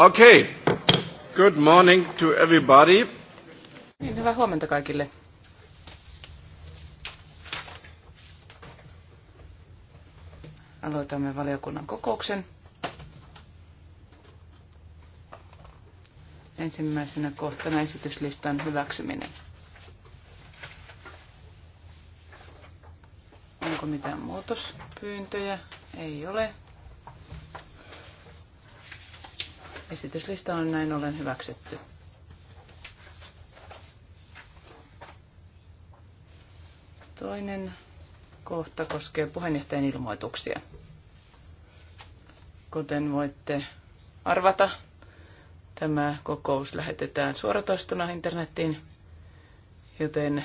Okay. Good morning to everybody. Niin, hyvää huomenta kaikille. Aloitamme valiokunnan kokouksen. Ensimmäisenä kohtana esityslistan hyväksyminen. Onko mitään muutospyyntöjä? Ei ole. Esityslista on näin ollen hyväksytty. Toinen kohta koskee puheenjohtajan ilmoituksia. Kuten voitte arvata, tämä kokous lähetetään suoratoistona internettiin, joten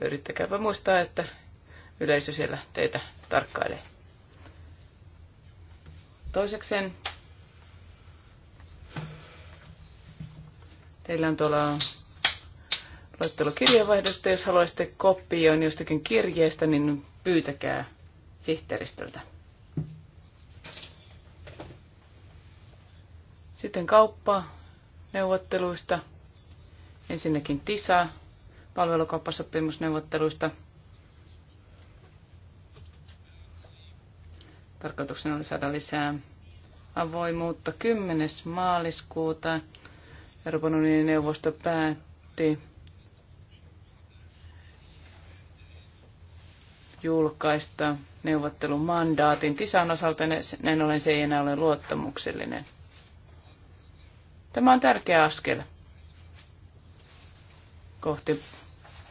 yrittäkääpä muistaa, että yleisö siellä teitä tarkkailee. Toisekseen teillä on tuolla luettelo kirjeenvaihdosta. Jos haluaisitte kopioon jostakin kirjeestä, niin pyytäkää sihteeristöltä. Sitten kauppa neuvotteluista. Ensinnäkin TISA, palvelukauppasoppimusneuvotteluista – Tarkoituksena oli saada lisää avoimuutta. 10. maaliskuuta Euroopan unionin neuvosto päätti julkaista neuvottelumandaatin Tisan osalta, näin olen se ei enää ole luottamuksellinen. Tämä on tärkeä askel kohti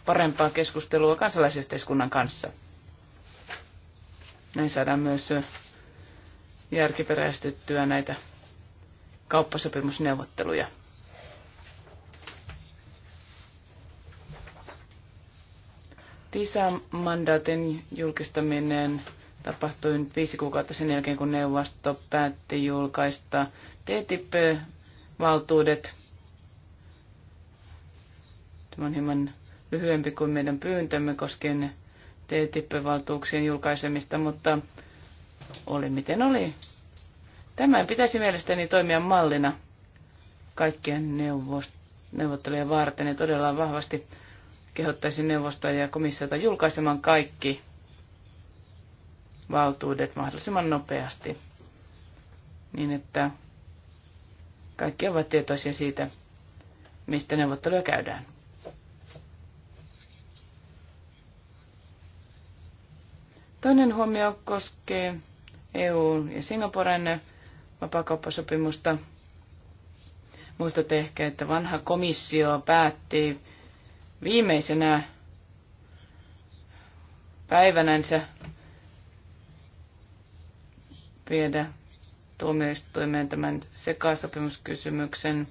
parempaa keskustelua kansalaisyhteiskunnan kanssa. Näin saadaan myös järkiperäistettyä näitä kauppasopimusneuvotteluja. TISA-mandaatin julkistaminen tapahtui nyt viisi kuukautta sen jälkeen, kun neuvosto päätti julkaista TTIP-valtuudet. Tämä on hieman lyhyempi kuin meidän pyyntömme koskien TTIP-valtuuksien julkaisemista, mutta oli miten oli. Tämän pitäisi mielestäni toimia mallina kaikkien neuvottelujen varten ja todella vahvasti kehottaisin neuvostoa ja komissiota julkaisemaan kaikki valtuudet mahdollisimman nopeasti, niin että kaikki ovat tietoisia siitä, mistä neuvotteluja käydään. Toinen huomio koskee EU- ja Singaporen vapakauppasopimusta. Muistatte ehkä, että vanha komissio päätti viimeisenä päivänänsä viedä tuomioistuimeen tämän sekasopimuskysymyksen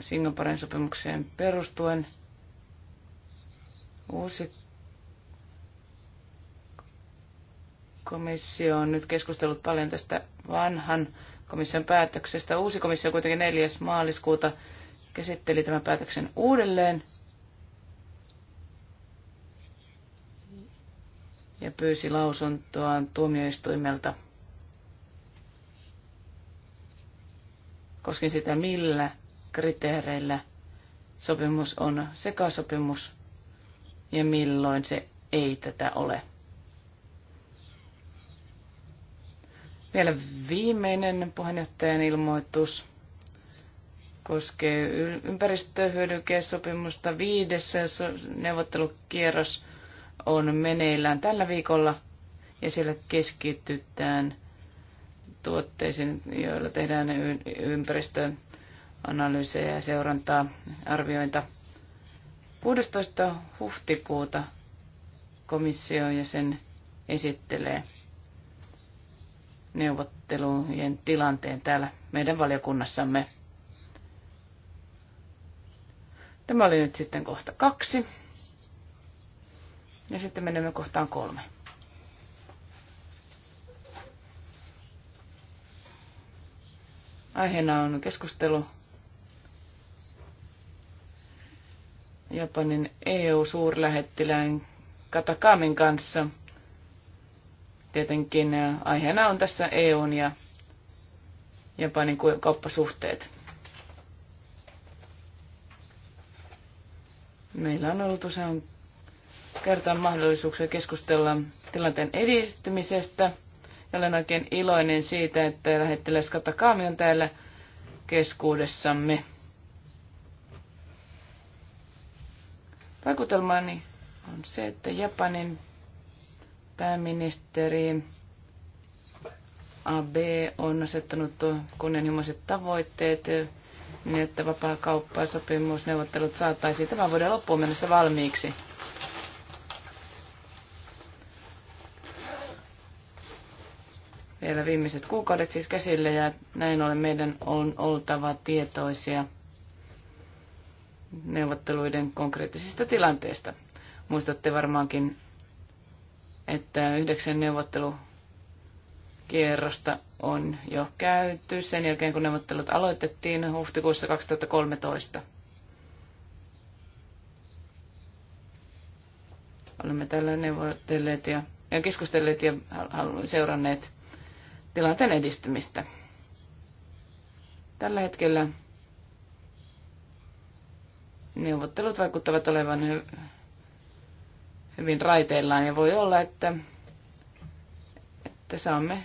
Singaporen sopimukseen perustuen. Uusi Komissio on nyt keskustellut paljon tästä vanhan komission päätöksestä. Uusi komissio kuitenkin 4. maaliskuuta käsitteli tämän päätöksen uudelleen ja pyysi lausuntoa tuomioistuimelta koskien sitä, millä kriteereillä sopimus on sekasopimus ja milloin se ei tätä ole. Vielä viimeinen puheenjohtajan ilmoitus koskee ympäristöhyödykesopimusta. Viides neuvottelukierros on meneillään tällä viikolla ja siellä keskitytään tuotteisiin, joilla tehdään ympäristöanalyysejä ja seurantaa, arviointa. 16. huhtikuuta komissio ja sen esittelee neuvottelujen tilanteen täällä meidän valiokunnassamme. Tämä oli nyt sitten kohta kaksi. Ja sitten menemme kohtaan kolme. Aiheena on keskustelu Japanin EU-suurlähettilään Katakamin kanssa – Tietenkin aiheena on tässä EUn ja Japanin kauppasuhteet. Meillä on ollut usein kertaan mahdollisuuksia keskustella tilanteen edistymisestä. Ja olen oikein iloinen siitä, että lähettiläs Katakaami on täällä keskuudessamme. Vaikutelmani on se, että Japanin Pääministeri AB on asettanut kunnianhimoiset tavoitteet niin, että vapaa vapaakauppasopimusneuvottelut saataisiin tämän vuoden loppuun mennessä valmiiksi. Vielä viimeiset kuukaudet siis käsillä ja näin ollen meidän on oltava tietoisia neuvotteluiden konkreettisista tilanteista. Muistatte varmaankin että yhdeksän neuvottelukierrosta on jo käyty sen jälkeen, kun neuvottelut aloitettiin huhtikuussa 2013. Olemme tällä neuvotelleet ja, ja keskustelleet ja seuranneet tilanteen edistymistä. Tällä hetkellä neuvottelut vaikuttavat olevan hyvin raiteillaan ja voi olla, että, että saamme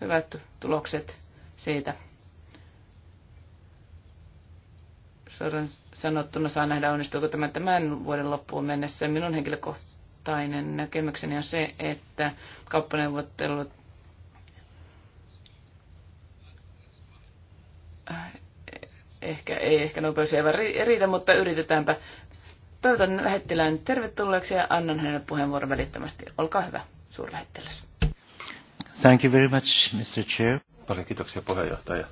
hyvät tulokset siitä. Suoraan sanottuna saa nähdä, onnistuuko tämä tämän vuoden loppuun mennessä. Minun henkilökohtainen näkemykseni on se, että kauppaneuvottelut eh, ehkä, ei ehkä nopeus ei riitä, mutta yritetäänpä Toivotan lähettilään tervetulleeksi ja annan hänelle puheenvuoron välittömästi. Olkaa hyvä, suurlähettiläs. Thank you very much, Mr. Chair. Paljon kiitoksia puheenjohtaja.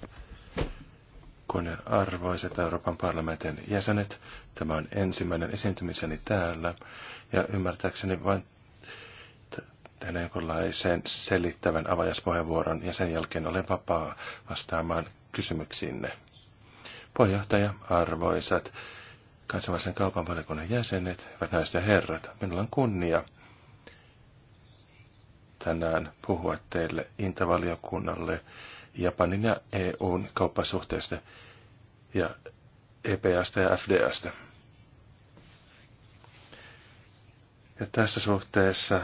Kunnianarvoiset Euroopan parlamentin jäsenet, tämä on ensimmäinen esiintymiseni täällä ja ymmärtääkseni vain tehdä jonkunlaisen selittävän avajaspuheenvuoron ja sen jälkeen olen vapaa vastaamaan kysymyksiinne. Puheenjohtaja, arvoisat kansainvälisen kaupan valikunnan jäsenet, hyvät naiset ja herrat. Minulla on kunnia tänään puhua teille Intavaliokunnalle Japanin ja EUn kauppasuhteista ja EP:stä ja FDAsta. Ja tässä suhteessa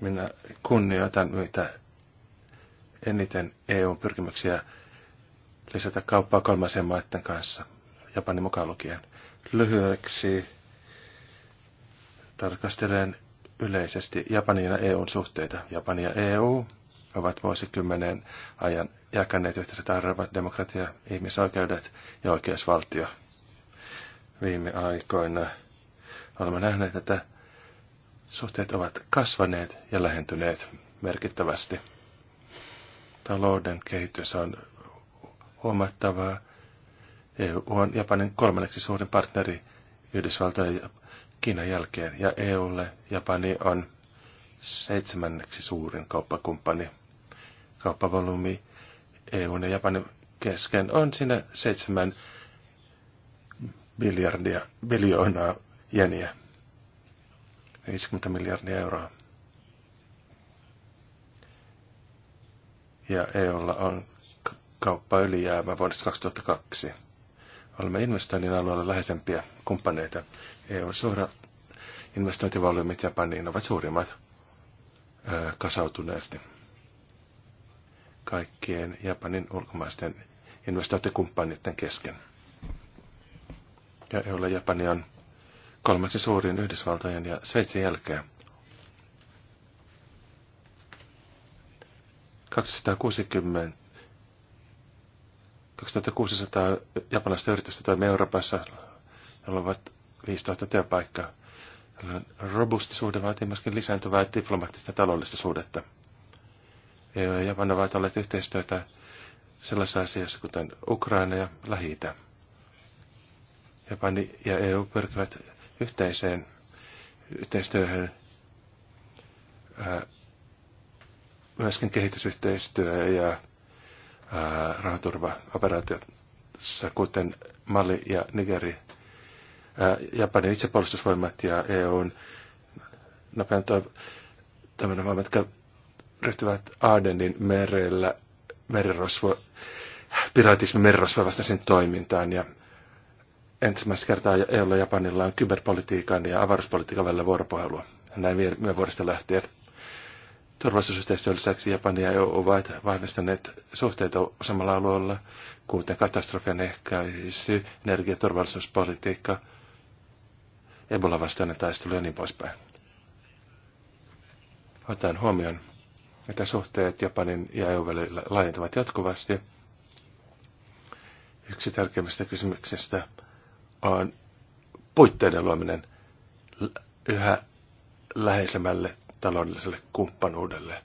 minä kunnioitan mitä eniten EUn pyrkimyksiä lisätä kauppaa kolmansien maiden kanssa, Japanin mukaan lukien. Lyhyeksi tarkastelen yleisesti Japanin ja EUn suhteita. Japani ja EU ovat vuosikymmenen ajan jakaneet yhteiset arvot, demokratia, ihmisoikeudet ja oikeusvaltio. Viime aikoina olemme nähneet, että suhteet ovat kasvaneet ja lähentyneet merkittävästi. Talouden kehitys on huomattavaa. EU on Japanin kolmanneksi suurin partneri Yhdysvaltojen ja Kiinan jälkeen, ja EUlle Japani on seitsemänneksi suurin kauppakumppani. Kauppavolyymi EUn ja Japanin kesken on siinä seitsemän miljardia, biljoonaa jeniä. 50 miljardia euroa. Ja EUlla on ylijäämä vuodesta 2002. Olemme investoinnin alueella läheisempiä kumppaneita. EUn suora investointivolyymit Japaniin ovat suurimmat ö, kasautuneesti. Kaikkien Japanin ulkomaisten investointikumppaneiden kesken. Ja EUlla Japani on kolmeksi suurin Yhdysvaltojen ja Sveitsin jälkeen. 260 2600 japanilaista yritystä toimii Euroopassa, jolla on 5000 työpaikkaa. Robusti suhde vaatii myöskin lisääntyvää diplomaattista taloudellista suhdetta. Japan ovat olleet yhteistyötä sellaisissa asioissa kuten Ukraina ja lähi -Itä. Japani ja EU pyrkivät yhteiseen yhteistyöhön myöskin kehitysyhteistyö ja rahaturvaoperaatiossa, kuten Mali ja Nigeri, Japanin itsepuolustusvoimat ja EUn nopean toiminnan voimat ryhtyvät Aadenin merellä merirosvo, piraatismin merirosvo vastaisen toimintaan ja ensimmäistä kertaa EUlla ja Japanilla on kyberpolitiikan ja avaruuspolitiikan välillä vuoropuhelua näin viime vuodesta lähtien. Turvallisuusyhteistyön lisäksi Japani ja EU ovat vahvistaneet suhteita samalla alueella, kuten katastrofian ehkäisy, energiaturvallisuuspolitiikka, Ebola-vastainen taistelu ja niin poispäin. Otan huomioon, että suhteet Japanin ja EU välillä laajentuvat jatkuvasti. Yksi tärkeimmistä kysymyksistä on puitteiden luominen yhä läheisemmälle taloudelliselle kumppanuudelle.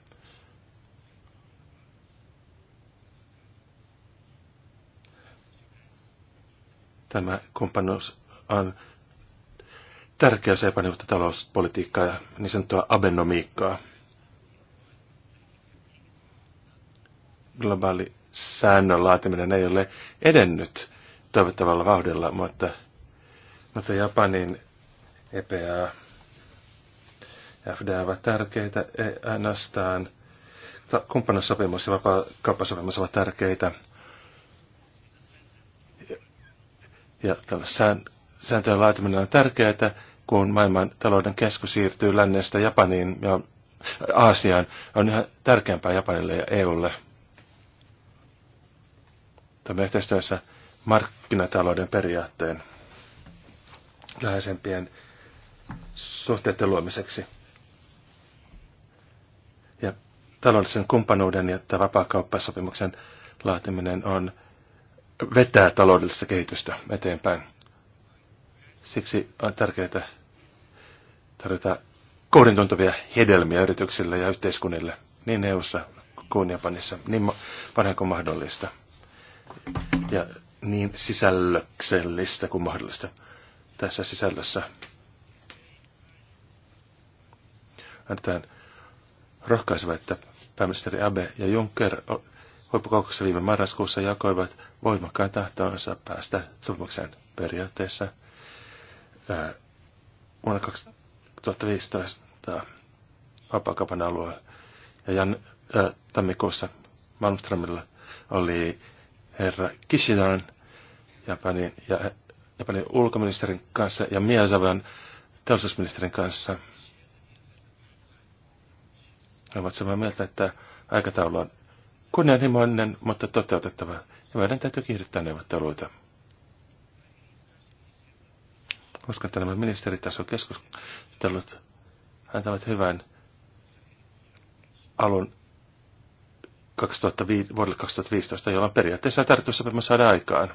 Tämä kumppanuus on tärkeä se epäneuvotta talouspolitiikkaa ja niin sanottua abenomiikkaa. Globaali säännön laatiminen ei ole edennyt toivottavalla vauhdilla, mutta, mutta Japanin EPA FDA ovat tärkeitä, ei ainoastaan kumppanussopimus ja vapaakauppasopimus ovat tärkeitä. Ja tällaisen sääntöjen laatiminen on tärkeää, kun maailman talouden kesku siirtyy lännestä Japaniin ja Aasiaan, on ihan tärkeämpää Japanille ja EUlle. Tämä yhteistyössä markkinatalouden periaatteen läheisempien suhteiden luomiseksi taloudellisen kumppanuuden ja tämä vapaakauppasopimuksen laatiminen on vetää taloudellista kehitystä eteenpäin. Siksi on tärkeää tarjota kohdentuntuvia hedelmiä yrityksille ja yhteiskunnille niin EU:ssa kuin Japanissa niin vanha kuin mahdollista ja niin sisällöksellistä kuin mahdollista tässä sisällössä. Annetaan rohkaiseva, että Pääministeri Abe ja Juncker huippukokouksessa viime marraskuussa jakoivat voimakkaan tahtoonsa päästä sopimukseen periaatteessa vuonna 2015 vapaakaupan alueella. Ja Jan, ää, tammikuussa Malmströmillä oli herra Kishidan Japanin, ja, Japanin ulkoministerin kanssa ja Miesavan teollisuusministerin kanssa – ne ovat samaa mieltä, että aikataulu on kunnianhimoinen, mutta toteutettava. Ja meidän täytyy kiihdyttää neuvotteluita. Uskon, että nämä ministeritason antavat hyvän alun 2005, vuodelle 2015, jolloin periaatteessa tarkoitussopimus saada aikaan.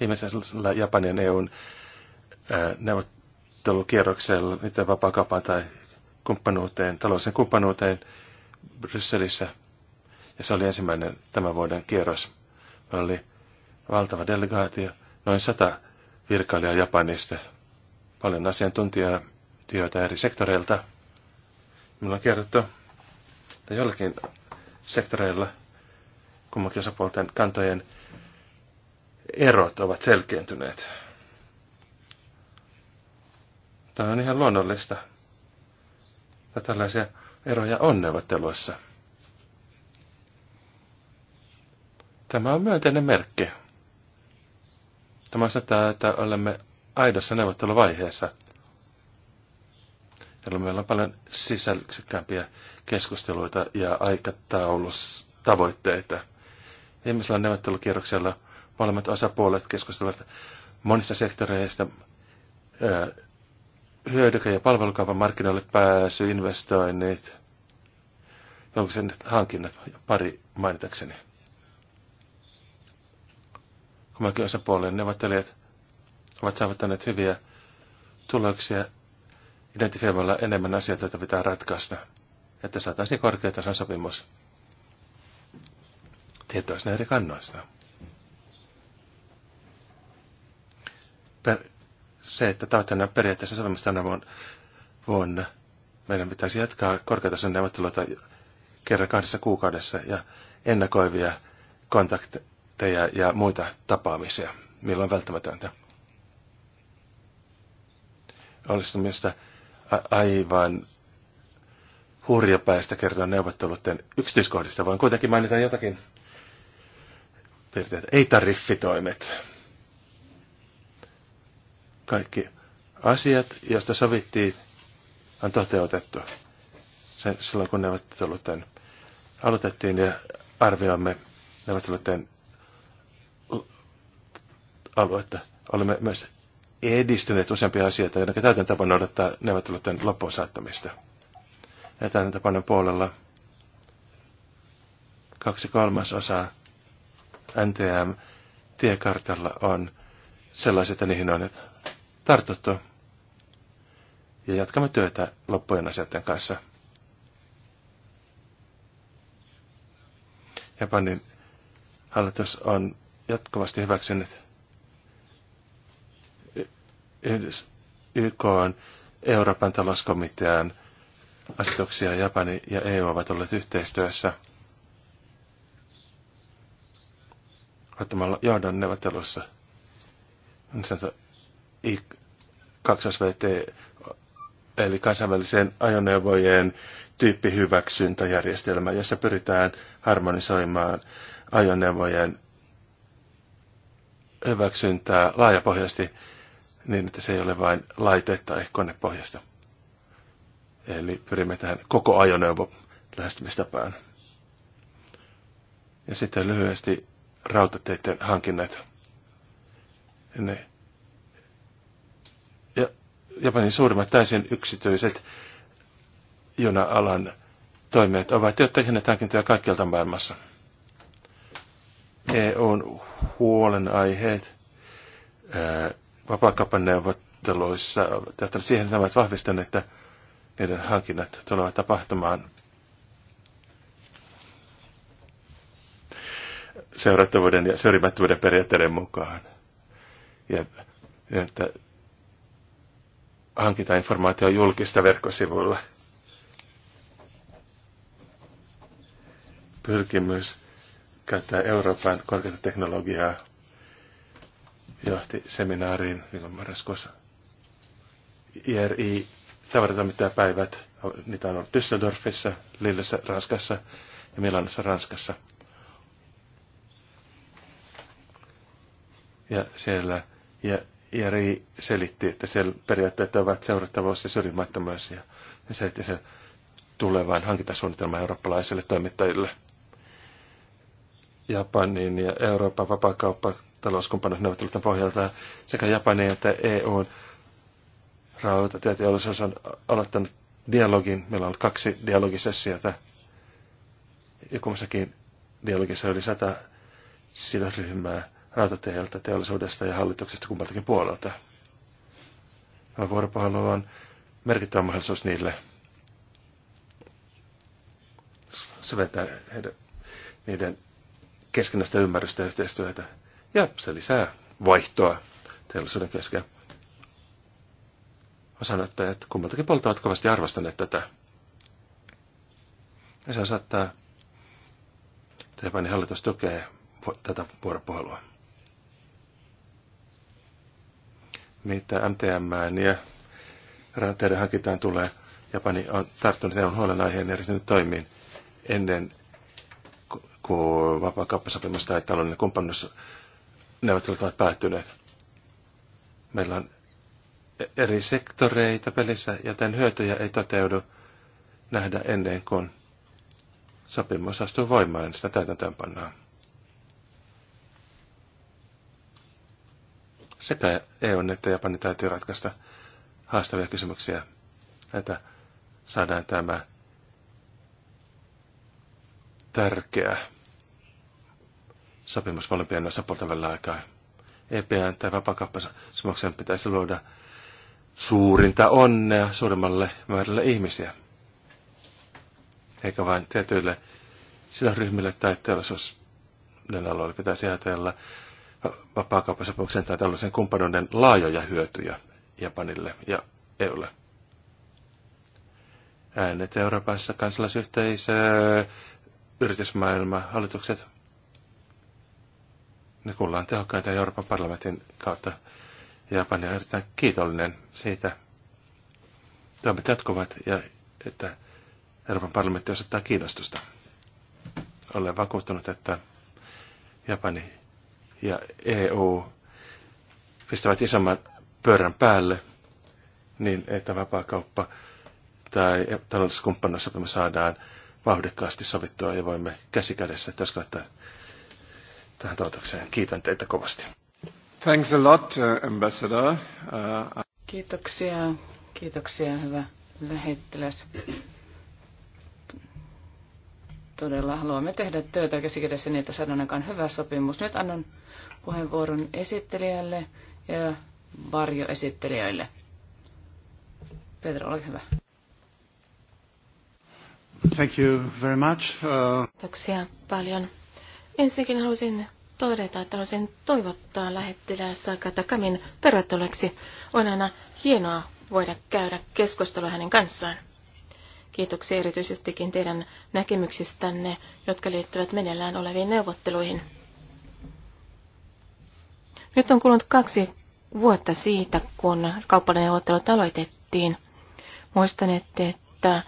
Viimeisellä Japanin EUn neuvottelukierroksella, niiden vapaakaupan tai kumppanuuteen, talousen kumppanuuteen Brysselissä. Ja se oli ensimmäinen tämän vuoden kierros. Meillä oli valtava delegaatio, noin sata virkailijaa Japanista, paljon asiantuntijatyötä eri sektoreilta. Minulla on kerrottu, että jollakin sektoreilla kummankin osapuolten kantojen erot ovat selkeentyneet. Tämä on ihan luonnollista että tällaisia eroja on neuvotteluissa. Tämä on myönteinen merkki. Tämä osoittaa, että olemme aidossa neuvotteluvaiheessa, jolloin meillä on paljon sisällyksikämpiä keskusteluita ja aikataulustavoitteita. Ihmisellä neuvottelukierroksella molemmat osapuolet keskustelevat monista sektoreista, hyödyke- ja palvelukaupan markkinoille pääsy, investoinnit, sen hankinnat, pari mainitakseni. Kummankin osapuolen neuvottelijat ovat saavuttaneet hyviä tuloksia identifioimalla enemmän asioita, joita pitää ratkaista, että saataisiin korkeatason sopimus tietoisena eri kannoista. Per- se, että tavoitteena on periaatteessa sopimus tänä vuonna. Meidän pitäisi jatkaa korkeatason neuvotteluita kerran kahdessa kuukaudessa ja ennakoivia kontakteja ja muita tapaamisia, milloin välttämätöntä. Olisi mielestä aivan hurjapäistä kertoa neuvotteluiden yksityiskohdista. Voin kuitenkin mainita jotakin Ei tariffitoimet kaikki asiat, joista sovittiin, on toteutettu Sen, silloin, kun neuvottelutten aloitettiin ja arvioimme neuvottelutten aluetta. Olemme myös edistyneet useampia asioita, joiden tapana odottaa neuvottelutten loppuun saattamista. Tämän täytäntöpanon puolella kaksi kolmasosaa NTM-tiekartalla on sellaiset, että niihin on tartuttu. Ja jatkamme työtä loppujen asioiden kanssa. Japanin hallitus on jatkuvasti hyväksynyt YK on Euroopan talouskomitean asetuksia Japani ja EU ovat olleet yhteistyössä ottamalla johdon neuvottelussa niin i 2 svt eli kansainväliseen ajoneuvojen tyyppihyväksyntäjärjestelmä, jossa pyritään harmonisoimaan ajoneuvojen hyväksyntää laajapohjaisesti niin, että se ei ole vain laite- tai konepohjasta. Eli pyrimme tähän koko ajoneuvo lähestymistapaan. Ja sitten lyhyesti rautateiden hankinnat. Ne Japanin suurimmat täysin yksityiset juna-alan toimijat ovat jo tehneet hankintoja kaikkialta maailmassa. EUn huolenaiheet vapaakauppan neuvotteluissa tähtävät siihen, että ovat vahvistaneet, että niiden hankinnat tulevat tapahtumaan seurattavuuden ja syrjimättömyyden periaatteiden mukaan. Ja että hankintainformaatio julkista verkkosivuilla. Pyrkimys käyttää Euroopan korkeata teknologiaa johti seminaariin viime marraskuussa. IRI tavaratoimittajapäivät, päivät, niitä on ollut Düsseldorfissa, Lillessä, Ranskassa ja Milanissa, Ranskassa. Ja siellä ja Jari selitti, että siellä periaatteet ovat seurattavuus ja syrjimättömyys ja se selitti sen tulevaan hankintasuunnitelmaan eurooppalaisille toimittajille. Japanin ja Euroopan vapaakauppa talouskumppanuusneuvotteluiden pohjalta sekä Japanin että EUn rautatieteollisuus on aloittanut dialogin. Meillä on ollut kaksi dialogisessiota. Ja kummassakin dialogissa oli sata sidosryhmää rautateiltä, teollisuudesta ja hallituksesta kummaltakin puolelta. Tämä vuoropuhelu on merkittävä mahdollisuus niille syventää heidän, niiden keskinäistä ymmärrystä ja yhteistyötä. Ja se lisää vaihtoa teollisuuden kesken. On että kummaltakin puolta ovat kovasti arvostaneet tätä. Ja se saattaa, että Japanin hallitus tukee tätä vuoropuhelua. mitä MTM ja rautateiden hankintaan tulee. Japani on tarttunut EUn huolenaiheen ja ryhtynyt toimiin ennen kuin vapaakauppasopimus tai taloudellinen kumppanuus neuvottelut ovat päättyneet. Meillä on eri sektoreita pelissä, joten hyötyjä ei toteudu nähdä ennen kuin sopimus astuu voimaan, sitä täytäntöönpannaan. pannaan. Sekä EU että Japani täytyy ratkaista haastavia kysymyksiä, että saadaan tämä tärkeä sopimus molempien osapuolten välillä aikaa. EPN tai vapakauppasopimuksen pitäisi luoda suurinta onnea suurimmalle määrälle ihmisiä, eikä vain tietyille sidosryhmille tai teollisuuden aloille pitäisi ajatella vapaakauppasopimuksen tai tällaisen kumppanuuden laajoja hyötyjä Japanille ja EUlle. Äänet Euroopassa, kansalaisyhteisö, yritysmaailma, hallitukset, ne kuullaan tehokkaita Euroopan parlamentin kautta. Japani on erittäin kiitollinen siitä. Toimet jatkuvat ja että Euroopan parlamentti osoittaa kiinnostusta. Olen vakuuttunut, että Japani ja EU pistävät isomman pyörän päälle, niin että vapaakauppa tai taloudellinen saadaan vauhdikkaasti sovittua ja voimme käsikädessä työskennellä tähän toivotukseen. Kiitän teitä kovasti. Thanks a lot, uh, ambassador. Uh, Kiitoksia, kiitoksia hyvä lähettiläs todella haluamme tehdä työtä käsikädessä niin, että saadaan aikaan hyvä sopimus. Nyt annan puheenvuoron esittelijälle ja varjoesittelijöille. Pedro, ole hyvä. Thank you very much. Uh... Kiitoksia paljon. Ensinnäkin haluaisin todeta, että haluaisin toivottaa Saka Takamin tervetulleeksi. On aina hienoa voida käydä keskustelua hänen kanssaan. Kiitoksia erityisestikin teidän näkemyksistänne, jotka liittyvät meneillään oleviin neuvotteluihin. Nyt on kulunut kaksi vuotta siitä, kun kauppaneuvottelut aloitettiin. Muistan, että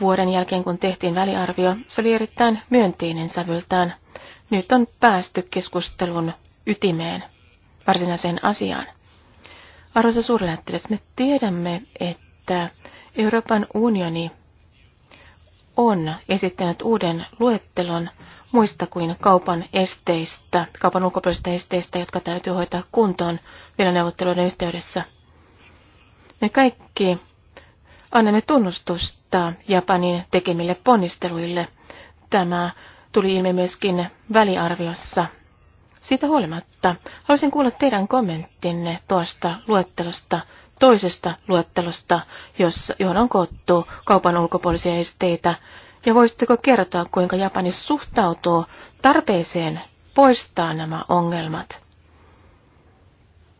vuoden jälkeen, kun tehtiin väliarvio, se oli erittäin myönteinen sävyltään. Nyt on päästy keskustelun ytimeen, varsinaiseen asiaan. Arvoisa suurlähettiläs, me tiedämme, että Euroopan unioni on esittänyt uuden luettelon muista kuin kaupan esteistä, kaupan ulkopuolisista esteistä, jotka täytyy hoitaa kuntoon vielä neuvotteluiden yhteydessä. Me kaikki annamme tunnustusta Japanin tekemille ponnisteluille. Tämä tuli ilmi myöskin väliarviossa. Siitä huolimatta haluaisin kuulla teidän kommenttinne tuosta luettelosta toisesta luettelosta, jossa, johon on koottu kaupan ulkopuolisia esteitä, ja voisitteko kertoa, kuinka Japani suhtautuu tarpeeseen poistaa nämä ongelmat,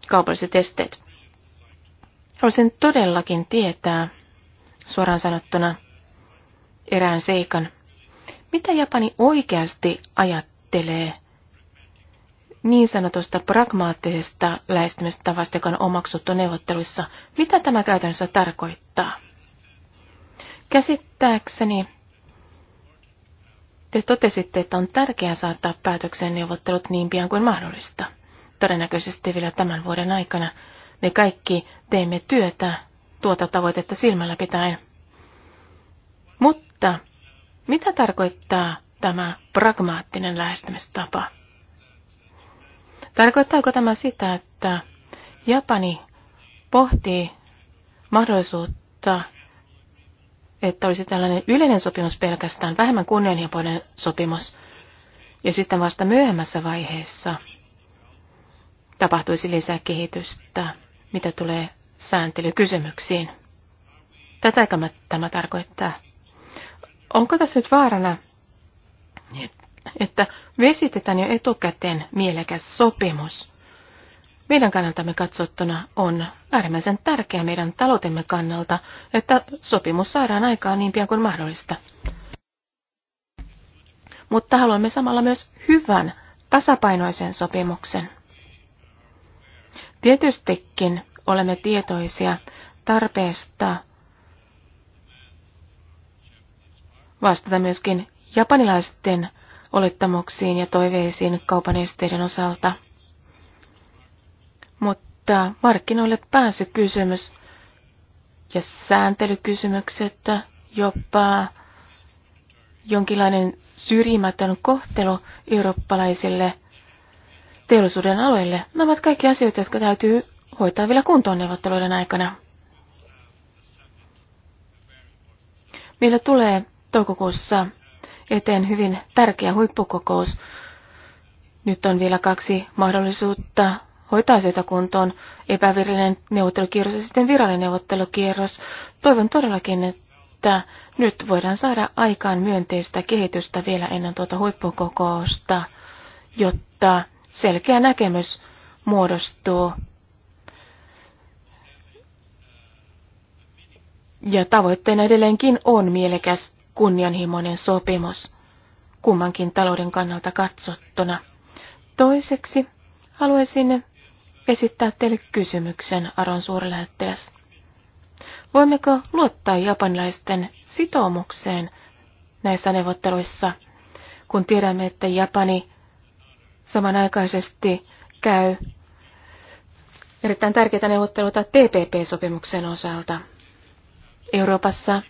kaupalliset esteet? Haluaisin todellakin tietää, suoraan sanottuna, erään seikan. Mitä Japani oikeasti ajattelee – niin sanotusta pragmaattisesta lähestymistavasta, joka on omaksuttu neuvotteluissa. Mitä tämä käytännössä tarkoittaa? Käsittääkseni te totesitte, että on tärkeää saattaa päätökseen neuvottelut niin pian kuin mahdollista. Todennäköisesti vielä tämän vuoden aikana me kaikki teemme työtä tuota tavoitetta silmällä pitäen. Mutta mitä tarkoittaa tämä pragmaattinen lähestymistapa? Tarkoittaako tämä sitä, että Japani pohtii mahdollisuutta, että olisi tällainen yleinen sopimus pelkästään, vähemmän kunnianhimoinen sopimus, ja sitten vasta myöhemmässä vaiheessa tapahtuisi lisää kehitystä, mitä tulee sääntelykysymyksiin. Tätäkö tämä tarkoittaa? Onko tässä nyt vaarana, että vesitetään jo etukäteen mielekäs sopimus. Meidän kannaltamme katsottuna on äärimmäisen tärkeää meidän taloutemme kannalta, että sopimus saadaan aikaan niin pian kuin mahdollista. Mutta haluamme samalla myös hyvän, tasapainoisen sopimuksen. Tietystikin olemme tietoisia tarpeesta vastata myöskin japanilaisten olettamuksiin ja toiveisiin kaupan esteiden osalta. Mutta markkinoille kysymys ja sääntelykysymykset, jopa jonkinlainen syrjimätön kohtelu eurooppalaisille teollisuuden aloille, nämä ovat kaikki asioita, jotka täytyy hoitaa vielä kuntoon neuvotteluiden aikana. Meillä tulee toukokuussa eteen hyvin tärkeä huippukokous. Nyt on vielä kaksi mahdollisuutta hoitaa sitä kuntoon. Epävirallinen neuvottelukierros ja sitten virallinen neuvottelukierros. Toivon todellakin, että nyt voidaan saada aikaan myönteistä kehitystä vielä ennen tuota huippukokousta, jotta selkeä näkemys muodostuu ja tavoitteena edelleenkin on mielekäs kunnianhimoinen sopimus kummankin talouden kannalta katsottuna. Toiseksi haluaisin esittää teille kysymyksen, Aron suurlähettiläs. Voimmeko luottaa japanilaisten sitoumukseen näissä neuvotteluissa, kun tiedämme, että Japani samanaikaisesti käy erittäin tärkeitä neuvotteluita TPP-sopimuksen osalta. Euroopassa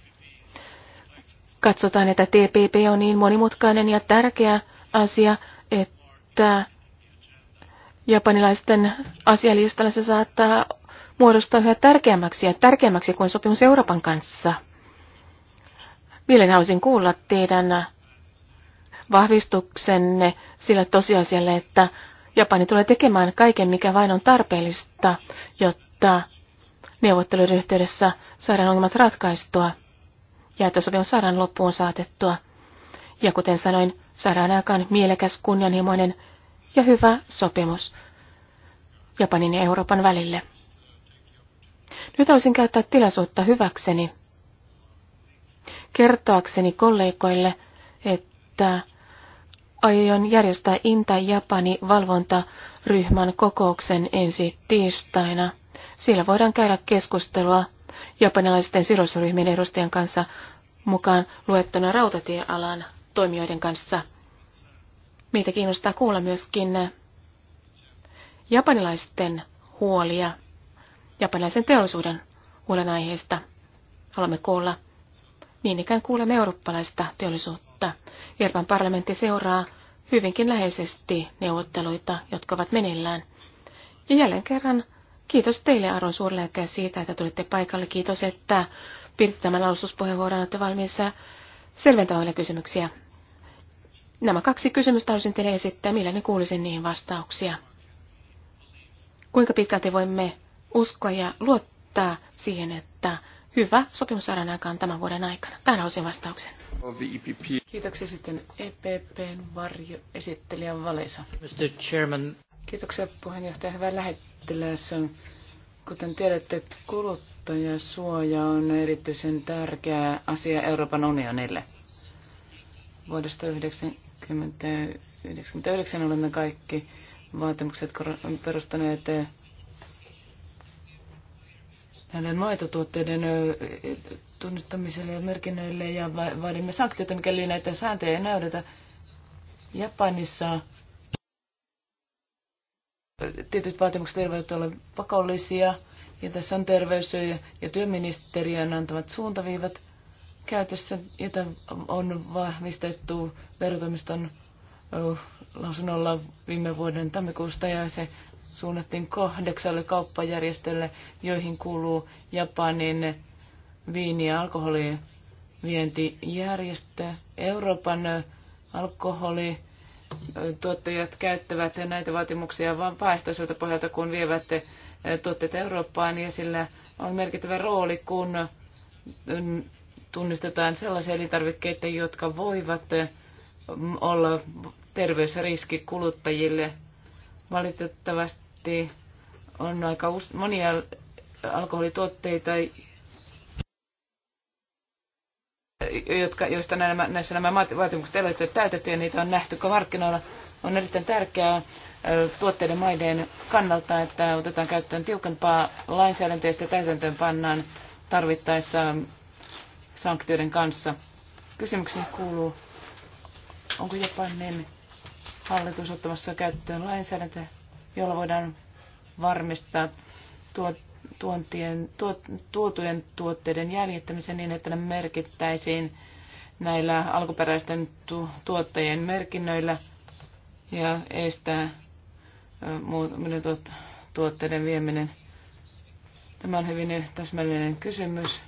katsotaan, että TPP on niin monimutkainen ja tärkeä asia, että japanilaisten asialistalla se saattaa muodostaa yhä tärkeämmäksi ja tärkeämmäksi kuin sopimus Euroopan kanssa. Mielen haluaisin kuulla teidän vahvistuksenne sillä tosiasialle, että Japani tulee tekemään kaiken, mikä vain on tarpeellista, jotta neuvotteluiden yhteydessä saadaan ongelmat ratkaistua ja että on saadaan loppuun saatettua. Ja kuten sanoin, saadaan aikaan mielekäs, kunnianhimoinen ja hyvä sopimus Japanin ja Euroopan välille. Nyt haluaisin käyttää tilaisuutta hyväkseni, kertoakseni kollegoille, että aion järjestää Inta-Japani valvontaryhmän kokouksen ensi tiistaina. Siellä voidaan käydä keskustelua japanilaisten sidosryhmien edustajan kanssa mukaan luettuna rautatiealan toimijoiden kanssa. Meitä kiinnostaa kuulla myöskin japanilaisten huolia, japanilaisen teollisuuden huolenaiheista. Haluamme kuulla niin ikään kuulemme eurooppalaista teollisuutta. Jervan parlamentti seuraa hyvinkin läheisesti neuvotteluita, jotka ovat meneillään. Ja jälleen kerran Kiitos teille Aron suurläkää siitä, että tulitte paikalle. Kiitos, että piditte tämän alustuspuheenvuoron, olette valmiissa selventämään kysymyksiä. Nämä kaksi kysymystä haluaisin teille esittää, millä ne kuulisin niihin vastauksia. Kuinka pitkälti voimme uskoa ja luottaa siihen, että hyvä sopimus saadaan aikaan tämän vuoden aikana? Tähän haluaisin vastauksen. Kiitoksia sitten EPPn esittelijä Valesa. Mr. Chairman. Kiitoksia puheenjohtaja. Hyvää lähettä lähettiläs. Kuten tiedätte, kuluttajasuoja on erityisen tärkeä asia Euroopan unionille. Vuodesta 1999 olemme kaikki vaatimukset perustaneet eh, näiden maitotuotteiden eh, tunnistamiselle ja merkinnöille ja vaadimme sanktioita, mikäli näitä sääntöjä ei näydetä. Japanissa tietyt vaatimukset eivät ole pakollisia, ja tässä on terveys- ja työministeriön antamat suuntaviivat käytössä, jota on vahvistettu verotoimiston lausunnolla viime vuoden tammikuusta, ja se suunnattiin kahdeksalle kauppajärjestölle, joihin kuuluu Japanin viini- ja alkoholivientijärjestö, Euroopan alkoholi- tuottajat käyttävät näitä vaatimuksia vaihtoiselta pohjalta, kun vievät eh, tuotteet Eurooppaan, ja sillä on merkittävä rooli, kun mm, tunnistetaan sellaisia elintarvikkeita, jotka voivat eh, olla terveysriski kuluttajille. Valitettavasti on aika monia alkoholituotteita, jotka, joista nämä, näissä nämä vaatimukset eivät ole täytetty ja niitä on nähty markkinoilla. On erittäin tärkeää tuotteiden maiden kannalta, että otetaan käyttöön tiukempaa lainsäädäntöä ja sitä täytäntöön pannaan tarvittaessa sanktioiden kanssa. Kysymykseni kuuluu, onko Japanin hallitus ottamassa käyttöön lainsäädäntöä, jolla voidaan varmistaa tuotteiden tuontien, tuot, tuotujen tuotteiden jäljittämisen niin, että ne merkittäisiin näillä alkuperäisten tu, tuottajien merkinnöillä ja estää muiden tuot, tuotteiden vieminen. Tämä on hyvin täsmällinen kysymys.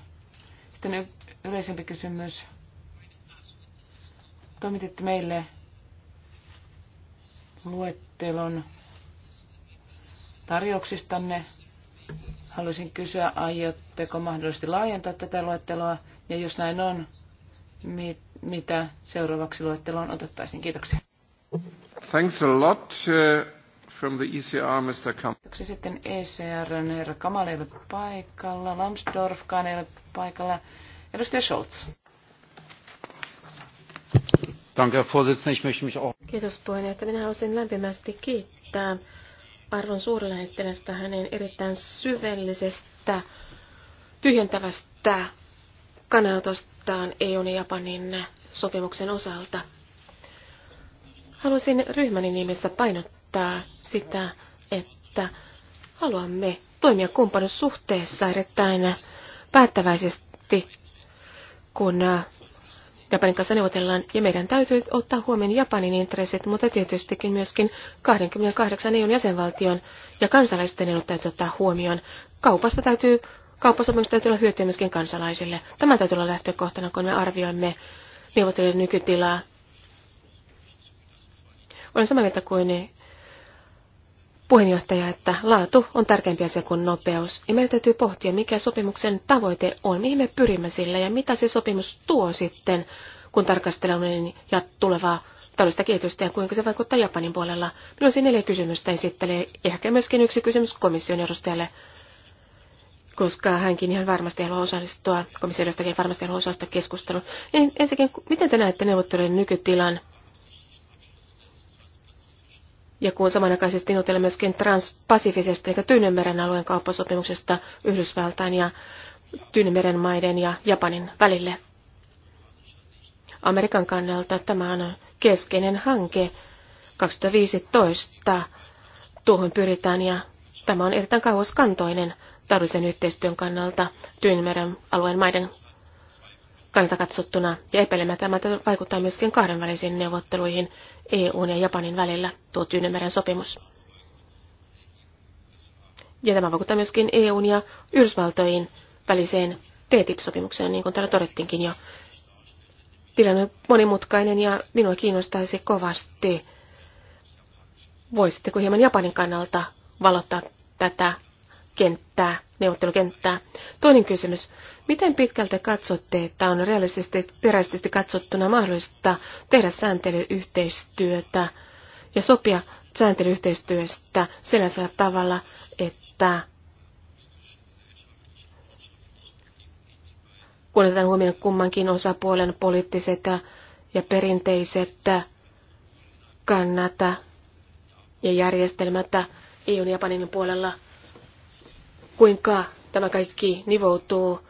Sitten yleisempi kysymys. Toimititte meille luettelon tarjouksistanne Haluaisin kysyä, aiotteko mahdollisesti laajentaa tätä luetteloa, ja jos näin on, mit, mitä seuraavaksi luetteloon otettaisiin? Kiitoksia. Thanks a lot uh, from the ECR, Mr. Kam. Kiitoksia sitten ECRn herra Kamal ei ole paikalla, Lambsdorffkaan ei ole paikalla. Edustaja Scholz. Kiitos puheenjohtaja. Minä haluaisin lämpimästi kiittää arvon suurlähettilästä hänen erittäin syvällisestä, tyhjentävästä kannanotostaan EUn ja Japanin sopimuksen osalta. Haluaisin ryhmäni nimessä painottaa sitä, että haluamme toimia kumppanussuhteessa erittäin päättäväisesti, kun Japanin kanssa neuvotellaan ja meidän täytyy ottaa huomioon Japanin intressit, mutta tietystikin myöskin 28 EUn jäsenvaltion ja kansalaisten edut täytyy ottaa huomioon. Kaupasta täytyy, kauppasopimuksesta täytyy olla hyötyä myöskin kansalaisille. Tämä täytyy olla lähtökohtana, kun me arvioimme neuvottelujen nykytilaa. Olen samaa mieltä kuin puheenjohtaja, että laatu on tärkeämpi asia kuin nopeus. Ja meidän täytyy pohtia, mikä sopimuksen tavoite on, mihin me pyrimme sillä ja mitä se sopimus tuo sitten, kun tarkastelemme ja tulevaa taloudellista kehitystä ja kuinka se vaikuttaa Japanin puolella. Minulla on neljä kysymystä esittelee, ehkä myöskin yksi kysymys komission edustajalle, koska hänkin ihan varmasti haluaa osallistua, komission edustajakin varmasti haluaa osallistua keskusteluun. Niin ensinnäkin, miten te näette neuvottelujen nykytilan? Ja kun samanaikaisesti neuvotellaan myöskin transpasifisesta eli Tyynemeren alueen kauppasopimuksesta Yhdysvaltain ja Tyynemeren maiden ja Japanin välille. Amerikan kannalta tämä on keskeinen hanke 2015. Tuohon pyritään ja tämä on erittäin kauaskantoinen taloudellisen yhteistyön kannalta Tyynemeren alueen maiden kannalta katsottuna, ja epäilemättä tämä vaikuttaa myöskin kahdenvälisiin neuvotteluihin EUn ja Japanin välillä tuo Tyynemeren sopimus. Ja tämä vaikuttaa myöskin EUn ja Yhdysvaltojen väliseen TTIP-sopimukseen, niin kuin täällä todettiinkin jo. Tilanne on monimutkainen ja minua kiinnostaisi kovasti. Voisitteko hieman Japanin kannalta valottaa tätä kenttää, neuvottelukenttää. Toinen kysymys. Miten pitkältä katsotte, että on realistisesti, katsottuna mahdollista tehdä sääntelyyhteistyötä ja sopia sääntelyyhteistyöstä sellaisella tavalla, että kun otetaan huomioon kummankin osapuolen poliittiset ja perinteiset kannata ja järjestelmät EUn ja Japanin puolella – kuinka tämä kaikki nivoutuu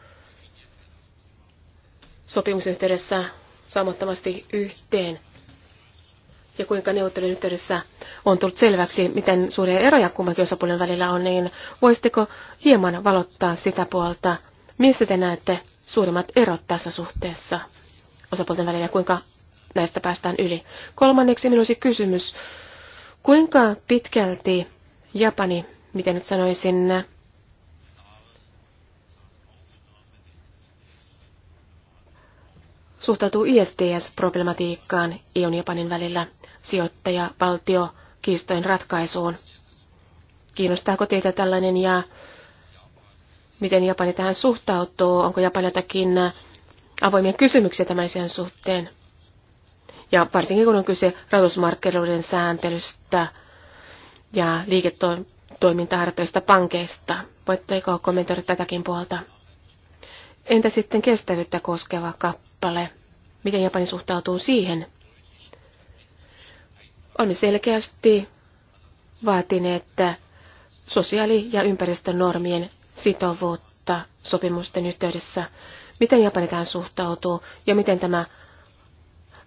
sopimusyhteydessä saamattomasti yhteen ja kuinka neuvottelujen yhteydessä on tullut selväksi, miten suuria eroja kummankin osapuolen välillä on, niin voisitteko hieman valottaa sitä puolta, missä te näette suurimmat erot tässä suhteessa osapuolten välillä ja kuinka näistä päästään yli. Kolmanneksi minun olisi kysymys, kuinka pitkälti Japani, miten nyt sanoisin, suhtautuu isds problematiikkaan EUn ja Japanin välillä sijoittaja valtio kiistojen ratkaisuun. Kiinnostaako teitä tällainen ja miten Japani tähän suhtautuu? Onko Japani jotakin avoimia kysymyksiä tämän sen suhteen? Ja varsinkin kun on kyse rahoitusmarkkinoiden sääntelystä ja liiketoimintaa pankeista. Voitteko kommentoida tätäkin puolta? Entä sitten kestävyyttä koskeva kappale? miten Japani suhtautuu siihen. On selkeästi vaatineet sosiaali- ja ympäristönormien sitovuutta sopimusten yhteydessä. Miten Japani tähän suhtautuu ja miten tämä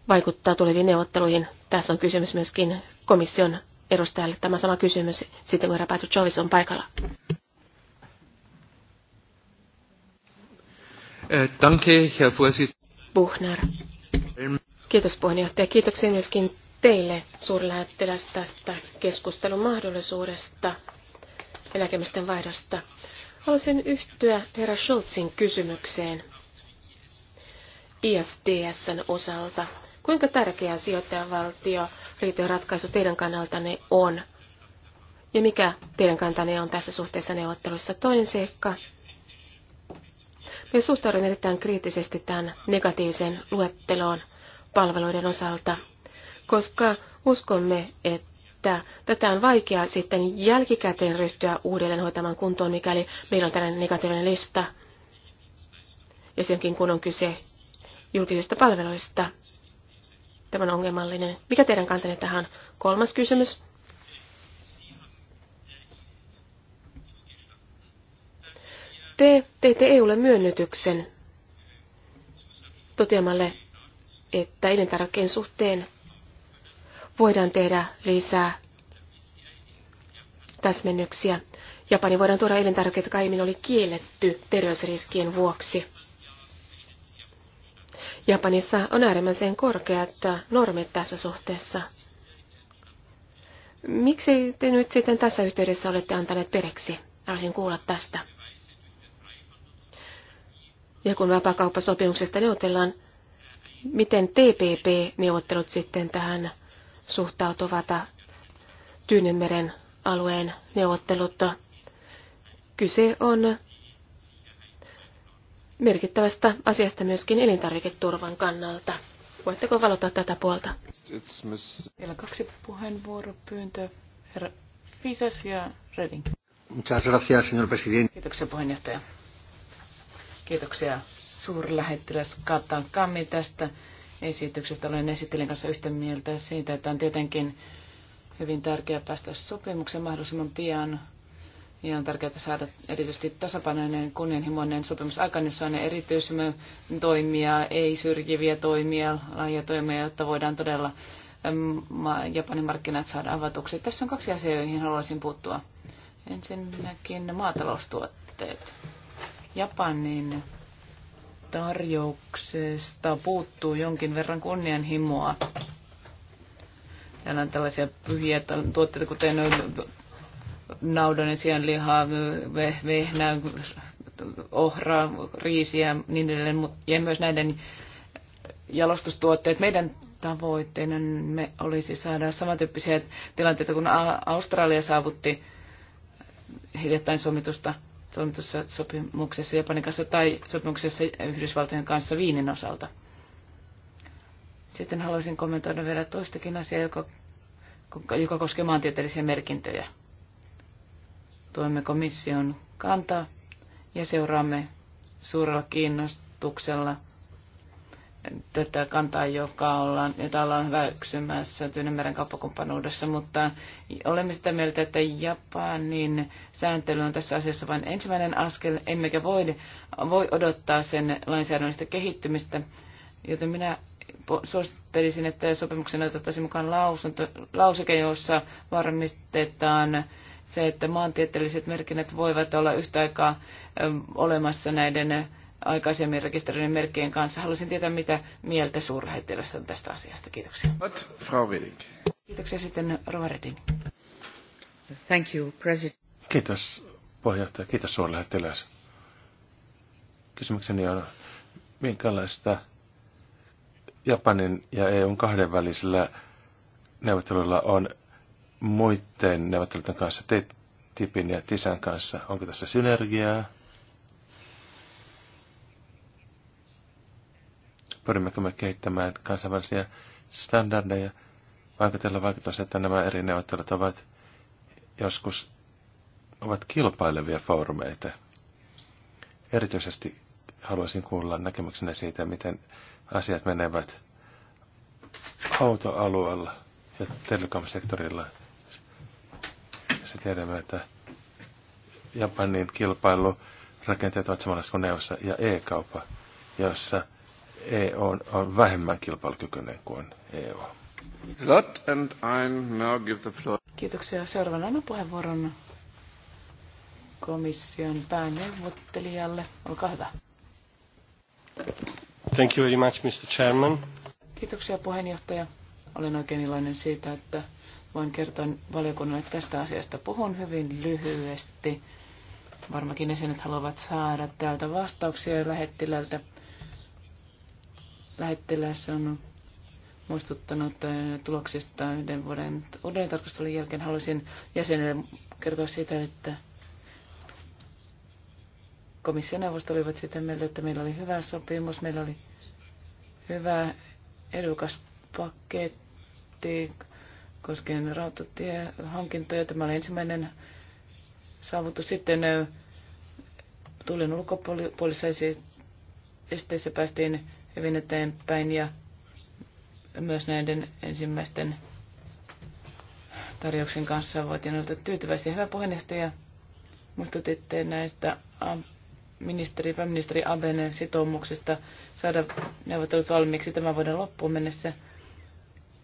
vaikuttaa tuleviin neuvotteluihin? Tässä on kysymys myöskin komission edustajalle tämä sama kysymys sitten, kun herra Chovis on paikalla. Eh, danke, Herr Buchner. Kiitos puheenjohtaja. Kiitoksia myöskin teille suurlähettiläs tästä keskustelun mahdollisuudesta ja näkemysten vaihdosta. Haluaisin yhtyä herra Schultzin kysymykseen ISDSn osalta. Kuinka tärkeä sijoittajavaltio riitojen ratkaisu teidän kannaltanne on? Ja mikä teidän kantanne on tässä suhteessa neuvottelussa? Toinen seikka me suhtaudumme erittäin kriittisesti tämän negatiivisen luetteloon palveluiden osalta, koska uskomme, että tätä on vaikea sitten jälkikäteen ryhtyä uudelleen hoitamaan kuntoon, mikäli meillä on tällainen negatiivinen lista. Ja senkin kun on kyse julkisista palveluista. Tämä on ongelmallinen. Mikä teidän kantanne tähän? Kolmas kysymys. Te teitte EUlle myönnytyksen toteamalle, että elintarvikkeen suhteen voidaan tehdä lisää täsmennyksiä. Japani voidaan tuoda elintarvikkeita, jotka aiemmin oli kielletty terveysriskien vuoksi. Japanissa on äärimmäisen korkeat normit tässä suhteessa. Miksi te nyt sitten tässä yhteydessä olette antaneet pereksi? Haluaisin kuulla tästä. Ja kun vapakauppasopimuksesta neuvotellaan, miten TPP-neuvottelut sitten tähän suhtautuvat Tyynemeren alueen neuvottelut. Kyse on merkittävästä asiasta myöskin elintarviketurvan kannalta. Voitteko valottaa tätä puolta? Vielä kaksi puheenvuoropyyntöä. Herra Fisas ja Reding. Muchas gracias, señor presidente. Kiitoksia puheenjohtaja. Kiitoksia suurlähettiläs Katan Kammi tästä esityksestä. Olen esittelijän kanssa yhtä mieltä siitä, että on tietenkin hyvin tärkeää päästä sopimuksen mahdollisimman pian. Ja on tärkeää saada erityisesti tasapainoinen kunnianhimoinen sopimus aikaan, jossa on erityisemmä toimia, ei syrjiviä toimia, laajia toimia, jotta voidaan todella Japanin markkinat saada avatuksi. Tässä on kaksi asiaa, joihin haluaisin puuttua. Ensinnäkin maataloustuotteet Japanin tarjouksesta puuttuu jonkin verran kunnianhimoa. Täällä on tällaisia pyhiä tuotteita, kuten naudan ja sianlihaa, vehnää, ohraa, riisiä ja niin edelleen, ja myös näiden jalostustuotteet. Meidän tavoitteena me olisi saada samantyyppisiä tilanteita kun Australia saavutti hiljattain somitusta tuossa sopimuksessa Japanin kanssa tai sopimuksessa Yhdysvaltojen kanssa viinin osalta. Sitten haluaisin kommentoida vielä toistakin asiaa, joka, joka koskee maantieteellisiä merkintöjä. Tuemme komission kantaa ja seuraamme suurella kiinnostuksella – tätä kantaa, joka ollaan, jota ollaan hyväksymässä Tyynemeren kauppakumppanuudessa, mutta olemme sitä mieltä, että Japanin sääntely on tässä asiassa vain ensimmäinen askel, emmekä voi, voi odottaa sen lainsäädännöllistä kehittymistä, joten minä suosittelisin, että sopimuksen otettaisiin mukaan lausunto, lauseke, jossa varmistetaan se, että maantieteelliset merkinnät voivat olla yhtä aikaa olemassa näiden aikaisemmin rekisteröinnin merkkien kanssa. Haluaisin tietää, mitä mieltä suurlähettiläs on tästä asiasta. Kiitoksia. Frau Willing. Kiitoksia sitten Rova Redin. Thank you, President. Kiitos puheenjohtaja, kiitos suurlähettiläs. Kysymykseni on, minkälaista Japanin ja EUn kahdenvälisillä neuvotteluilla on muiden neuvotteluiden kanssa, TTIPin ja TISAN kanssa? Onko tässä synergiaa? pyrimmekö me kehittämään kansainvälisiä standardeja, vaikka vaikutella vaikutus, että nämä eri neuvottelut ovat joskus ovat kilpailevia foorumeita. Erityisesti haluaisin kuulla näkemyksenä siitä, miten asiat menevät autoalueella ja telekomsektorilla. sektorilla Se tiedämme, että Japanin kilpailu ovat samanlaiset kuin EUssa ja e kaupa jossa EU on, on vähemmän kilpailukykyinen kuin EU. Lot and I now give the floor. Kiitoksia. Seuraavana annan puheenvuoron komission pääneuvottelijalle. Olkaa hyvä. Thank you very much, Mr. Chairman. Kiitoksia puheenjohtaja. Olen oikein iloinen siitä, että voin kertoa valiokunnalle tästä asiasta. Puhun hyvin lyhyesti. Varmakin jäsenet haluavat saada täältä vastauksia lähettilältä lähettiläs on muistuttanut äh, tuloksista yhden vuoden uuden tarkastelun jälkeen. Haluaisin jäsenille kertoa siitä, että komissioneuvosto olivat sitä mieltä, että meillä oli hyvä sopimus, meillä oli hyvä edukas paketti koskien rautatiehankintoja. Tämä oli ensimmäinen saavutus. Sitten äh, tulin ulkopuolissa esteissä päästiin hyvin eteenpäin ja myös näiden ensimmäisten tarjouksen kanssa voitiin olla tyytyväisiä. Hyvä puheenjohtaja, muistutitte näistä ministeri, pääministeri Abenen sitoumuksista saada neuvottelut valmiiksi tämän vuoden loppuun mennessä.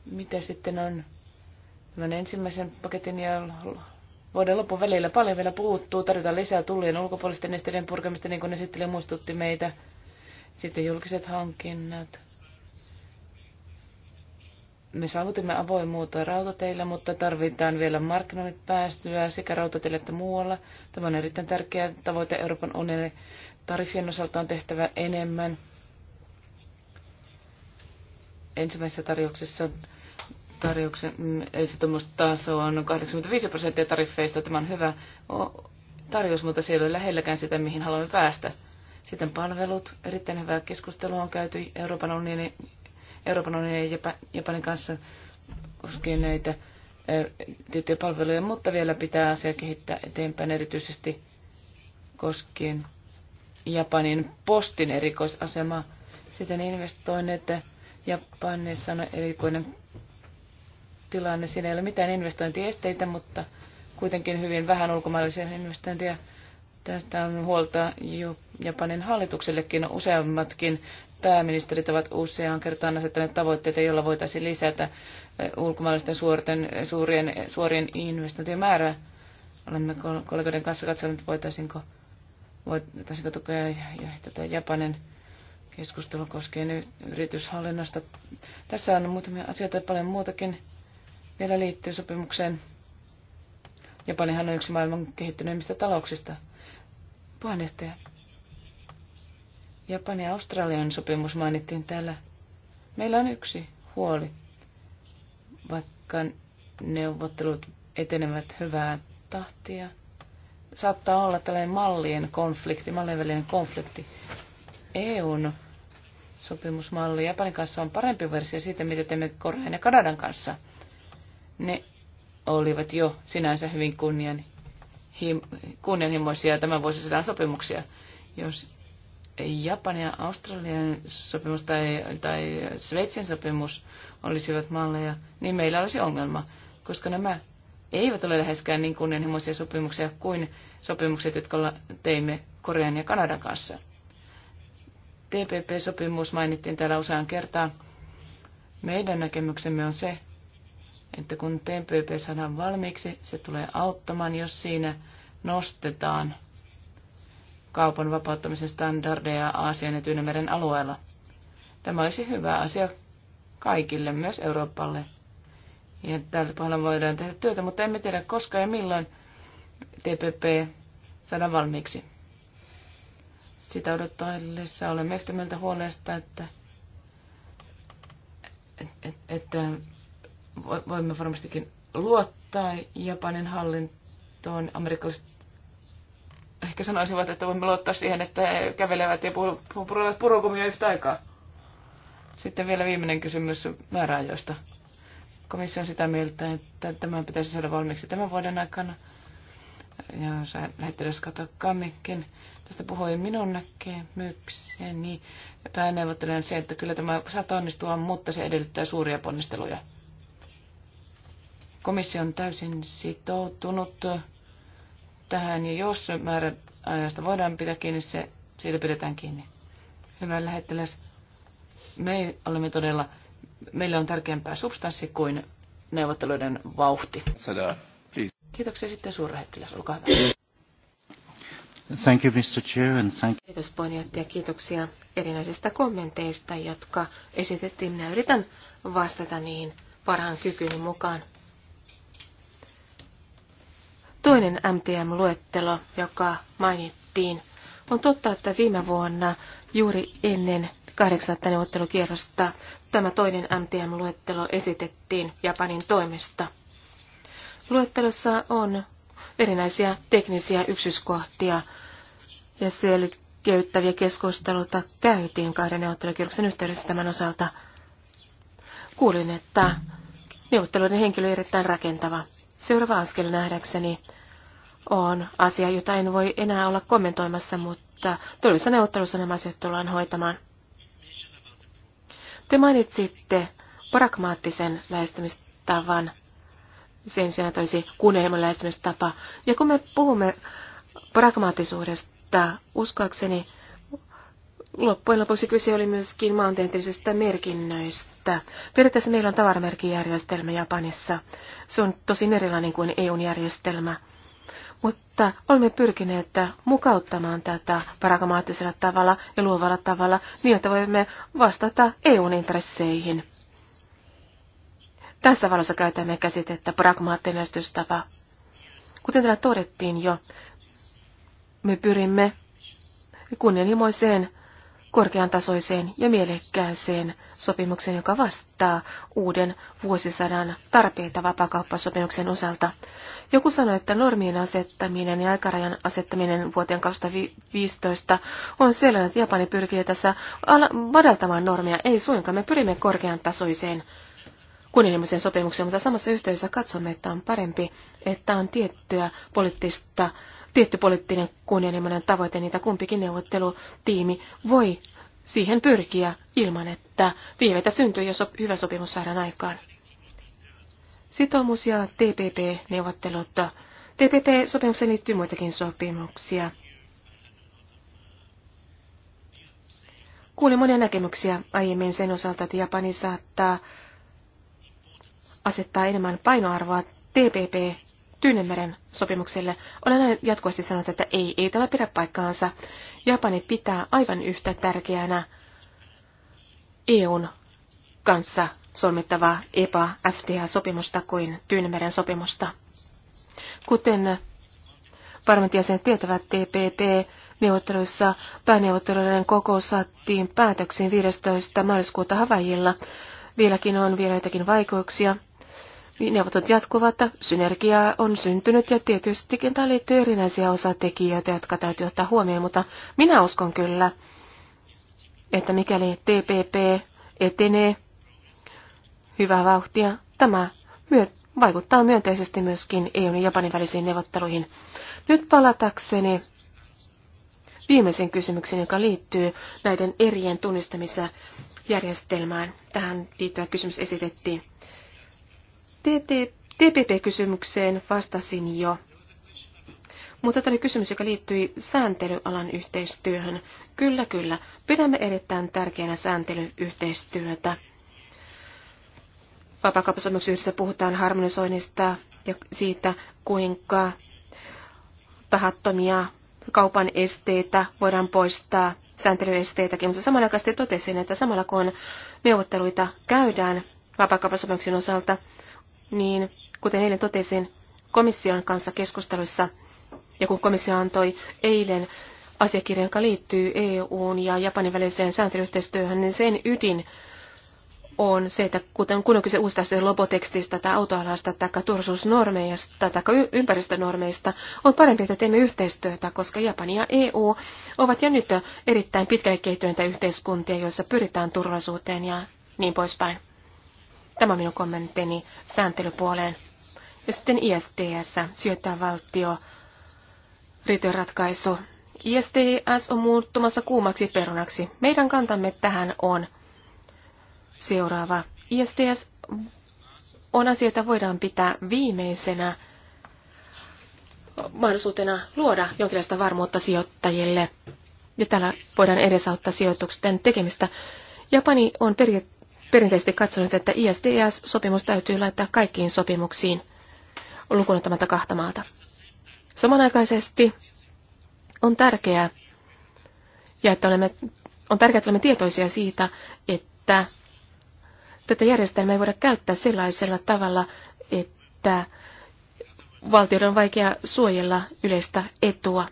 Mitä sitten on tämän ensimmäisen paketin ja vuoden lopun välillä paljon vielä puuttuu, tarvitaan lisää tullien ulkopuolisten esteiden purkamista, niin kuin esittelijä muistutti meitä – sitten julkiset hankinnat. Me saavutimme avoimuutta rautateillä, mutta tarvitaan vielä markkinoille päästyä sekä rautateillä että muualla. Tämä on erittäin tärkeä tavoite Euroopan unionille. Tarifien osalta on tehtävä enemmän. Ensimmäisessä tarjouksessa tarjouksen mm, sitoumustaso on 85 prosenttia tariffeista. Tämä on hyvä tarjous, mutta siellä ei ole lähelläkään sitä, mihin haluamme päästä. Sitten palvelut. Erittäin hyvää keskustelua on käyty Euroopan unionin, Euroopan unionin ja Japanin kanssa koskien näitä tiettyjä palveluja, mutta vielä pitää asiaa kehittää eteenpäin erityisesti koskien Japanin postin erikoisasemaa. Sitten investoinneet Japanissa on erikoinen tilanne. Siinä ei ole mitään investointiesteitä, mutta kuitenkin hyvin vähän ulkomaalaisia investointeja Tästä on huolta Japanin hallituksellekin. Useammatkin pääministerit ovat useaan kertaan asettaneet tavoitteita, joilla voitaisiin lisätä eh, ulkomaalaisten suorten, suurien, suorien investointien määrää. Olemme kollegoiden kanssa katsoneet, voitaisiinko, voitaisiinko tukea tätä Japanin keskustelu koskien yrityshallinnosta. Tässä on muutamia asioita paljon muutakin vielä liittyy sopimukseen. Japanihan on yksi maailman kehittyneimmistä talouksista – Puheenjohtaja. Japani ja Australian sopimus mainittiin täällä. Meillä on yksi huoli. Vaikka neuvottelut etenevät hyvää tahtia, saattaa olla tällainen mallien konflikti, mallien välinen konflikti. EUn sopimusmalli Japanin kanssa on parempi versio siitä, mitä teemme Korean ja Kanadan kanssa. Ne olivat jo sinänsä hyvin kunnian kunnianhimoisia tämän vuosisadan sopimuksia. Jos Japanin ja Australian sopimus tai, tai Sveitsin sopimus olisivat malleja, niin meillä olisi ongelma, koska nämä eivät ole läheskään niin kunnianhimoisia sopimuksia kuin sopimukset, jotka teimme Korean ja Kanadan kanssa. TPP-sopimus mainittiin täällä useaan kertaan. Meidän näkemyksemme on se, että kun TPP saadaan valmiiksi, se tulee auttamaan, jos siinä nostetaan kaupan vapauttamisen standardeja Aasian ja Tyynemeren alueella. Tämä olisi hyvä asia kaikille, myös Euroopalle. Ja tältä pohjalta voidaan tehdä työtä, mutta emme tiedä koska ja milloin TPP saadaan valmiiksi. Sitä odottaessa olemme yhtä mieltä huolesta, että, että, että voimme varmastikin luottaa Japanin hallintoon. Amerikkalaiset ehkä sanoisivat, että voimme luottaa siihen, että he kävelevät ja puruvat purukumia yhtä aikaa. Sitten vielä viimeinen kysymys määräajoista. Komissio on sitä mieltä, että tämä pitäisi saada valmiiksi tämän vuoden aikana. Ja lähettiläs Kato Kammikin tästä puhui minun näkemykseni. Pääneuvottelen se, että kyllä tämä saattaa onnistua, mutta se edellyttää suuria ponnisteluja. Komissio on täysin sitoutunut tähän ja jos määräajasta voidaan pitää kiinni, se, siitä pidetään kiinni. Hyvä lähettiläs, me olemme todella, meille on tärkeämpää substanssi kuin neuvotteluiden vauhti. Kiitoksia sitten suurlähettiläs, olkaa hyvä. Thank you, Mr. Chair, and thank... Kiitos puheenjohtaja, kiitoksia erinäisistä kommenteista, jotka esitettiin. Minä yritän vastata niihin parhaan kykyni mukaan. Toinen MTM-luettelo, joka mainittiin, on totta, että viime vuonna juuri ennen kahdeksatta neuvottelukierrosta tämä toinen MTM-luettelo esitettiin Japanin toimesta. Luettelossa on erinäisiä teknisiä yksityiskohtia ja selkeyttäviä keskusteluita käytiin kahden neuvottelukierroksen yhteydessä tämän osalta. Kuulin, että neuvotteluiden henkilö on erittäin rakentava. Seuraava askel nähdäkseni on asia, jota en voi enää olla kommentoimassa, mutta tulevissa neuvottelussa nämä asiat tullaan hoitamaan. Te mainitsitte pragmaattisen lähestymistavan. Sen sijaan toisi kuunnelman lähestymistapa. Ja kun me puhumme pragmaattisuudesta, uskoakseni Loppujen lopuksi kyse oli myöskin maantieteellisistä merkinnöistä. Periaatteessa meillä on tavaramerkijärjestelmä Japanissa. Se on tosin erilainen kuin EUn järjestelmä. Mutta olemme pyrkineet mukauttamaan tätä pragmaattisella tavalla ja luovalla tavalla niin, että voimme vastata EUn intresseihin. Tässä valossa käytämme käsitettä pragmaattinen lähestystapa. Kuten täällä todettiin jo, me pyrimme kunnianhimoiseen korkeantasoiseen ja mielekkääseen sopimukseen, joka vastaa uuden vuosisadan tarpeita vapakauppasopimuksen osalta. Joku sanoi, että normien asettaminen ja aikarajan asettaminen vuoteen 2015 on sellainen, että Japani pyrkii tässä madaltamaan normia. Ei suinkaan, me pyrimme korkeantasoiseen kunnianhimoisen sopimukseen, mutta samassa yhteydessä katsomme, että on parempi, että on tiettyä poliittista tietty poliittinen kunnianhimoinen tavoite, niitä kumpikin neuvottelutiimi voi siihen pyrkiä ilman, että viiveitä syntyy, jos hyvä sopimus saadaan aikaan. Sitoumus ja TPP-neuvottelut. TPP-sopimukseen liittyy muitakin sopimuksia. Kuulin monia näkemyksiä aiemmin sen osalta, että Japani saattaa asettaa enemmän painoarvoa TPP Tyynemeren sopimukselle. Olen aina jatkuvasti sanonut, että ei, ei tämä pidä paikkaansa. Japani pitää aivan yhtä tärkeänä EUn kanssa solmittavaa EPA-FTA-sopimusta kuin Tyynemeren sopimusta. Kuten varmasti sen tietävät, TPP neuvotteluissa pääneuvotteluiden kokous saattiin päätöksiin 15. maaliskuuta Havajilla. Vieläkin on vielä jotakin vaikeuksia, niin neuvottelut jatkuvat, synergiaa on syntynyt ja tietysti tämä liittyy erinäisiä osatekijöitä, jotka täytyy ottaa huomioon, mutta minä uskon kyllä, että mikäli TPP etenee hyvää vauhtia, tämä myö- vaikuttaa myönteisesti myöskin EUn ja Japanin välisiin neuvotteluihin. Nyt palatakseni viimeisen kysymyksen, joka liittyy näiden erien tunnistamiseen järjestelmään. Tähän liittyvä kysymys esitettiin. TPP-kysymykseen vastasin jo. Mutta tämä kysymys, joka liittyi sääntelyalan yhteistyöhön. Kyllä, kyllä. Pidämme erittäin tärkeänä sääntelyyhteistyötä. Vapaakauppasopimuksessa yhdessä puhutaan harmonisoinnista ja siitä, kuinka tahattomia kaupan esteitä voidaan poistaa, sääntelyesteitäkin, mutta samanaikaisesti totesin, että samalla kun neuvotteluita käydään vapaakauppasopimuksen osalta, niin kuten eilen totesin komission kanssa keskusteluissa, ja kun komissio antoi eilen asiakirja, joka liittyy EUn ja Japanin väliseen sääntelyyhteistyöhön, niin sen ydin on se, että kuten kun on kyse uusista lobotekstistä tai autoalasta tai turvallisuusnormeista tai ympäristönormeista, on parempi, että teemme yhteistyötä, koska Japani ja EU ovat jo nyt erittäin pitkälle kehittyneitä yhteiskuntia, joissa pyritään turvallisuuteen ja niin poispäin. Tämä on minun kommentteni sääntelypuoleen. Ja sitten ISDS, sijoittajavaltio, ratkaisu. ISDS on muuttumassa kuumaksi perunaksi. Meidän kantamme tähän on seuraava. ISDS on asia, jota voidaan pitää viimeisenä mahdollisuutena luoda jonkinlaista varmuutta sijoittajille. Ja tällä voidaan edesauttaa sijoitusten tekemistä. Japani on periaatteessa perinteisesti katsonut, että ISDS-sopimus täytyy laittaa kaikkiin sopimuksiin lukunottamatta kahta maata. Samanaikaisesti on tärkeää, ja että olemme, on tärkeää, että olemme tietoisia siitä, että tätä järjestelmää ei voida käyttää sellaisella tavalla, että valtioiden on vaikea suojella yleistä etua.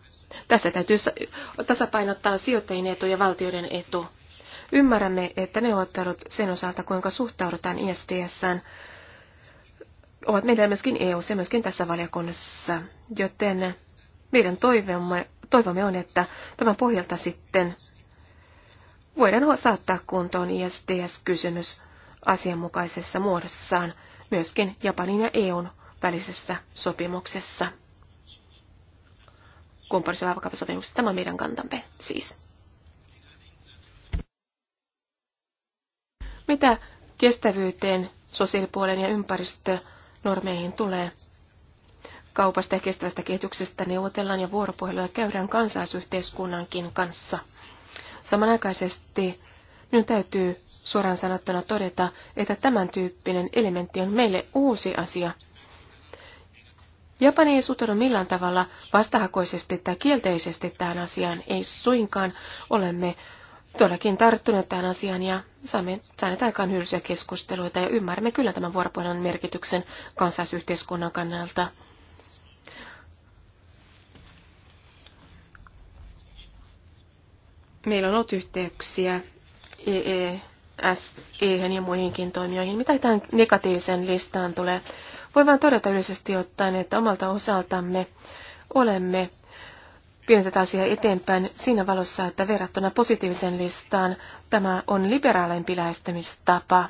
Tässä täytyy tasapainottaa sijoittajien etu ja valtioiden etu. Ymmärrämme, että neuvottelut sen osalta, kuinka suhtaudutaan ISDS, ovat meillä myöskin EU ja myöskin tässä valiokunnassa, joten meidän toivomme, toivomme on, että tämän pohjalta sitten voidaan saattaa kuntoon ISDS-kysymys asianmukaisessa muodossaan myöskin Japanin ja EUn välisessä sopimuksessa. Kumppanissa sopimuksessa tämä on meidän kantamme siis. Mitä kestävyyteen, sosiaalipuolen ja ympäristönormeihin tulee? Kaupasta ja kestävästä kehityksestä neuvotellaan ja vuoropuhelua käydään kansalaisyhteiskunnankin kanssa. Samanaikaisesti minun täytyy suoraan sanottuna todeta, että tämän tyyppinen elementti on meille uusi asia. Japani ei suhtaudu millään tavalla vastahakoisesti tai kielteisesti tähän asiaan, ei suinkaan olemme todellakin tarttuneet tähän asiaan ja saamme saaneet aikaan hyödyllisiä keskusteluita ja ymmärrämme kyllä tämän vuoropuhelun merkityksen kansalaisyhteiskunnan kannalta. Meillä on ollut yhteyksiä EESE e e ja muihinkin toimijoihin. Mitä tähän negatiiviseen listaan tulee? Voi vain todeta yleisesti ottaen, että omalta osaltamme olemme viedä tätä asiaa eteenpäin siinä valossa, että verrattuna positiivisen listaan tämä on liberaalempi lähestymistapa.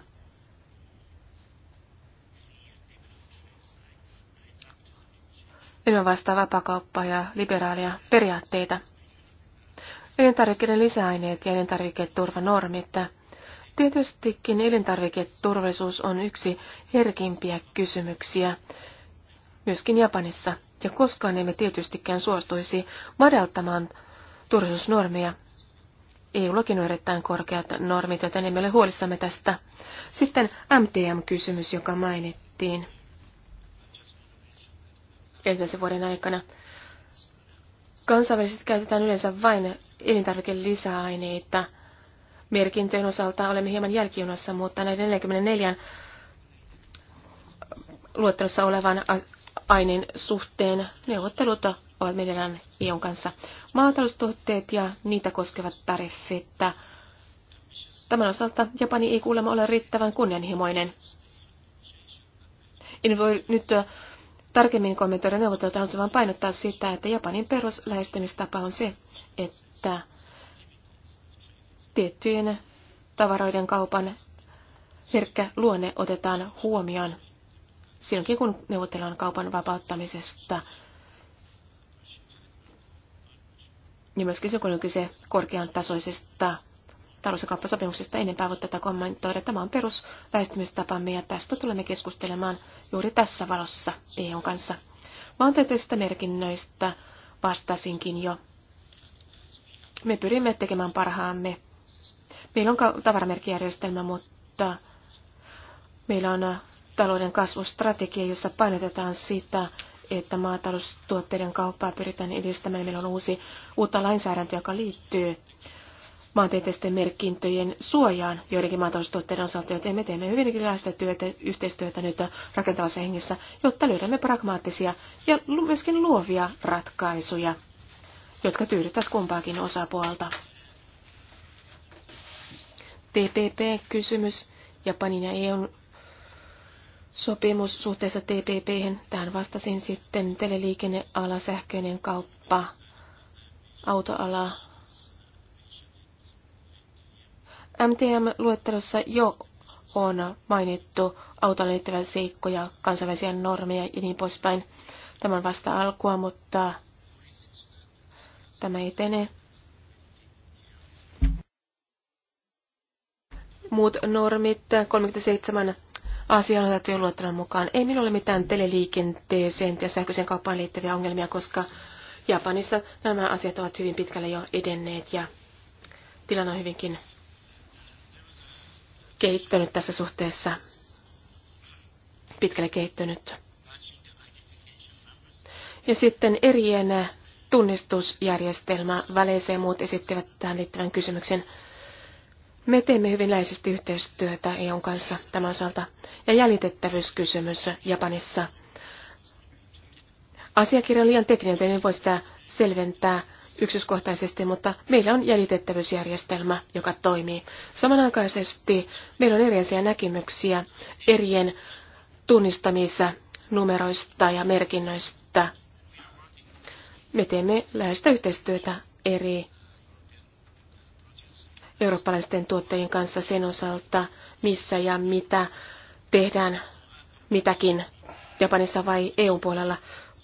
Ilman vastaa vapakauppaa ja liberaalia periaatteita. Elintarvikkeiden lisäaineet ja elintarviketurvanormit. Tietystikin elintarviketurvallisuus on yksi herkimpiä kysymyksiä, myöskin Japanissa – ja koskaan emme tietystikään suostuisi madaltamaan turvallisuusnormeja. EUllakin on erittäin korkeat normit, joten emme ole huolissamme tästä. Sitten MTM-kysymys, joka mainittiin ensimmäisen vuoden aikana. Kansainväliset käytetään yleensä vain elintarvikelisäaineita. Merkintöjen osalta olemme hieman jälkijunassa, mutta näiden 44 luettelossa olevan aineen suhteen neuvottelut ovat meidän EUn kanssa. Maataloustuotteet ja niitä koskevat tariffit. Tämän osalta Japani ei kuulemma ole riittävän kunnianhimoinen. En voi nyt äh, tarkemmin kommentoida neuvotteluita, haluaisin vain painottaa sitä, että Japanin peruslähestymistapa on se, että tiettyjen tavaroiden kaupan herkkä luonne otetaan huomioon silloinkin, kun neuvotellaan kaupan vapauttamisesta. Ja myöskin se, kun on kyse korkean tasoisesta talous- ja kauppasopimuksesta, enempää voi tätä kommentoida. Tämä on perusväestymistapamme ja tästä tulemme keskustelemaan juuri tässä valossa EUn kanssa. Maantieteellisistä merkinnöistä vastasinkin jo. Me pyrimme tekemään parhaamme. Meillä on tavaramerkkijärjestelmä, mutta meillä on talouden kasvustrategia, jossa painotetaan sitä, että maataloustuotteiden kauppaa pyritään edistämään. Meillä on uusi, uutta lainsäädäntöä, joka liittyy maantieteisten merkintöjen suojaan joidenkin maataloustuotteiden osalta, joten me teemme hyvinkin läheistä työtä, yhteistyötä nyt rakentavassa hengessä, jotta löydämme pragmaattisia ja myöskin luovia ratkaisuja, jotka tyydyttävät kumpaakin osapuolta. TPP-kysymys Japanin ja EUn sopimus suhteessa TPP. Tähän vastasin sitten teleliikenneala, sähköinen kauppa, autoala. MTM-luettelossa jo on mainittu autoon liittyviä seikkoja, kansainvälisiä normeja ja niin poispäin. Tämä on vasta alkua, mutta tämä etenee. Muut normit, 37 asialla luottelun mukaan. Ei minulla ole mitään teleliikenteeseen ja sähköisen kauppaan liittyviä ongelmia, koska Japanissa nämä asiat ovat hyvin pitkälle jo edenneet ja tilanne on hyvinkin kehittynyt tässä suhteessa, pitkälle kehittynyt. Ja sitten erien tunnistusjärjestelmä, väleeseen muut esittivät tähän liittyvän kysymyksen. Me teemme hyvin läheisesti yhteistyötä EUn kanssa tämän osalta. Ja jäljitettävyyskysymys Japanissa. Asiakirja on liian tekninen, niin voi sitä selventää yksityiskohtaisesti, mutta meillä on jäljitettävyysjärjestelmä, joka toimii. Samanaikaisesti meillä on erilaisia näkemyksiä erien tunnistamissa numeroista ja merkinnöistä. Me teemme läheistä yhteistyötä eri eurooppalaisten tuottajien kanssa sen osalta, missä ja mitä tehdään mitäkin Japanissa vai EU-puolella.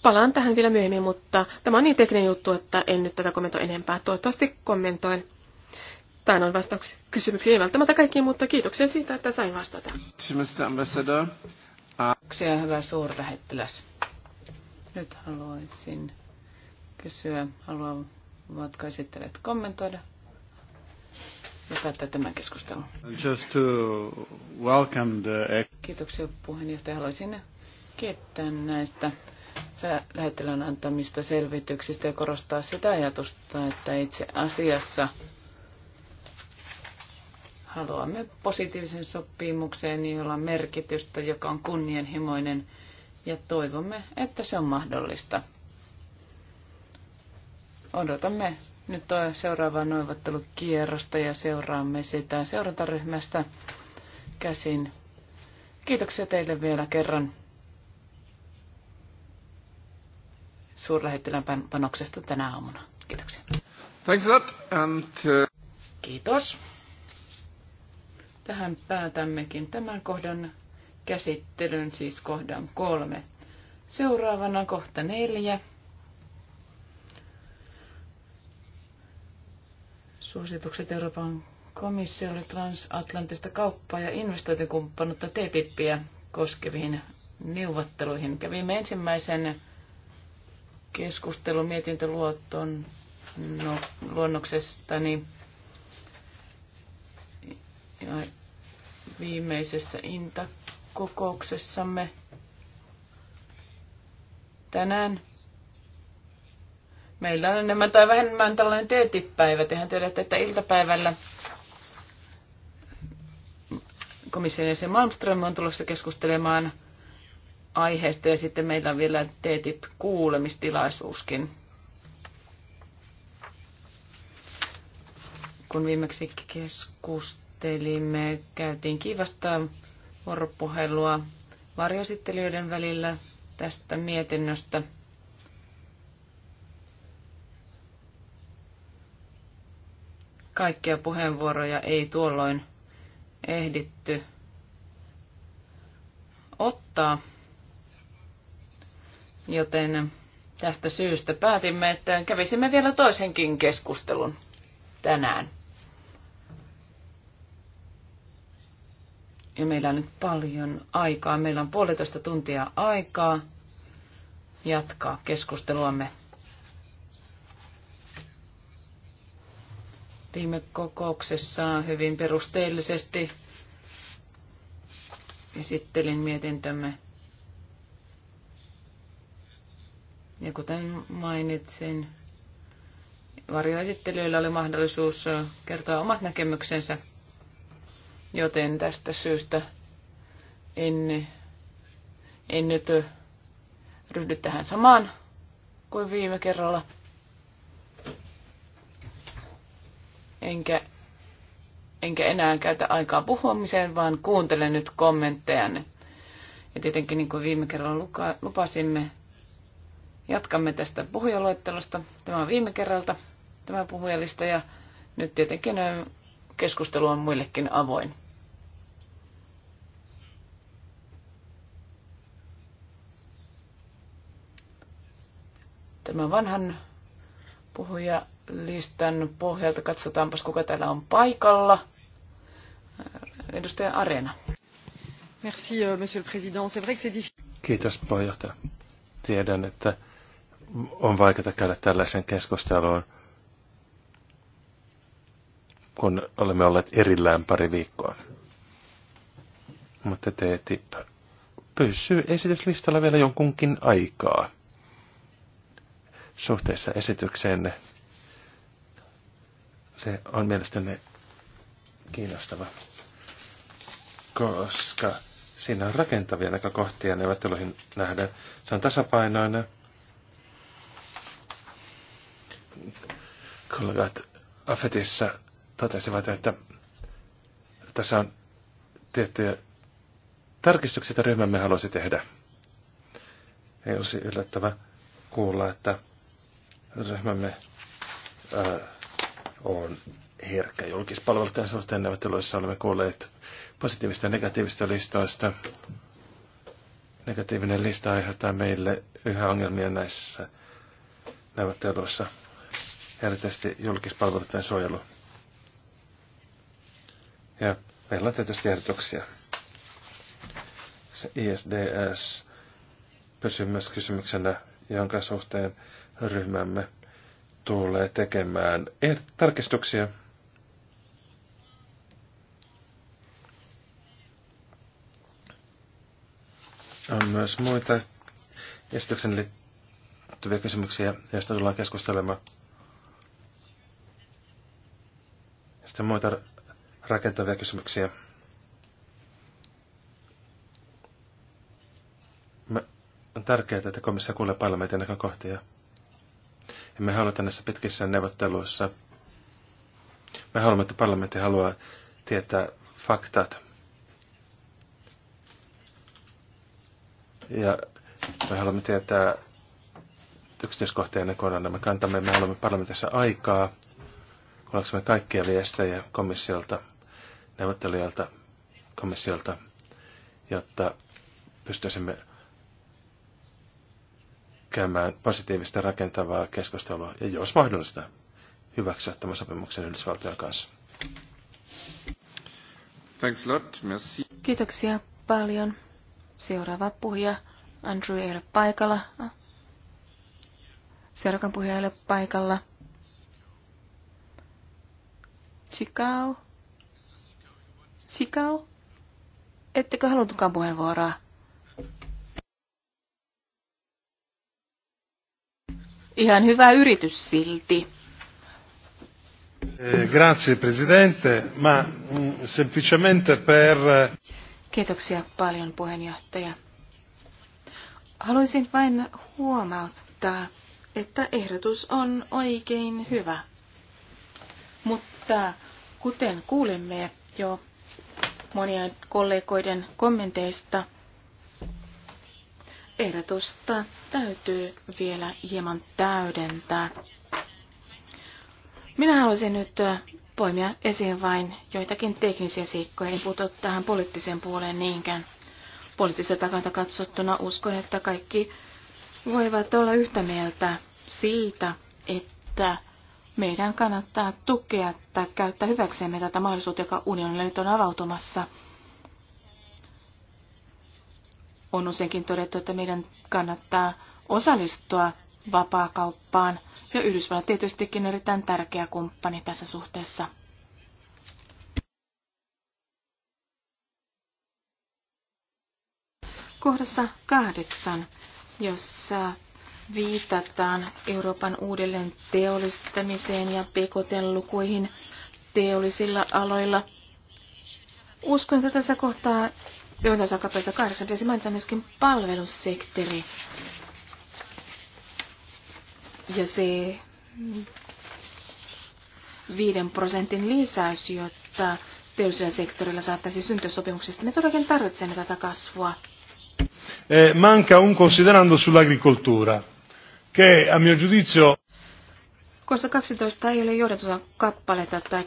Palaan tähän vielä myöhemmin, mutta tämä on niin tekninen juttu, että en nyt tätä kommentoi enempää. Toivottavasti kommentoin. Tämä on vastauksia kysymyksiin, ei välttämättä kaikkiin, mutta kiitoksia siitä, että sain vastata. Kiitoksia, hyvä suurlähettiläs. Nyt haluaisin kysyä, haluavatko esittelijät kommentoida? ja päättää tämän keskustelun. Just to welcome the... Kiitoksia puheenjohtaja. Haluaisin kiittää näistä lähettelön antamista selvityksistä ja korostaa sitä ajatusta, että itse asiassa haluamme positiivisen sopimukseen, jolla on merkitystä, joka on kunnianhimoinen ja toivomme, että se on mahdollista. Odotamme nyt on seuraava neuvottelukierrosta ja seuraamme sitä seurantaryhmästä käsin. Kiitoksia teille vielä kerran suurlähettilän panoksesta tänä aamuna. Kiitoksia. Thanks a lot and, uh... Kiitos. Tähän päätämmekin tämän kohdan käsittelyn, siis kohdan kolme. Seuraavana kohta neljä. suositukset Euroopan komissiolle transatlanttista kauppaa ja investointikumppanuutta TTIPiä koskeviin neuvotteluihin. Kävimme ensimmäisen keskustelun mietintöluotton no, luonnoksestani ja viimeisessä intakokouksessamme tänään Meillä on enemmän tai vähemmän tällainen teetipäivä. Tehän tiedätte, että iltapäivällä komission jäsen Malmström on tulossa keskustelemaan aiheesta ja sitten meillä on vielä TTIP-kuulemistilaisuuskin. Kun viimeksi keskustelimme, käytiin kiivasta vuoropuhelua varjosittelijöiden välillä tästä mietinnöstä. Kaikkia puheenvuoroja ei tuolloin ehditty ottaa, joten tästä syystä päätimme, että kävisimme vielä toisenkin keskustelun tänään. Ja meillä on nyt paljon aikaa. Meillä on puolitoista tuntia aikaa jatkaa keskusteluamme viime kokouksessa hyvin perusteellisesti esittelin mietintömme, Ja kuten mainitsin, varjoesittelijöillä oli mahdollisuus kertoa omat näkemyksensä, joten tästä syystä en, en nyt ryhdy tähän samaan kuin viime kerralla. enkä, enkä enää käytä aikaa puhumiseen, vaan kuuntelen nyt kommenttejanne. Ja tietenkin niin kuin viime kerralla luka, lupasimme, jatkamme tästä puhujaluettelosta. Tämä on viime kerralta tämä puhujalista ja nyt tietenkin keskustelu on muillekin avoin. Tämä vanhan puhuja listan pohjalta. Katsotaanpas, kuka täällä on paikalla. Edustaja Arena. Merci, euh, monsieur le président. C'est vrai que c'est difficile. Kiitos, puheenjohtaja. Tiedän, että on vaikeaa käydä tällaisen keskusteluun, kun olemme olleet erillään pari viikkoa. Mutta TTIP pysyy esityslistalla vielä jonkunkin aikaa suhteessa esitykseenne se on mielestäni kiinnostava, koska siinä on rakentavia näkökohtia neuvotteluihin nähden. Se on tasapainoinen. Kollegat Afetissa totesivat, että tässä on tiettyjä tarkistuksia, että ryhmämme haluaisi tehdä. Ei olisi yllättävä kuulla, että ryhmämme ää, on herkkä julkispalveluiden suhteen neuvotteluissa. Olemme kuulleet positiivista ja negatiivista listoista. Negatiivinen lista aiheuttaa meille yhä ongelmia näissä neuvotteluissa, erityisesti julkispalveluiden suojelu. Ja meillä on tietysti ehdotuksia. Se ISDS pysyy myös kysymyksenä, jonka suhteen ryhmämme tulee tekemään er- tarkistuksia. On myös muita esityksen liittyviä kysymyksiä, joista tullaan keskustelemaan. Sitten muita rakentavia kysymyksiä. on tärkeää, että komissio kuulee parlamentin näkökohtia. Me halua näissä pitkissä neuvotteluissa. Me haluamme, että parlamentti haluaa tietää faktat. Ja me haluamme tietää yksityiskohtia ennen kuin annamme kantamme. Me haluamme parlamentissa aikaa, kuullaksemme kaikkia viestejä komissiolta, neuvottelijalta, komissiolta, jotta pystyisimme käymään positiivista rakentavaa keskustelua ja jos mahdollista hyväksyä tämän sopimuksen Yhdysvaltojen kanssa. Thanks a lot. Merci. Kiitoksia paljon. Seuraava puhuja Andrew ei ole paikalla. Seuraavan puhuja ei ole paikalla. Sikau. Sikau. Ettekö haluttukaan puheenvuoroa? Ihan hyvä yritys silti. Eh, grazie presidente, ma mm, semplicemente per... Eh, Kiitoksia paljon puheenjohtaja. Haluaisin vain huomauttaa, että ehdotus on oikein hyvä. Mutta kuten kuulemme jo monien kollegoiden kommenteista, ehdotusta täytyy vielä hieman täydentää. Minä haluaisin nyt poimia esiin vain joitakin teknisiä siikkoja, en puutu tähän poliittiseen puoleen niinkään. Poliittisen takalta katsottuna uskon, että kaikki voivat olla yhtä mieltä siitä, että meidän kannattaa tukea tai käyttää hyväksemme tätä mahdollisuutta, joka unionille nyt on avautumassa – on useinkin todettu, että meidän kannattaa osallistua vapaakauppaan, ja Yhdysvallat tietystikin erittäin tärkeä kumppani tässä suhteessa. Kohdassa kahdeksan, jossa viitataan Euroopan uudelleen teollistamiseen ja PKT-lukuihin teollisilla aloilla. Uskon, että tässä kohtaa johdannosan kappaleessa kahdeksan pitäisi mainita myöskin palvelussektori. Ja se viiden prosentin lisäys, jotta teollisella sektorilla saattaisi syntyä sopimuksista. Me todellakin tarvitsemme tätä kasvua. Eh, manca un considerando sull'agricoltura, che a mio giudizio... Koska 12 ei ole johdatonsa kappaletta tai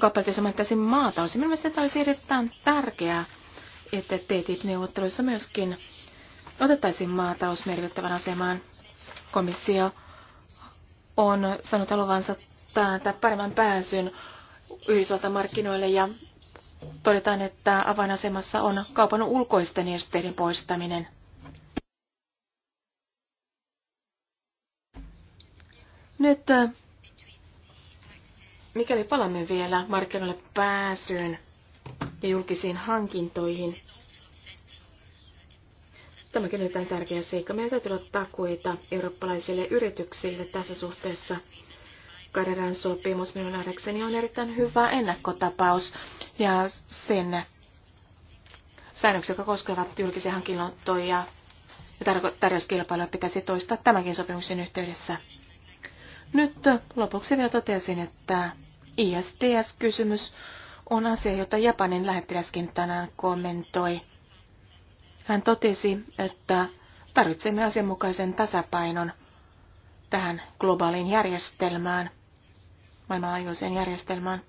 kappaletta, jossa mainittaisiin maata, olisi mielestäni tämä olisi erittäin tärkeää että TTIP-neuvotteluissa myöskin otettaisiin maatalous merkittävän asemaan. Komissio on sanonut haluavansa taata paremman pääsyn Yhdysvaltain markkinoille ja todetaan, että avainasemassa on kaupan ulkoisten esteiden poistaminen. Nyt äh, mikäli palamme vielä markkinoille pääsyyn ja julkisiin hankintoihin. Tämäkin on erittäin tärkeä seikka. Meidän täytyy olla takuita eurooppalaisille yrityksille tässä suhteessa. Kareran sopimus minun nähdäkseni on erittäin hyvä ennakkotapaus ja sen säännöksiä, jotka koskevat julkisia hankintoja ja tarjouskilpailuja pitäisi toistaa tämänkin sopimuksen yhteydessä. Nyt lopuksi vielä totesin, että ISTS-kysymys on asia, jota Japanin lähettiläskenttänä kommentoi. Hän totesi, että tarvitsemme asianmukaisen tasapainon tähän globaaliin järjestelmään, maailmanlaajuiseen järjestelmään.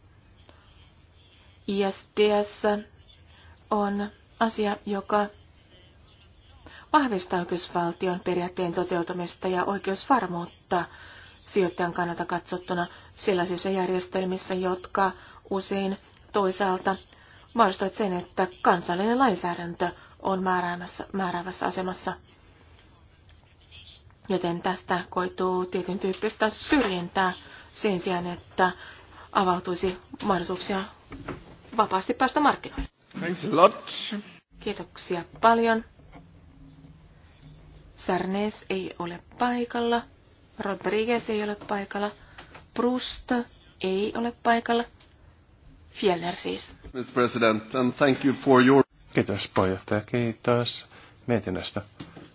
ISDS on asia, joka vahvistaa oikeusvaltion periaatteen toteutumista ja oikeusvarmuutta sijoittajan kannalta katsottuna sellaisissa järjestelmissä, jotka usein toisaalta mahdollistavat sen, että kansallinen lainsäädäntö on määräävässä asemassa. Joten tästä koituu tietyn tyyppistä syrjintää sen sijaan, että avautuisi mahdollisuuksia vapaasti päästä markkinoille. Thanks a lot. Kiitoksia paljon. Sarnes ei ole paikalla. Rodriguez ei ole paikalla. Brust ei ole paikalla. Fjellner siis. Mr. President, and thank you for your... Kiitos puheenjohtaja, kiitos mietinnöstä.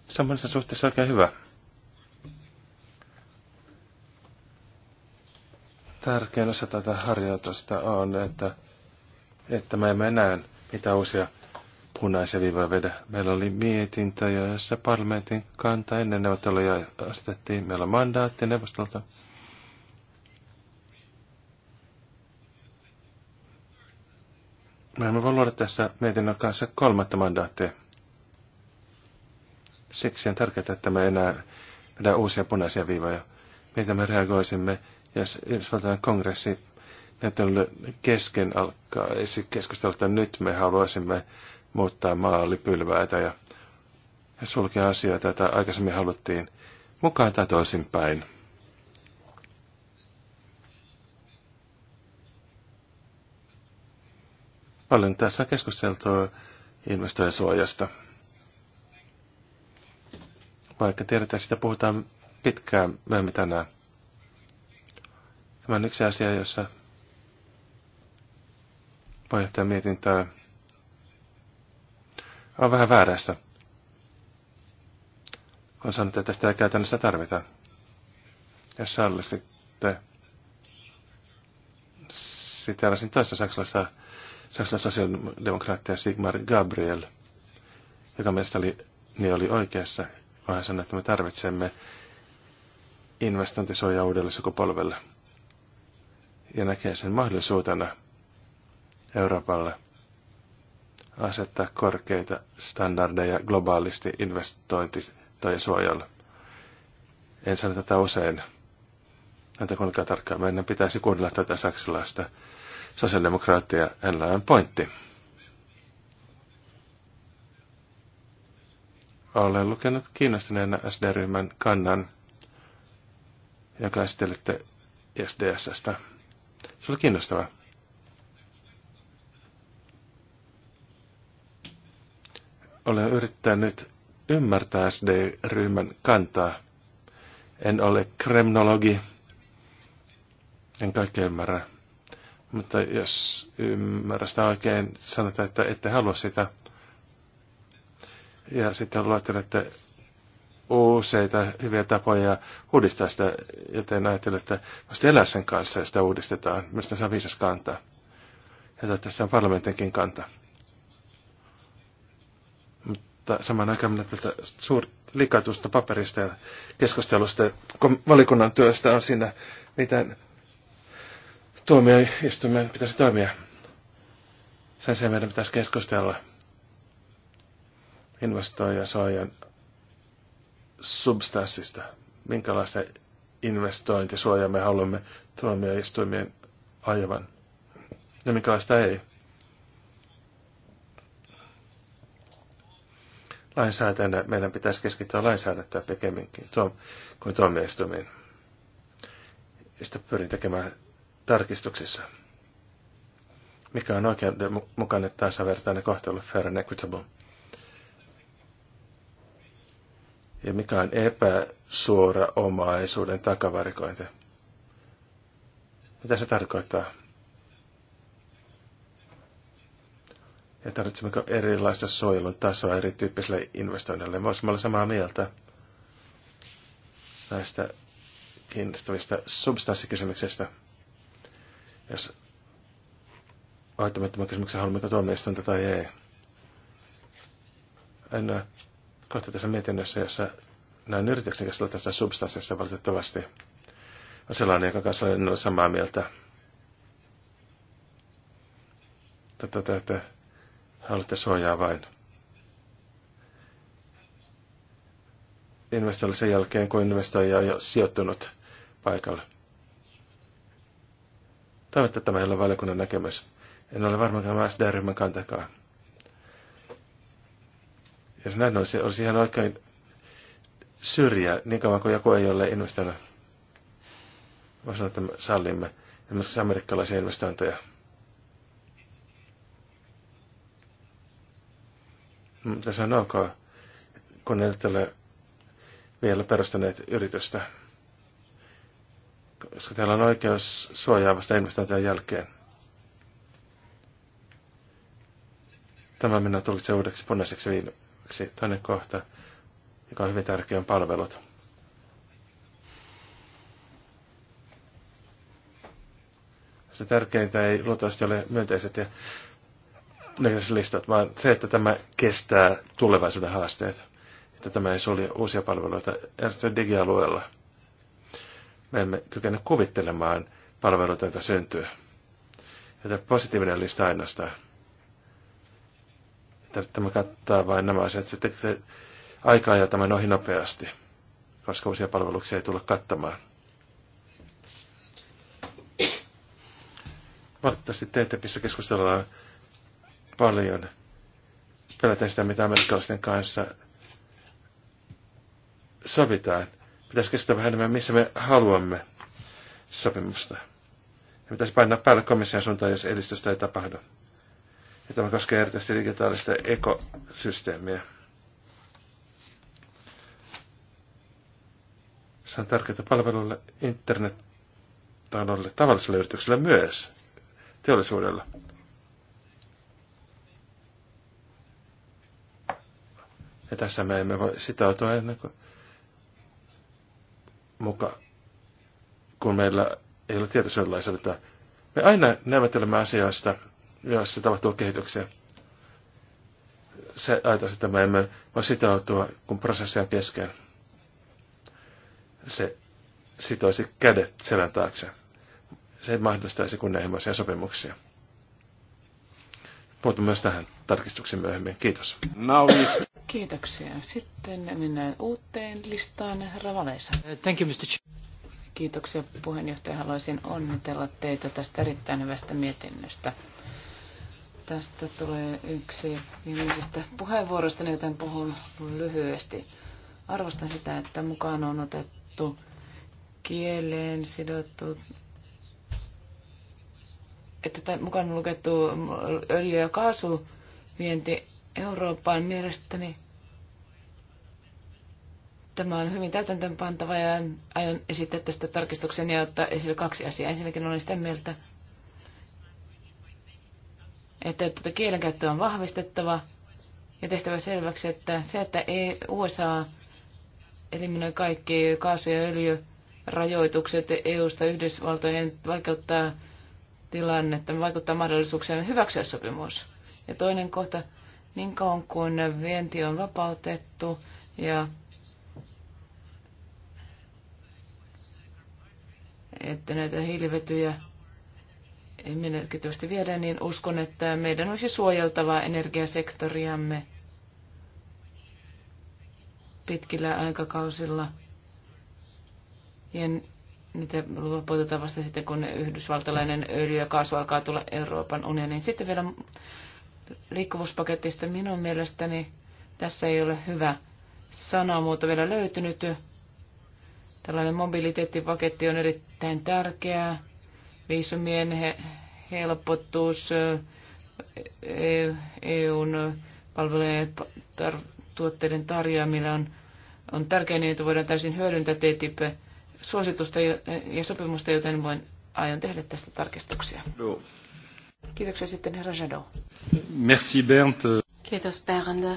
Samassa suhteessa oikein hyvä. Tärkein osa tätä harjoitusta on, että, että me emme enää mitä uusia punaisia viivoja vedä. Meillä oli mietintö, jossa parlamentin kanta ennen neuvotteluja asetettiin. Meillä on mandaatti neuvostolta Me emme voi luoda tässä mietinnön kanssa kolmatta mandaattia. Siksi on tärkeää, että me enää pidä uusia punaisia viivoja. Miten me reagoisimme, jos Yhdysvaltain kongressi näyttelylle kesken alkaa keskustella, että nyt me haluaisimme muuttaa maalipylväitä ja, ja sulkea asioita, joita aikaisemmin haluttiin mukaan tai toisinpäin. Paljon tässä on keskusteltu suojasta, Vaikka tiedetään, sitä puhutaan pitkään myöhemmin tänään. Tämä on yksi asia, jossa puheenjohtajan mietintö on vähän väärässä. Kun sanotaan, että sitä ei käytännössä tarvita. Jos sallisitte, sitten alasin toista saksalaista Saksan sosiaalidemokraattia Sigmar Gabriel, joka mielestä oli, niin oli oikeassa, vaan sanoi, että me tarvitsemme investointisuojaa uudelle sukupolvelle ja näkee sen mahdollisuutena Euroopalle asettaa korkeita standardeja globaalisti investointi- tai suojalla. En sano tätä usein. Näitä kuinka tarkkaan. Meidän pitäisi kuunnella tätä saksalaista sosiaalidemokraatteja, Enlään pointti. Olen lukenut kiinnostuneena SD-ryhmän kannan, joka esittelette SDSstä. Se oli kiinnostavaa. Olen yrittänyt ymmärtää SD-ryhmän kantaa. En ole kremnologi, en kaikkea ymmärrä. Mutta jos ymmärrän sitä oikein, sanotaan, että ette halua sitä. Ja sitten luettelen, että useita hyviä tapoja uudistaa sitä, joten ajattelin, että vasta elää sen kanssa ja sitä uudistetaan. Mistä se on viisas kantaa. Ja tässä on parlamentinkin kanta. Mutta samaan aikaan minä tätä suurta paperista ja keskustelusta ja valikunnan työstä on siinä, miten tuomioistuimen pitäisi toimia. Sen sijaan meidän pitäisi keskustella investoija suojan substanssista. Minkälaista investointisuojaa me haluamme tuomioistuimien ajavan ja minkälaista ei. Lainsäätäjänä meidän pitäisi keskittyä lainsäädäntöä pikemminkin tuom- kuin tuomioistuimiin. sitä pyrin tekemään tarkistuksissa. Mikä on oikeudenmukainen tasavertainen kohtelu, fair and equitable? Ja mikä on epäsuora omaisuuden takavarikointi? Mitä se tarkoittaa? Ja tarvitsemmeko erilaista suojelun tasoa erityyppisille investoinneille? Me olisimme samaa mieltä näistä kiinnostavista substanssikysymyksistä jos hoitamme tämän kysymyksen, haluammeko tuomioistuinta tai ei. En näe kohta tässä mietinnössä, jossa näin yrityksen kanssa tässä substanssissa valitettavasti on sellainen, joka kanssa en samaa mieltä. Tätä te, te haluatte suojaa vain. Investoilla sen jälkeen, kun investoija on jo sijoittunut paikalle. Toivottavasti tämä ei ole valiokunnan näkemys. En ole varmaankaan SD-ryhmän kantakaan. Jos näin olisi, olisi ihan oikein syrjä niin kauan kuin joku ei ole investoinut. Voisi sanoa, että me sallimme esimerkiksi amerikkalaisia investointeja. Mutta mm, se on ok, kun ne vielä perustaneet yritystä koska teillä on oikeus suojaa vasta investointien jälkeen. Tämä minä tulkitsen uudeksi punaiseksi viimeksi. Toinen kohta, joka on hyvin tärkeä, on palvelut. Se tärkeintä ei luultavasti ole myönteiset ja negatiiviset listat, vaan se, että tämä kestää tulevaisuuden haasteet. Että tämä ei sulje uusia palveluita, erityisesti digialueella me emme kykene kuvittelemaan palveluita, syntyy. Joten positiivinen lista ainoastaan. Tämä kattaa vain nämä asiat. Se tekee aikaa ja tämän ohi nopeasti, koska uusia palveluksia ei tule kattamaan. Valitettavasti TTPissä keskustellaan paljon. Pelätään sitä, mitä amerikkalaisten kanssa sovitaan. Pitäisi käsittää vähän enemmän, missä me haluamme sopimusta. Ja pitäisi painaa päälle komission suuntaan, jos edistystä ei tapahdu. Ja tämä koskee erityisesti digitaalista ekosysteemiä. Se on tärkeää palvelulle, internet-talolle, tavalliselle yritykselle myös, teollisuudella. Ja tässä me emme voi sitoutua ennen kuin muka, kun meillä ei ole tietosuojelulainsäädäntöä. Me aina neuvottelemme asiasta, se tapahtuu kehitykseen. Se ajatus, että me emme voi sitoutua, kun prosessi on kesken. Se sitoisi kädet selän taakse. Se ei mahdollistaisi kunnianhimoisia sopimuksia. Puhutaan myös tähän tarkistuksiin myöhemmin. Kiitos. Kiitoksia. Sitten mennään uuteen listaan. Herra Valeisa. Thank you, Mr. Ch- Kiitoksia puheenjohtaja. Haluaisin onnitella teitä tästä erittäin hyvästä mietinnöstä. Tästä tulee yksi viimeisistä puheenvuorosta, niin joten puhun lyhyesti. Arvostan sitä, että mukaan on otettu kieleen sidottu että mukaan lukettu öljy- ja kaasuvienti Eurooppaan mielestäni tämä on hyvin täytäntöönpantava ja aion esittää tästä tarkistuksen ja ottaa esille kaksi asiaa. Ensinnäkin olen sitä mieltä, että tuota kielenkäyttöä on vahvistettava ja tehtävä selväksi, että se, että ei USA eliminoi kaikki kaasu- ja öljyrajoitukset EU-sta Yhdysvaltojen vaikeuttaa tilannetta, vaikuttaa mahdollisuuksien hyväksyä sopimus. Ja toinen kohta, niin kauan kuin vienti on vapautettu ja että näitä hiilivetyjä ei merkittävästi viedä, niin uskon, että meidän olisi suojeltava energiasektoriamme pitkillä aikakausilla. Ja niitä lopetetaan vasta sitten, kun yhdysvaltalainen öljy ja kaasu alkaa tulla Euroopan unioniin. Sitten vielä liikkuvuuspaketista minun mielestäni tässä ei ole hyvä sanamuoto vielä löytynyt. Tällainen mobiliteettipaketti on erittäin tärkeää. Viisumien he, helpottuus, EUn e- e palvelujen ja tuotteiden tarjoaminen on, on tärkeää niin, että voidaan täysin hyödyntää TTIP suositusta ja sopimusta, joten voin, aion tehdä tästä tarkistuksia. Kiitoksia sitten herra Jadot. Merci Bernd. Kiitos Bernd.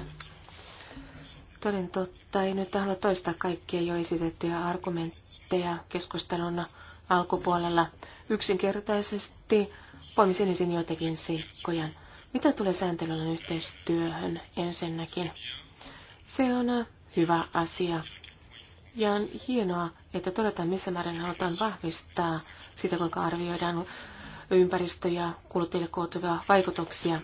Toden totta, ei nyt halua toistaa kaikkia jo esitettyjä argumentteja keskustelun alkupuolella. Yksinkertaisesti poimisin ensin joitakin seikkoja. Mitä tulee sääntelyn yhteistyöhön ensinnäkin? Se on hyvä asia. Ja on hienoa, että todetaan, missä määrin halutaan vahvistaa sitä, kuinka arvioidaan ympäristö- ja kuluttajille kootuvia vaikutuksia.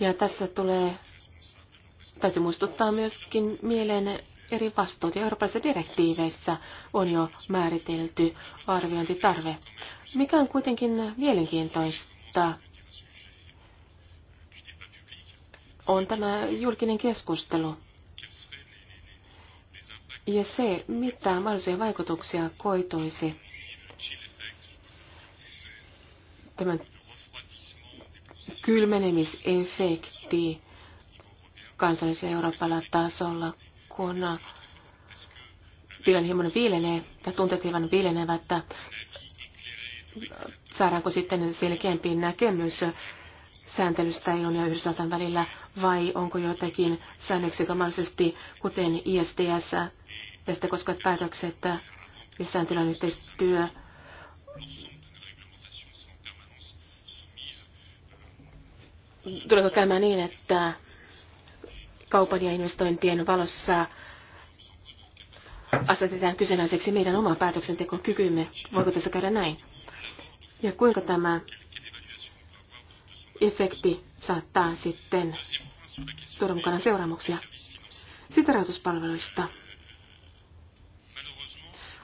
Ja tässä tulee, täytyy muistuttaa myöskin mieleen eri vastuut. Ja direktiiveissä on jo määritelty arviointitarve, mikä on kuitenkin mielenkiintoista. On tämä julkinen keskustelu ja se, mitä mahdollisia vaikutuksia koituisi tämän kylmenemisefekti kansallisella Euroopalla tasolla, kun tilan hieman viilenee tai tunteet hieman viilenevät, että saadaanko sitten selkeämpi näkemys sääntelystä EUn ja Yhdysvaltain välillä, vai onko jotakin säännöksiä, mahdollisesti kuten ISDS, tästä koskevat päätökset ja sääntelyn yhteistyö, tuleeko käymään niin, että kaupan ja investointien valossa asetetaan kyseenalaiseksi meidän oma päätöksentekokykymme? Voiko tässä käydä näin? Ja kuinka tämä efekti saattaa sitten tuoda mukana seuraamuksia. Sitten rahoituspalveluista.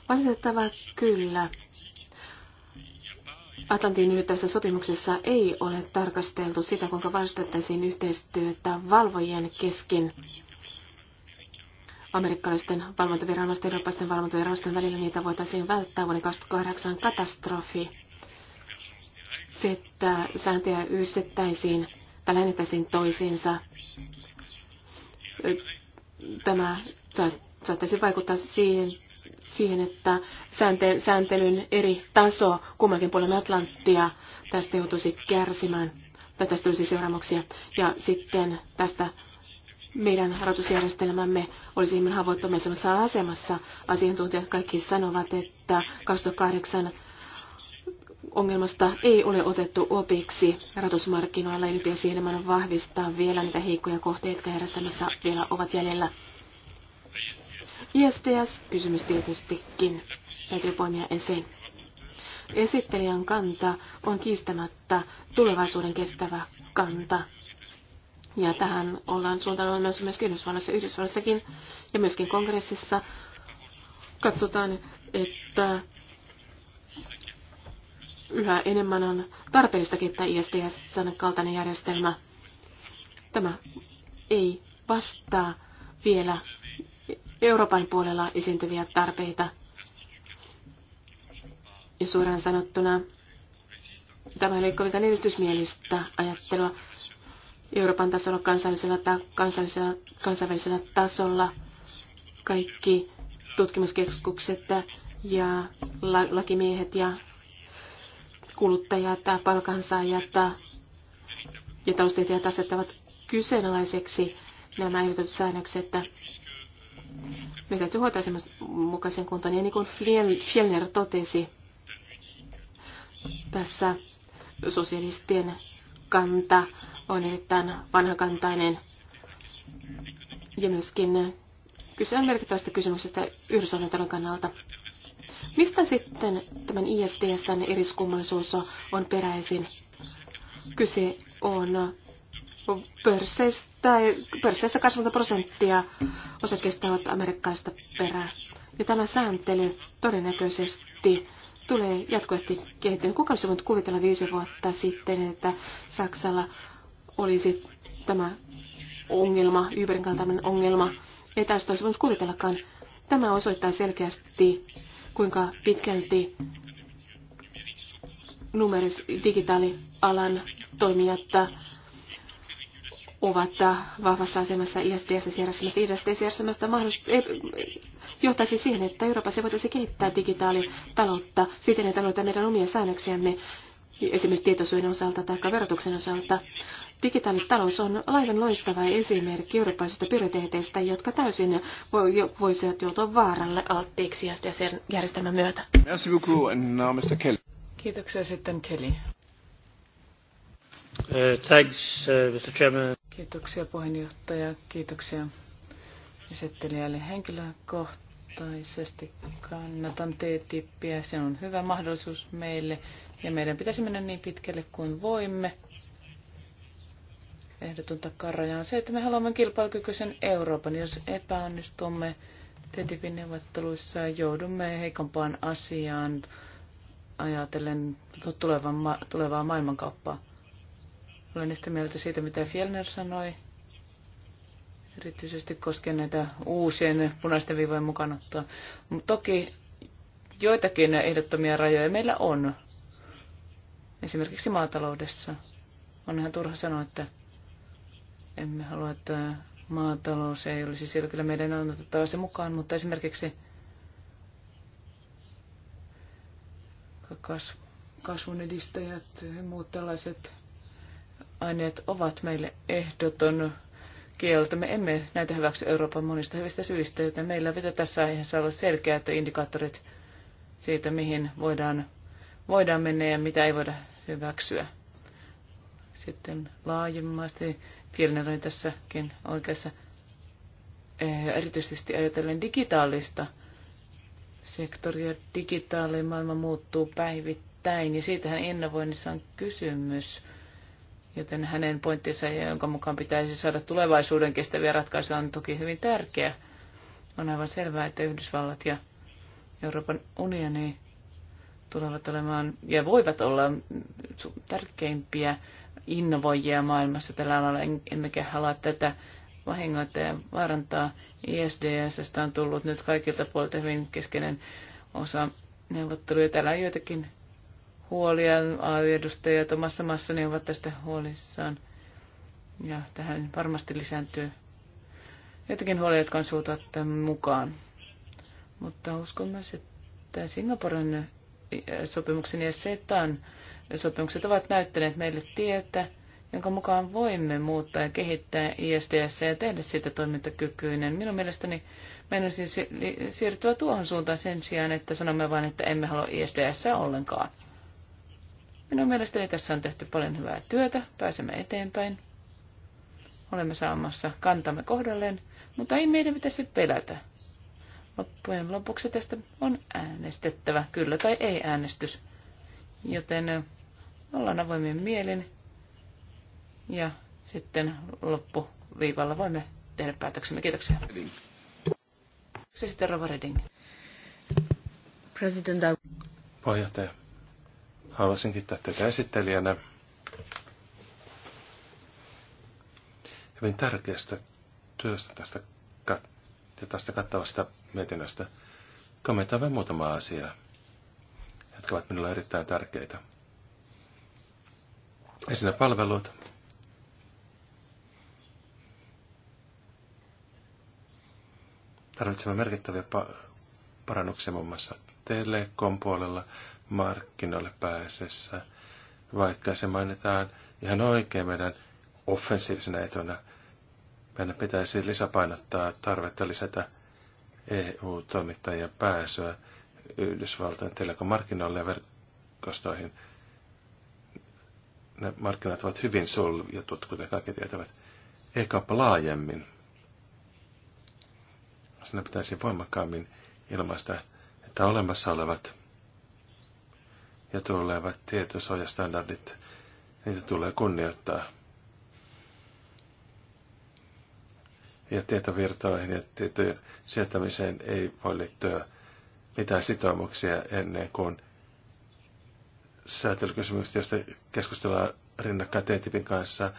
Valitettava kyllä. Atlantin ylittävässä sopimuksessa ei ole tarkasteltu sitä, kuinka vastattaisiin yhteistyötä valvojien kesken amerikkalaisten valvontaviranomaisten ja eurooppalaisten valvontaviranomaisten välillä niitä voitaisiin välttää vuoden 2008 katastrofi se, että sääntöjä yhdistettäisiin tai lähennettäisiin toisiinsa, tämä saattaisi vaikuttaa siihen, siihen että sääntelyn eri taso kummankin puolen Atlanttia tästä joutuisi kärsimään, tai tästä tulisi seuraamuksia. Ja sitten tästä meidän rahoitusjärjestelmämme olisi hieman haavoittumisessa asemassa. Asiantuntijat kaikki sanovat, että 2008 ongelmasta ei ole otettu opiksi rahoitusmarkkinoilla ja pitäisi enemmän vahvistaa vielä niitä heikkoja kohteita, jotka järjestelmässä vielä ovat jäljellä. ISDS-kysymys tietystikin täytyy poimia esiin. Esittelijän kanta on kiistämättä tulevaisuuden kestävä kanta. Ja tähän ollaan suuntaan myös, myös Yhdysvallassa Yhdysvallassakin ja myöskin kongressissa. Katsotaan, että yhä enemmän on tarpeellista kehittää ISDS-sanan kaltainen järjestelmä. Tämä ei vastaa vielä Euroopan puolella esiintyviä tarpeita. Ja suoraan sanottuna tämä ei ole kovinkaan edistysmielistä ajattelua Euroopan tasolla, kansallisella, ta- kansallisella, kansainvälisellä tasolla. Kaikki tutkimuskeskukset ja la- lakimiehet ja kuluttajat, palkansaajat ja taloustieteilijät asettavat kyseenalaiseksi nämä ehdotetut säännökset. Me täytyy hoitaa sen mukaisen kuntoon. Ja niin kuin Fjellner totesi tässä sosialistien kanta on erittäin vanhakantainen. Ja myöskin kyse on merkittävästä kysymyksestä Yhdysvaltain kannalta. Mistä sitten tämän ISDSn eriskummallisuus on peräisin? Kyse on pörsseistä, pörsseissä 20 prosenttia osakkeista ovat amerikkalaista perää. Ja tämä sääntely todennäköisesti tulee jatkuvasti kehittymään. Kuka olisi voinut kuvitella viisi vuotta sitten, että Saksalla olisi tämä ongelma, Uberin kaltainen ongelma. Ei tästä olisi voinut kuvitellakaan. Tämä osoittaa selkeästi kuinka pitkälti numeris digitaalialan toimijat ovat vahvassa asemassa ISDS-järjestelmästä. ISDS-järjestelmästä eh, johtaisi siihen, että Euroopassa voitaisiin kehittää digitaalitaloutta siten, että noita meidän omia säännöksiämme esimerkiksi tietosuojan osalta tai verotuksen osalta. Digitaalitalous on laivan loistava esimerkki eurooppalaisista prioriteeteista, jotka täysin voisivat joutua vaaralle alttiiksi ja sen järjestelmän myötä. Merci beaucoup, Mr. Kelly. Kiitoksia sitten Kelly. Uh, thanks, uh, Mr. Chairman. Kiitoksia puheenjohtaja, kiitoksia esittelijälle henkilökohtaisesti. Kannatan TTIPiä, se on hyvä mahdollisuus meille ja meidän pitäisi mennä niin pitkälle kuin voimme. Ehdoton takaraja on se, että me haluamme kilpailukykyisen Euroopan. Jos epäonnistumme TTIPin neuvotteluissa, joudumme heikompaan asiaan ajatellen tulevan, ma- tulevaa maailmankauppaa. Olen yhtä mieltä siitä, mitä Fjellner sanoi, erityisesti koskien näitä uusien punaisten viivojen mukanottoa. Toki joitakin ehdottomia rajoja meillä on esimerkiksi maataloudessa. On ihan turha sanoa, että emme halua, että maatalous ei olisi siellä. Kyllä meidän on otettava se mukaan, mutta esimerkiksi kasvun edistäjät ja muut tällaiset aineet ovat meille ehdoton kieltä. Me emme näitä hyväksy Euroopan monista hyvistä syistä, joten meillä pitää tässä aiheessa olla selkeät indikaattorit siitä, mihin voidaan, voidaan mennä ja mitä ei voida hyväksyä. Sitten laajemmasti, Fielner oli tässäkin oikeassa, eh, erityisesti ajatellen digitaalista sektoria. Digitaalinen maailma muuttuu päivittäin ja siitähän innovoinnissa on kysymys. Joten hänen pointtinsa, jonka mukaan pitäisi saada tulevaisuuden kestäviä ratkaisuja, on toki hyvin tärkeä. On aivan selvää, että Yhdysvallat ja Euroopan unioni tulevat olemaan ja voivat olla tärkeimpiä innovoijia maailmassa tällä alalla, emmekä halua tätä vahingoittaa ja vaarantaa. ISDS on tullut nyt kaikilta puolilta hyvin keskeinen osa neuvotteluja. Täällä on joitakin huolia. AY-edustajat omassa ne ovat tästä huolissaan. Ja tähän varmasti lisääntyy joitakin huolia, jotka on suutu mukaan. Mutta uskon myös, että Singaporen sopimuksen ja SETAn sopimukset ovat näyttäneet meille tietä, jonka mukaan voimme muuttaa ja kehittää ISDS ja tehdä siitä toimintakykyinen. Minun mielestäni meidän siis siirtyä tuohon suuntaan sen sijaan, että sanomme vain, että emme halua ISDS ollenkaan. Minun mielestäni tässä on tehty paljon hyvää työtä, pääsemme eteenpäin. Olemme saamassa kantamme kohdalleen, mutta ei meidän pitäisi pelätä. Loppujen lopuksi tästä on äänestettävä, kyllä tai ei äänestys. Joten ollaan avoimien mielin ja sitten loppuviivalla voimme tehdä päätöksemme. Kiitoksia. Se sitten Rova Reding. President Puheenjohtaja, haluaisin kiittää teitä esittelijänä hyvin tärkeästä työstä tästä tästä kattavasta mietinnöstä. Kommentoin vain muutama asia, jotka ovat minulle erittäin tärkeitä. Ensinnä palvelut. Tarvitsemme merkittäviä pa- parannuksia muun muassa telekom-puolella markkinoille pääsessä, vaikka se mainitaan ihan oikein meidän offensiivisena etuna – meidän pitäisi lisäpainottaa tarvetta lisätä EU-toimittajien pääsyä Yhdysvaltain telekomarkkinoille ja verkostoihin. Ne markkinat ovat hyvin suljetut, kuten kaikki tietävät. E-kauppa laajemmin. Sinne pitäisi voimakkaammin ilmaista, että olemassa olevat ja tulevat tietosuojastandardit, niitä tulee kunnioittaa. ja tietovirtoihin ja tietojen sijoittamiseen ei voi liittyä mitään sitoumuksia ennen kuin säätelykysymykset, joista keskustellaan rinnakkain TTIPin kanssa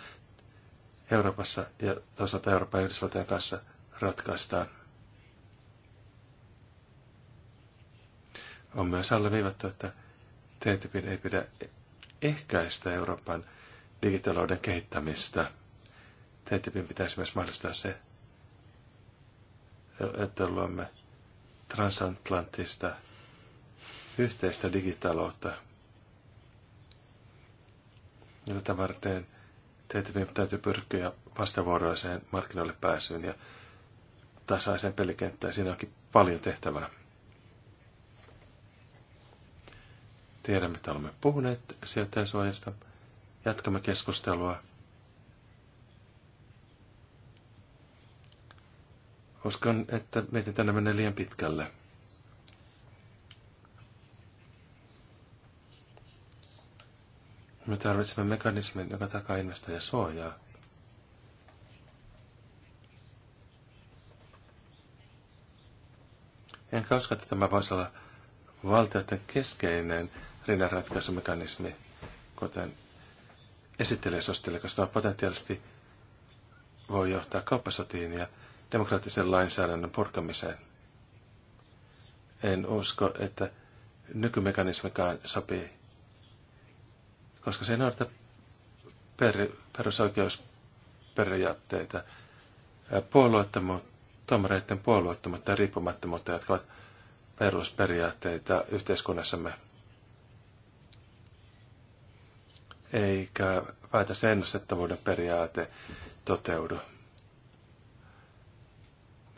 Euroopassa ja toisaalta Euroopan ja Yhdysvaltojen kanssa ratkaistaan. On myös alleviivattu, että TTIPin ei pidä ehkäistä Euroopan digitalouden kehittämistä. TTIPin pitäisi myös mahdollistaa se, että luomme transatlanttista yhteistä digitaloutta. Ja tätä varten tehtäviin täytyy pyrkiä vastavuoroiseen markkinoille pääsyyn ja tasaiseen pelikenttään. Siinä onkin paljon tehtävää. Tiedämme, että olemme puhuneet suojasta. Jatkamme keskustelua. Uskon, että meitä tänne menee liian pitkälle. Me tarvitsemme mekanismin, joka takaa ja suojaa. Enkä usko, että tämä voisi olla valtioiden keskeinen rinnanratkaisumekanismi, kuten esittelee sostille, koska tämä potentiaalisesti voi johtaa kauppasotiin ja demokraattisen lainsäädännön purkamiseen. En usko, että nykymekanismikaan sopii, koska se ei noudata per, perusoikeusperiaatteita, puolueettomuutta, tuomareiden puolueettomuutta ja riippumattomuutta, jotka ovat perusperiaatteita yhteiskunnassamme. Eikä sen ennustettavuuden periaate toteudu.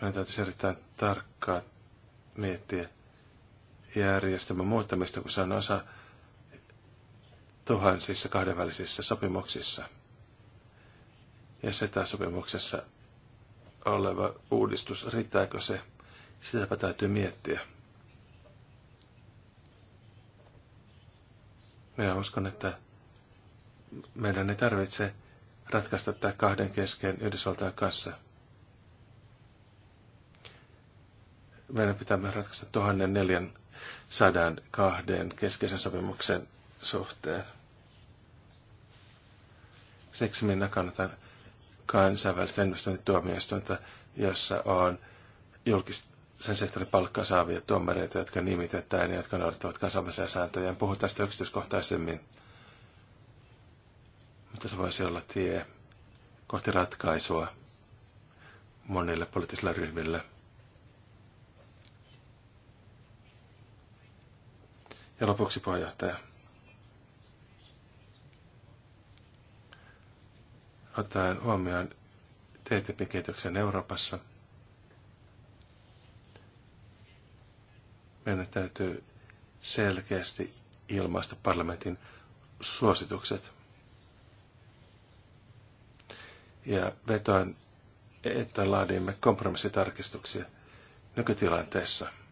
Meidän täytyisi erittäin tarkkaa miettiä järjestelmän muuttamista, kun se on osa tuhansissa kahdenvälisissä sopimuksissa. Ja SETA-sopimuksessa oleva uudistus, riittääkö se? Sitäpä täytyy miettiä. Minä uskon, että meidän ei tarvitse ratkaista tämä kahden kesken Yhdysvaltain kanssa. meidän pitää me ratkaista 1402 keskeisen sopimuksen suhteen. Siksi minä kannatan kansainvälistä investointituomioistuinta, jossa on sen sektorin palkkaa saavia tuomareita, jotka nimitetään ja jotka noudattavat kansainvälisiä sääntöjä. En puhu tästä yksityiskohtaisemmin, mutta se voisi olla tie kohti ratkaisua monille poliittisille ryhmille – Ja lopuksi puheenjohtaja. Ottaen huomioon ttp kehityksen Euroopassa, meidän täytyy selkeästi ilmaista parlamentin suositukset. Ja vetoan, että laadimme kompromissitarkistuksia nykytilanteessa –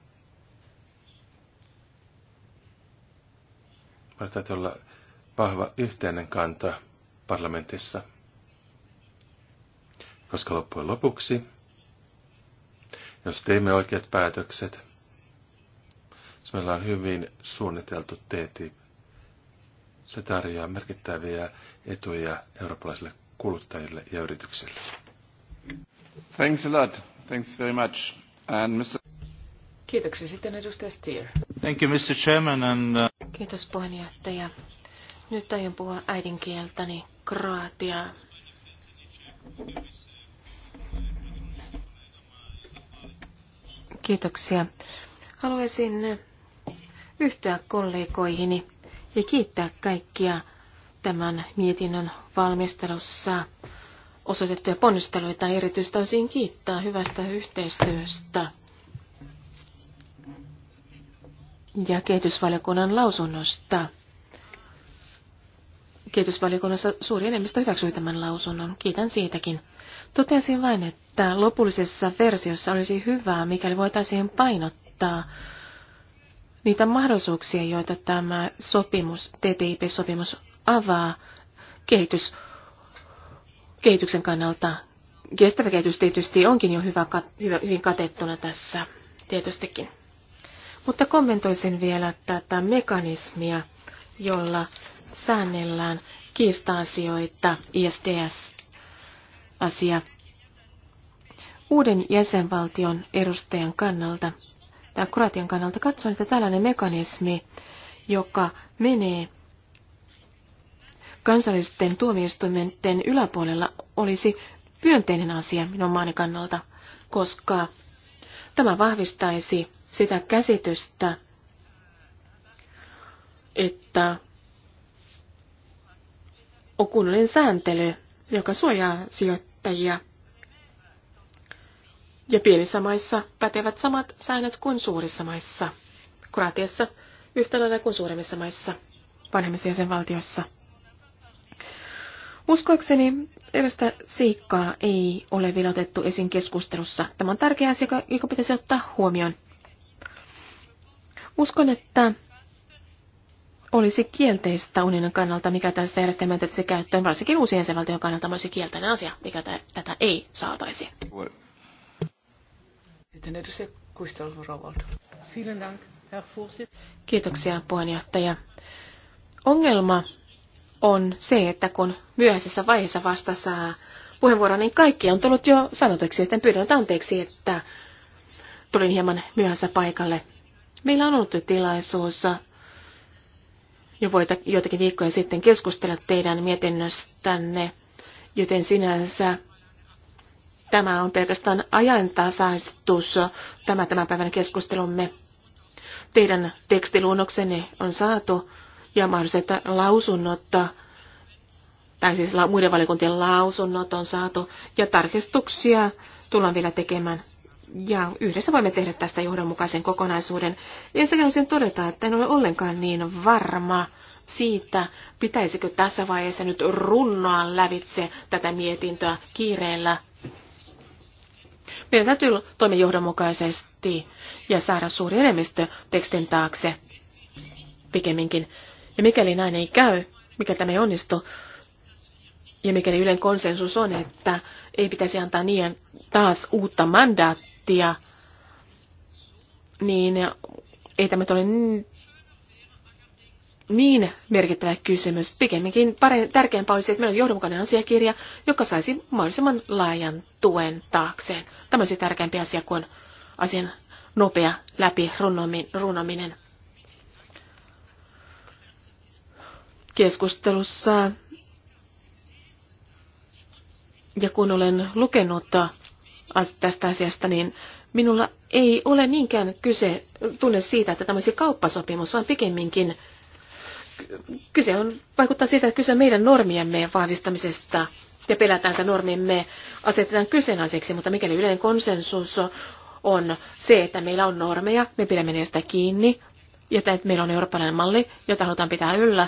Meillä täytyy olla vahva yhteinen kanta parlamentissa, koska loppujen lopuksi, jos teemme oikeat päätökset, jos meillä on hyvin suunniteltu teeti, se tarjoaa merkittäviä etuja eurooppalaisille kuluttajille ja yrityksille. Thanks a lot. Thanks very much. And Mr. Kiitoksia. Sitten edustaja Steer. Thank you, Mr. Chairman. And, uh... Kiitos puheenjohtaja. Nyt aion puhua äidinkieltäni kroatiaa. Kiitoksia. Haluaisin yhtyä kollegoihini ja kiittää kaikkia tämän mietinnön valmistelussa osoitettuja ponnisteluita. Erityisesti olisin kiittää hyvästä yhteistyöstä ja kehitysvaliokunnan lausunnosta. Kehitysvaliokunnassa suuri enemmistö hyväksyi tämän lausunnon. Kiitän siitäkin. Totesin vain, että lopullisessa versiossa olisi hyvää, mikäli voitaisiin painottaa niitä mahdollisuuksia, joita tämä sopimus, TTIP-sopimus avaa kehitys, kehityksen kannalta. Kestävä kehitys tietysti onkin jo hyvä, hyvin katettuna tässä tietystikin. Mutta kommentoisin vielä tätä mekanismia, jolla säännellään kiista-asioita, ISDS-asia. Uuden jäsenvaltion edustajan kannalta, tai Kroatian kannalta, katson, että tällainen mekanismi, joka menee kansallisten tuomioistuimenten yläpuolella, olisi pyönteinen asia minun maani kannalta, koska tämä vahvistaisi sitä käsitystä, että on kunnollinen sääntely, joka suojaa sijoittajia. Ja pienissä maissa pätevät samat säännöt kuin suurissa maissa. Kroatiassa yhtä lailla kuin suuremmissa maissa, vanhemmissa jäsenvaltioissa. Uskoakseni erästä siikkaa ei ole vielä otettu esiin keskustelussa. Tämä on tärkeä asia, joka pitäisi ottaa huomioon. Uskon, että olisi kielteistä unionin kannalta, mikä tällaista järjestelmää tätä käyttöön, varsinkin uusien jäsenvaltion kannalta olisi kielteinen asia, mikä tätä ei saataisi. Sitten edustaja Kuistelvo-Rovold. Kiitoksia puheenjohtaja. Ongelma on se, että kun myöhäisessä vaiheessa vasta saa puheenvuoron, niin kaikki on tullut jo sanotuksi, että pyydän anteeksi, että tulin hieman myöhässä paikalle. Meillä on ollut tilaisuus jo joitakin viikkoja sitten keskustella teidän mietinnöstänne, joten sinänsä tämä on pelkästään ajantasaistus, tämä tämän päivän keskustelumme. Teidän tekstiluonnoksenne on saatu ja mahdolliset lausunnot, tai siis muiden valiokuntien lausunnot on saatu ja tarkistuksia tullaan vielä tekemään. Ja yhdessä voimme tehdä tästä johdonmukaisen kokonaisuuden. Ensinnäkin haluaisin todeta, että en ole ollenkaan niin varma siitä, pitäisikö tässä vaiheessa nyt runnoa lävitse tätä mietintöä kiireellä. Meidän täytyy toimia johdonmukaisesti ja saada suuri enemmistö tekstin taakse pikemminkin. Ja mikäli näin ei käy, mikä tämä ei onnistu, ja mikäli Ylen konsensus on, että ei pitäisi antaa niiden taas uutta mandaattia, prosenttia, niin ei tämä ole niin merkittävä kysymys. Pikemminkin tärkeämpää olisi, että meillä on johdonmukainen asiakirja, joka saisi mahdollisimman laajan tuen taakseen. Tämä olisi tärkeämpi asia kuin asian nopea läpi runominen. Keskustelussa ja kun olen lukenut tästä asiasta, niin minulla ei ole niinkään kyse tunne siitä, että tämä olisi kauppasopimus, vaan pikemminkin kyse on, vaikuttaa siitä, että kyse on meidän normiemme vahvistamisesta ja pelätään, että normiemme asetetaan kyseenalaiseksi, mutta mikäli yleinen konsensus on se, että meillä on normeja, me pidämme niistä kiinni, ja että meillä on eurooppalainen malli, jota halutaan pitää yllä,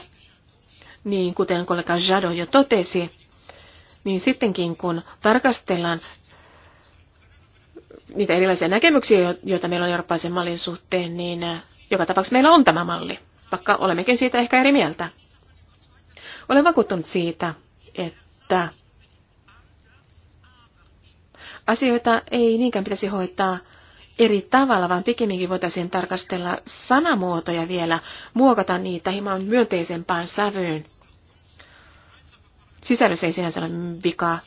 niin kuten kollega Jado jo totesi, niin sittenkin kun tarkastellaan niitä erilaisia näkemyksiä, joita meillä on eurooppalaisen mallin suhteen, niin äh, joka tapauksessa meillä on tämä malli, vaikka olemmekin siitä ehkä eri mieltä. Olen vakuuttunut siitä, että asioita ei niinkään pitäisi hoitaa eri tavalla, vaan pikemminkin voitaisiin tarkastella sanamuotoja vielä, muokata niitä hieman myönteisempään sävyyn. Sisällössä ei sinänsä ole vikaa,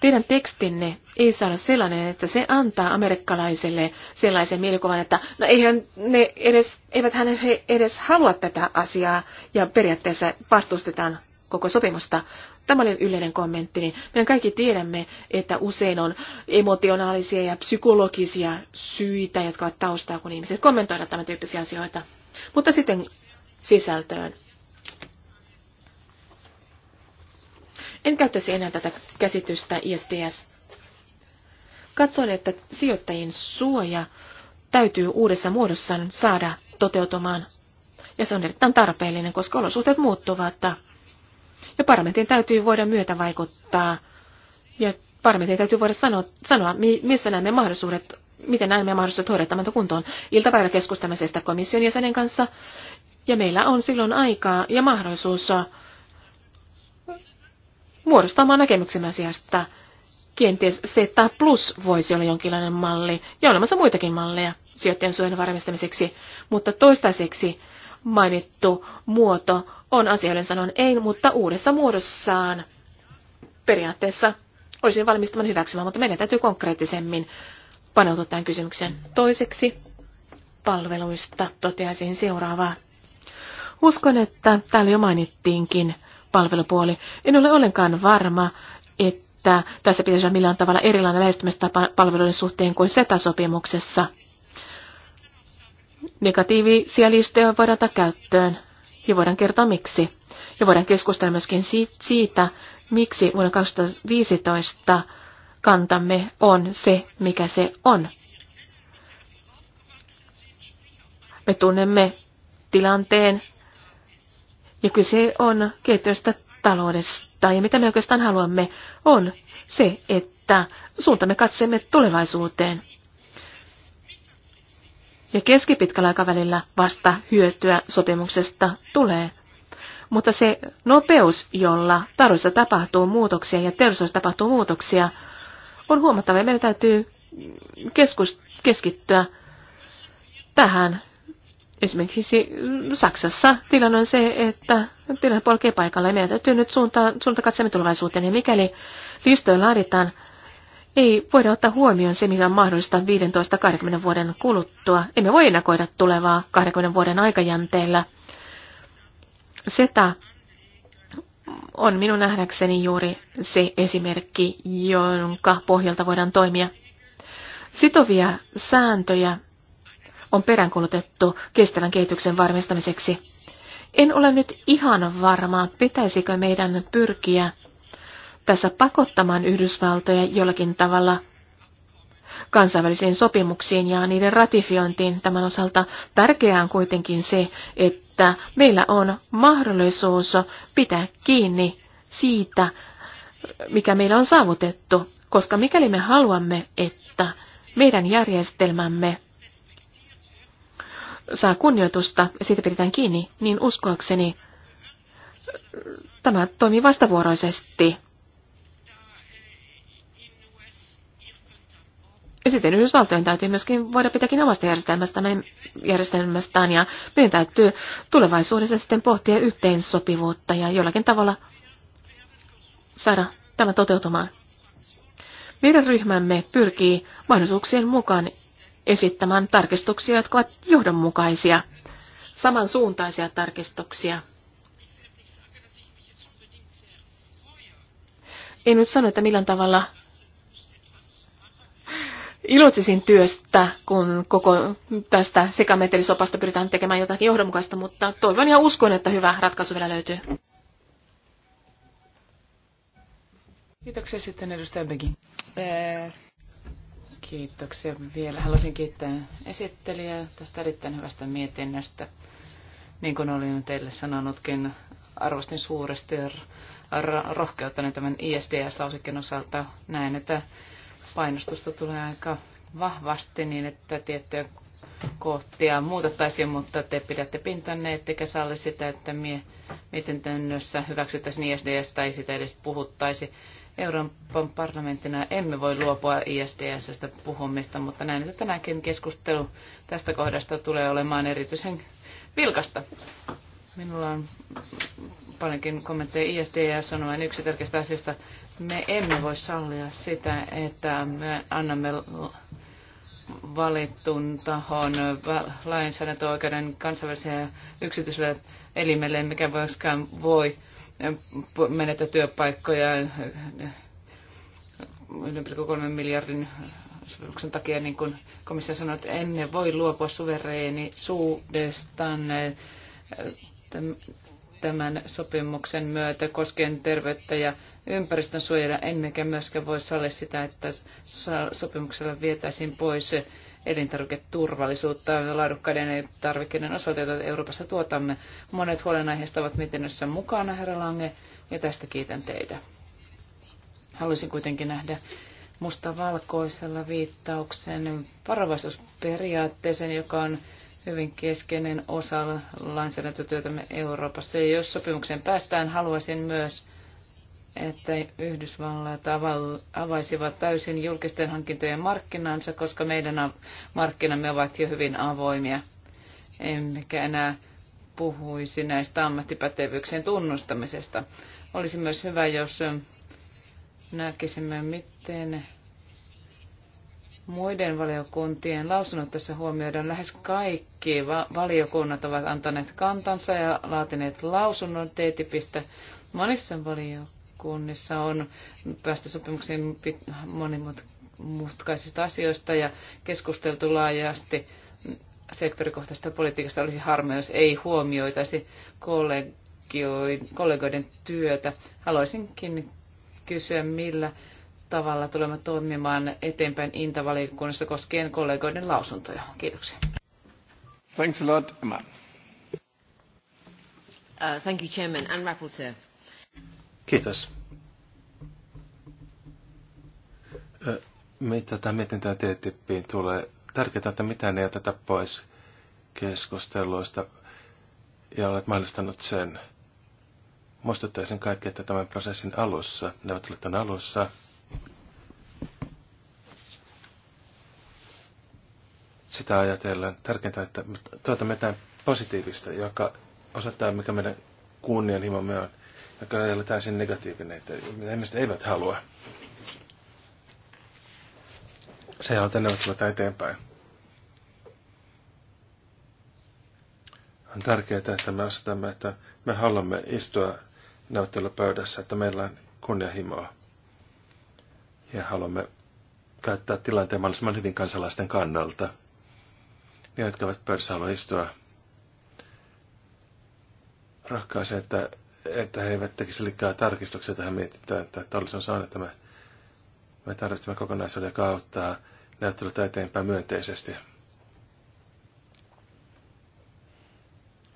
Teidän tekstinne ei saa olla sellainen, että se antaa amerikkalaiselle sellaisen mielikuvan, että no eihän ne edes, eivät hän he edes halua tätä asiaa ja periaatteessa vastustetaan koko sopimusta. Tämä oli yleinen kommentti. Niin meidän kaikki tiedämme, että usein on emotionaalisia ja psykologisia syitä, jotka ovat taustaa, kun ihmiset kommentoivat tämän tyyppisiä asioita. Mutta sitten sisältöön. En käyttäisi enää tätä käsitystä ISDS. Katsoin, että sijoittajien suoja täytyy uudessa muodossaan saada toteutumaan. Ja se on erittäin tarpeellinen, koska olosuhteet muuttuvat. Ja parlamentin täytyy voida myötä vaikuttaa. Ja parlamentin täytyy voida sanoa, sanoa missä näemme mahdollisuudet, miten näemme mahdollisuudet hoidetaan tämän kuntoon. Iltapäivällä keskustelemme komission jäsenen kanssa. Ja meillä on silloin aikaa ja mahdollisuus muodostamaan näkemyksemme asiasta. Kenties Z plus voisi olla jonkinlainen malli, ja olemassa muitakin malleja sijoittajan suojan varmistamiseksi, mutta toistaiseksi mainittu muoto on asioiden sanon ei, mutta uudessa muodossaan periaatteessa olisin valmis tämän hyväksymään, mutta meidän täytyy konkreettisemmin paneutua tämän kysymykseen. Toiseksi palveluista toteaisin seuraavaa. Uskon, että täällä jo mainittiinkin palvelupuoli. En ole ollenkaan varma, että tässä pitäisi olla millään tavalla erilainen lähestymistapa palveluiden suhteen kuin SETA-sopimuksessa. Negatiivisia listoja voidaan ottaa käyttöön ja voidaan kertoa miksi. Ja voidaan keskustella myöskin siitä, miksi vuonna 2015 kantamme on se, mikä se on. Me tunnemme tilanteen, ja kyse on kehittävästä taloudesta. Ja mitä me oikeastaan haluamme on se, että suuntamme katseemme tulevaisuuteen. Ja keskipitkällä aikavälillä vasta hyötyä sopimuksesta tulee. Mutta se nopeus, jolla taroissa tapahtuu muutoksia ja teollisuudessa tapahtuu muutoksia, on huomattava. Meidän täytyy keskus, keskittyä tähän Esimerkiksi mm, Saksassa tilanne on se, että tilanne polkee paikalla ja meidän täytyy nyt suuntaa, suunta katseemme tulevaisuuteen. Ja mikäli listoja laaditaan, ei voida ottaa huomioon se, mikä on mahdollista 15-20 vuoden kuluttua. Emme voi ennakoida tulevaa 20 vuoden aikajänteellä. Seta on minun nähdäkseni juuri se esimerkki, jonka pohjalta voidaan toimia. Sitovia sääntöjä on peräänkuulutettu kestävän kehityksen varmistamiseksi. En ole nyt ihan varma, pitäisikö meidän pyrkiä tässä pakottamaan Yhdysvaltoja jollakin tavalla kansainvälisiin sopimuksiin ja niiden ratifiointiin tämän osalta. Tärkeää on kuitenkin se, että meillä on mahdollisuus pitää kiinni siitä, mikä meillä on saavutettu, koska mikäli me haluamme, että meidän järjestelmämme saa kunnioitusta ja siitä pidetään kiinni, niin uskoakseni tämä toimii vastavuoroisesti. Ja sitten Yhdysvaltojen täytyy myöskin voida pitääkin omasta järjestelmästään, järjestelmästään ja meidän täytyy tulevaisuudessa sitten pohtia yhteensopivuutta ja jollakin tavalla saada tämä toteutumaan. Meidän ryhmämme pyrkii mahdollisuuksien mukaan esittämään tarkistuksia, jotka ovat johdonmukaisia, samansuuntaisia tarkistuksia. En nyt sano, että millään tavalla iloitsisin työstä, kun koko tästä sekametelisopasta pyritään tekemään jotakin johdonmukaista, mutta toivon ja uskon, että hyvä ratkaisu vielä löytyy. Kiitoksia sitten edustaja Begin. Äh, Kiitoksia vielä. Haluaisin kiittää esittelijää tästä erittäin hyvästä mietinnöstä. Niin kuin olin teille sanonutkin, arvostin suuresti rohkeuttani tämän ISDS-lausikkeen osalta. Näen, että painostusta tulee aika vahvasti niin, että tiettyjä kohtia muutettaisiin, mutta te pidätte pintanne, ettekä salli sitä, että mietintönnössä hyväksyttäisiin ISDS tai sitä edes puhuttaisi. Euroopan parlamenttina emme voi luopua ISDSstä puhumista, mutta näen, että tänäänkin keskustelu tästä kohdasta tulee olemaan erityisen vilkasta. Minulla on paljonkin kommentteja. ISDS on vain yksi tärkeistä asioista. Me emme voi sallia sitä, että me annamme valittun tahon lainsäädäntöoikeuden kansainväliselle yksityiselle elimelle, mikä myöskään voi menetä työpaikkoja 1,3 miljardin sopimuksen takia, niin kuin komissio sanoi, että emme voi luopua suvereenisuudestaan eh, tämän sopimuksen myötä koskien terveyttä ja ympäristön suojelua, emmekä myöskään voi sallia sitä, että sopimuksella vietäisiin pois elintarviketurvallisuutta laadukkaiden tarvikkeiden osalta, joita Euroopassa tuotamme. Monet huolenaiheista ovat mietinnössä mukana, herra Lange, ja tästä kiitän teitä. Haluaisin kuitenkin nähdä mustavalkoisella viittauksen varovaisuusperiaatteeseen, joka on hyvin keskeinen osa lainsäädäntötyötämme Euroopassa. Ja jos sopimukseen päästään, haluaisin myös että Yhdysvallat avaisivat täysin julkisten hankintojen markkinansa, koska meidän markkinamme ovat jo hyvin avoimia. Emmekä enää puhuisi näistä ammattipätevyyksien tunnustamisesta. Olisi myös hyvä, jos näkisimme, miten muiden valiokuntien lausunnot tässä huomioidaan. Lähes kaikki valiokunnat ovat antaneet kantansa ja laatineet lausunnon TTIPistä monissa valiokunnissa kunnissa on päästä sopimuksiin monimutkaisista asioista ja keskusteltu laajasti sektorikohtaisesta politiikasta. Olisi harmi, jos ei huomioitaisi kollegoiden työtä. Haluaisinkin kysyä, millä tavalla tulemme toimimaan eteenpäin Intavaliokunnassa koskien kollegoiden lausuntoja. Kiitoksia. Thanks a lot, Emma. Uh, thank you, Chairman and Rapporteur. Kiitos. Mitä tämä tämä TTIPiin tulee? Tärkeää, että mitään ei oteta pois keskusteluista ja olet mahdollistanut sen. Muistuttaisin kaikki, että tämän prosessin alussa, on alussa, sitä ajatellaan. tärkeintä, että tuotamme jotain positiivista, joka osoittaa, mikä meidän kunnianhimomme on joka ei ole täysin negatiivinen, että ihmiset eivät halua. Se on tänne ottamatta eteenpäin. On tärkeää, että me asetamme, että me haluamme istua neuvottelupöydässä, että meillä on kunnianhimoa. Ja haluamme käyttää tilanteen mahdollisimman hyvin kansalaisten kannalta. Ne, jotka ovat pöydässä haluavat istua, rahkaisen, että että he eivät tekisi liikaa tarkistuksia tähän mietintään, että Tollis on saanut, että me, me tarvitsemme kokonaisuuden, kautta näyttelytä eteenpäin myönteisesti.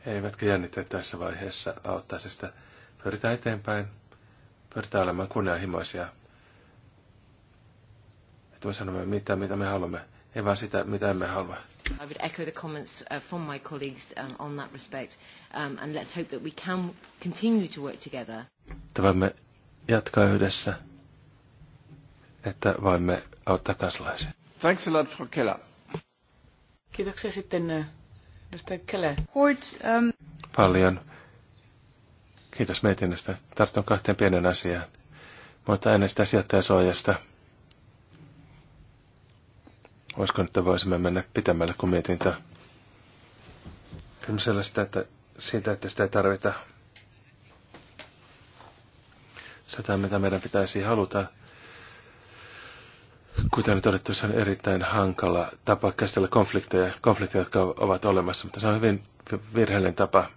He eivätkä jännitä tässä vaiheessa auttaisi sitä. Siis pyritään eteenpäin, pyritään olemaan kunnianhimoisia. Että me sanomme mitä, mitä me haluamme, ei vaan sitä, mitä emme halua. I would echo the comments uh, from my colleagues um, on that respect, um, and let's hope that we can continue to work together. Tavamme jatkaa yhdessä, että voimme auttaa kansalaisia. Thanks a lot, Frau Keller. Kiitoksia sitten äh, edustaja Keller. Hort, um... Paljon. Kiitos mietinnöstä. Tartun kahteen pienen asiaan. Mutta äänestä sijoittajasuojasta. suojasta Uskon, että voisimme mennä pitämällä mietin mietintä. Kyllä sellaista, että siitä, että sitä ei tarvita. Sitä, mitä meidän pitäisi haluta. Kuten todettu, se on erittäin hankala tapa käsitellä konflikteja, konflikteja, jotka ovat olemassa, mutta se on hyvin virheellinen tapa.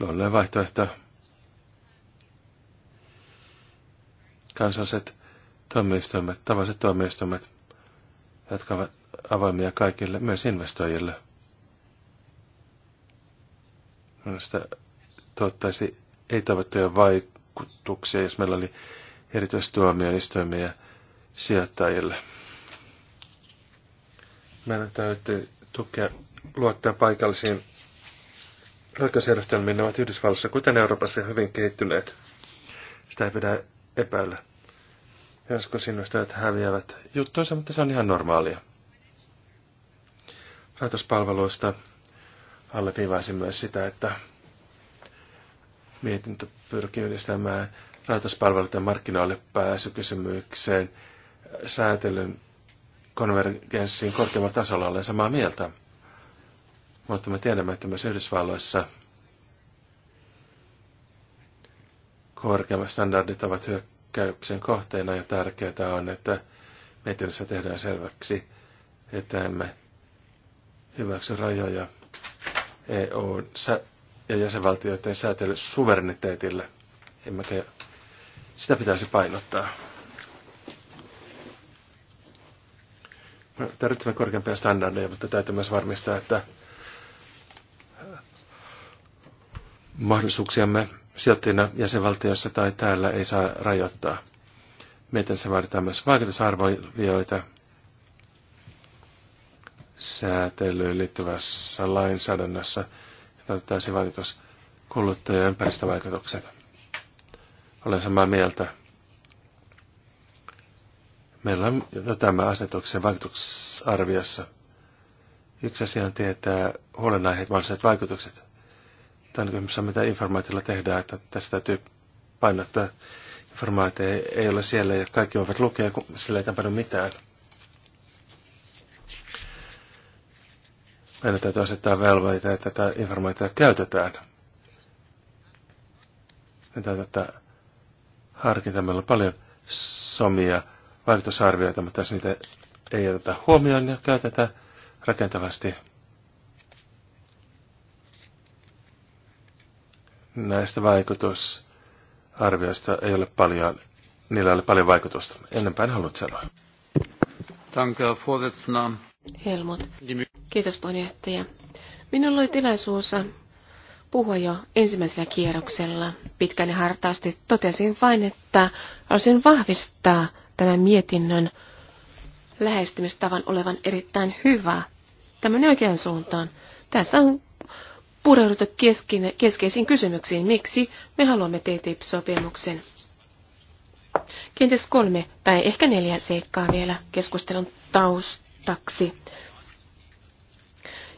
Luonnollinen vaihtoehto. Kansalliset tuomioistuimet, tavalliset tuomioistuimet, jotka ovat avoimia kaikille, myös investoijille. Minusta tuottaisi ei-toivottuja vaikutuksia, jos meillä oli erityistuomioistuimia sijoittajille. Meidän täytyy tukea luottaa paikallisiin oikeusjärjestelmiin. Ne ovat Yhdysvalloissa, kuten Euroopassa, hyvin kehittyneet. Sitä ei pidä epäillä. Joskus investoijat häviävät juttuinsa, mutta se on ihan normaalia. Rahoituspalveluista alleviivaisin myös sitä, että mietintö pyrkii yhdistämään rahoituspalveluiden markkinoille pääsykysymykseen säätelyn konvergenssiin korkeammalla tasolla olen samaa mieltä. Mutta me tiedämme, että myös Yhdysvalloissa korkeammat standardit ovat hyökkäyksiä hyökkäyksen kohteena ja tärkeää on, että mietinnössä tehdään selväksi, että emme hyväksy rajoja EU ja jäsenvaltioiden säätely suvereniteetille. Emmekä sitä pitäisi painottaa. tarvitsemme korkeampia standardeja, mutta täytyy myös varmistaa, että mahdollisuuksiamme sijoittajina jäsenvaltiossa tai täällä ei saa rajoittaa. se vaaditaan myös vaikutusarvioita säätelyyn liittyvässä lainsäädännössä, jota otettaisiin vaikutus kuluttaja- ja ympäristövaikutukset. Olen samaa mieltä. Meillä on tämä asetuksen vaikutusarviossa. Yksi asia on tietää huolenaiheet, mahdolliset vaikutukset. Tämä mitä informaatiolla tehdään, että tässä täytyy painottaa informaatio ei ole siellä ja kaikki voivat lukea, kun sillä ei tapahdu mitään. Meidän täytyy asettaa velvoite, että tätä informaatiota käytetään. Meidän täytyy harkita. Meillä on paljon somia vaikutusarvioita, mutta jos niitä ei oteta huomioon ja niin käytetään rakentavasti, näistä vaikutusarvioista ei ole paljon, niillä ei ole paljon vaikutusta. Ennenpäin haluat sanoa. Danke, Helmut. Kiitos puheenjohtaja. Minulla oli tilaisuus puhua jo ensimmäisellä kierroksella pitkän ja hartaasti. Totesin vain, että haluaisin vahvistaa tämän mietinnön lähestymistavan olevan erittäin hyvä. Tämä oikeaan suuntaan. Tässä on pureuduttu keskeisiin kysymyksiin, miksi me haluamme TTIP-sopimuksen. Kenties kolme tai ehkä neljä seikkaa vielä keskustelun taustaksi.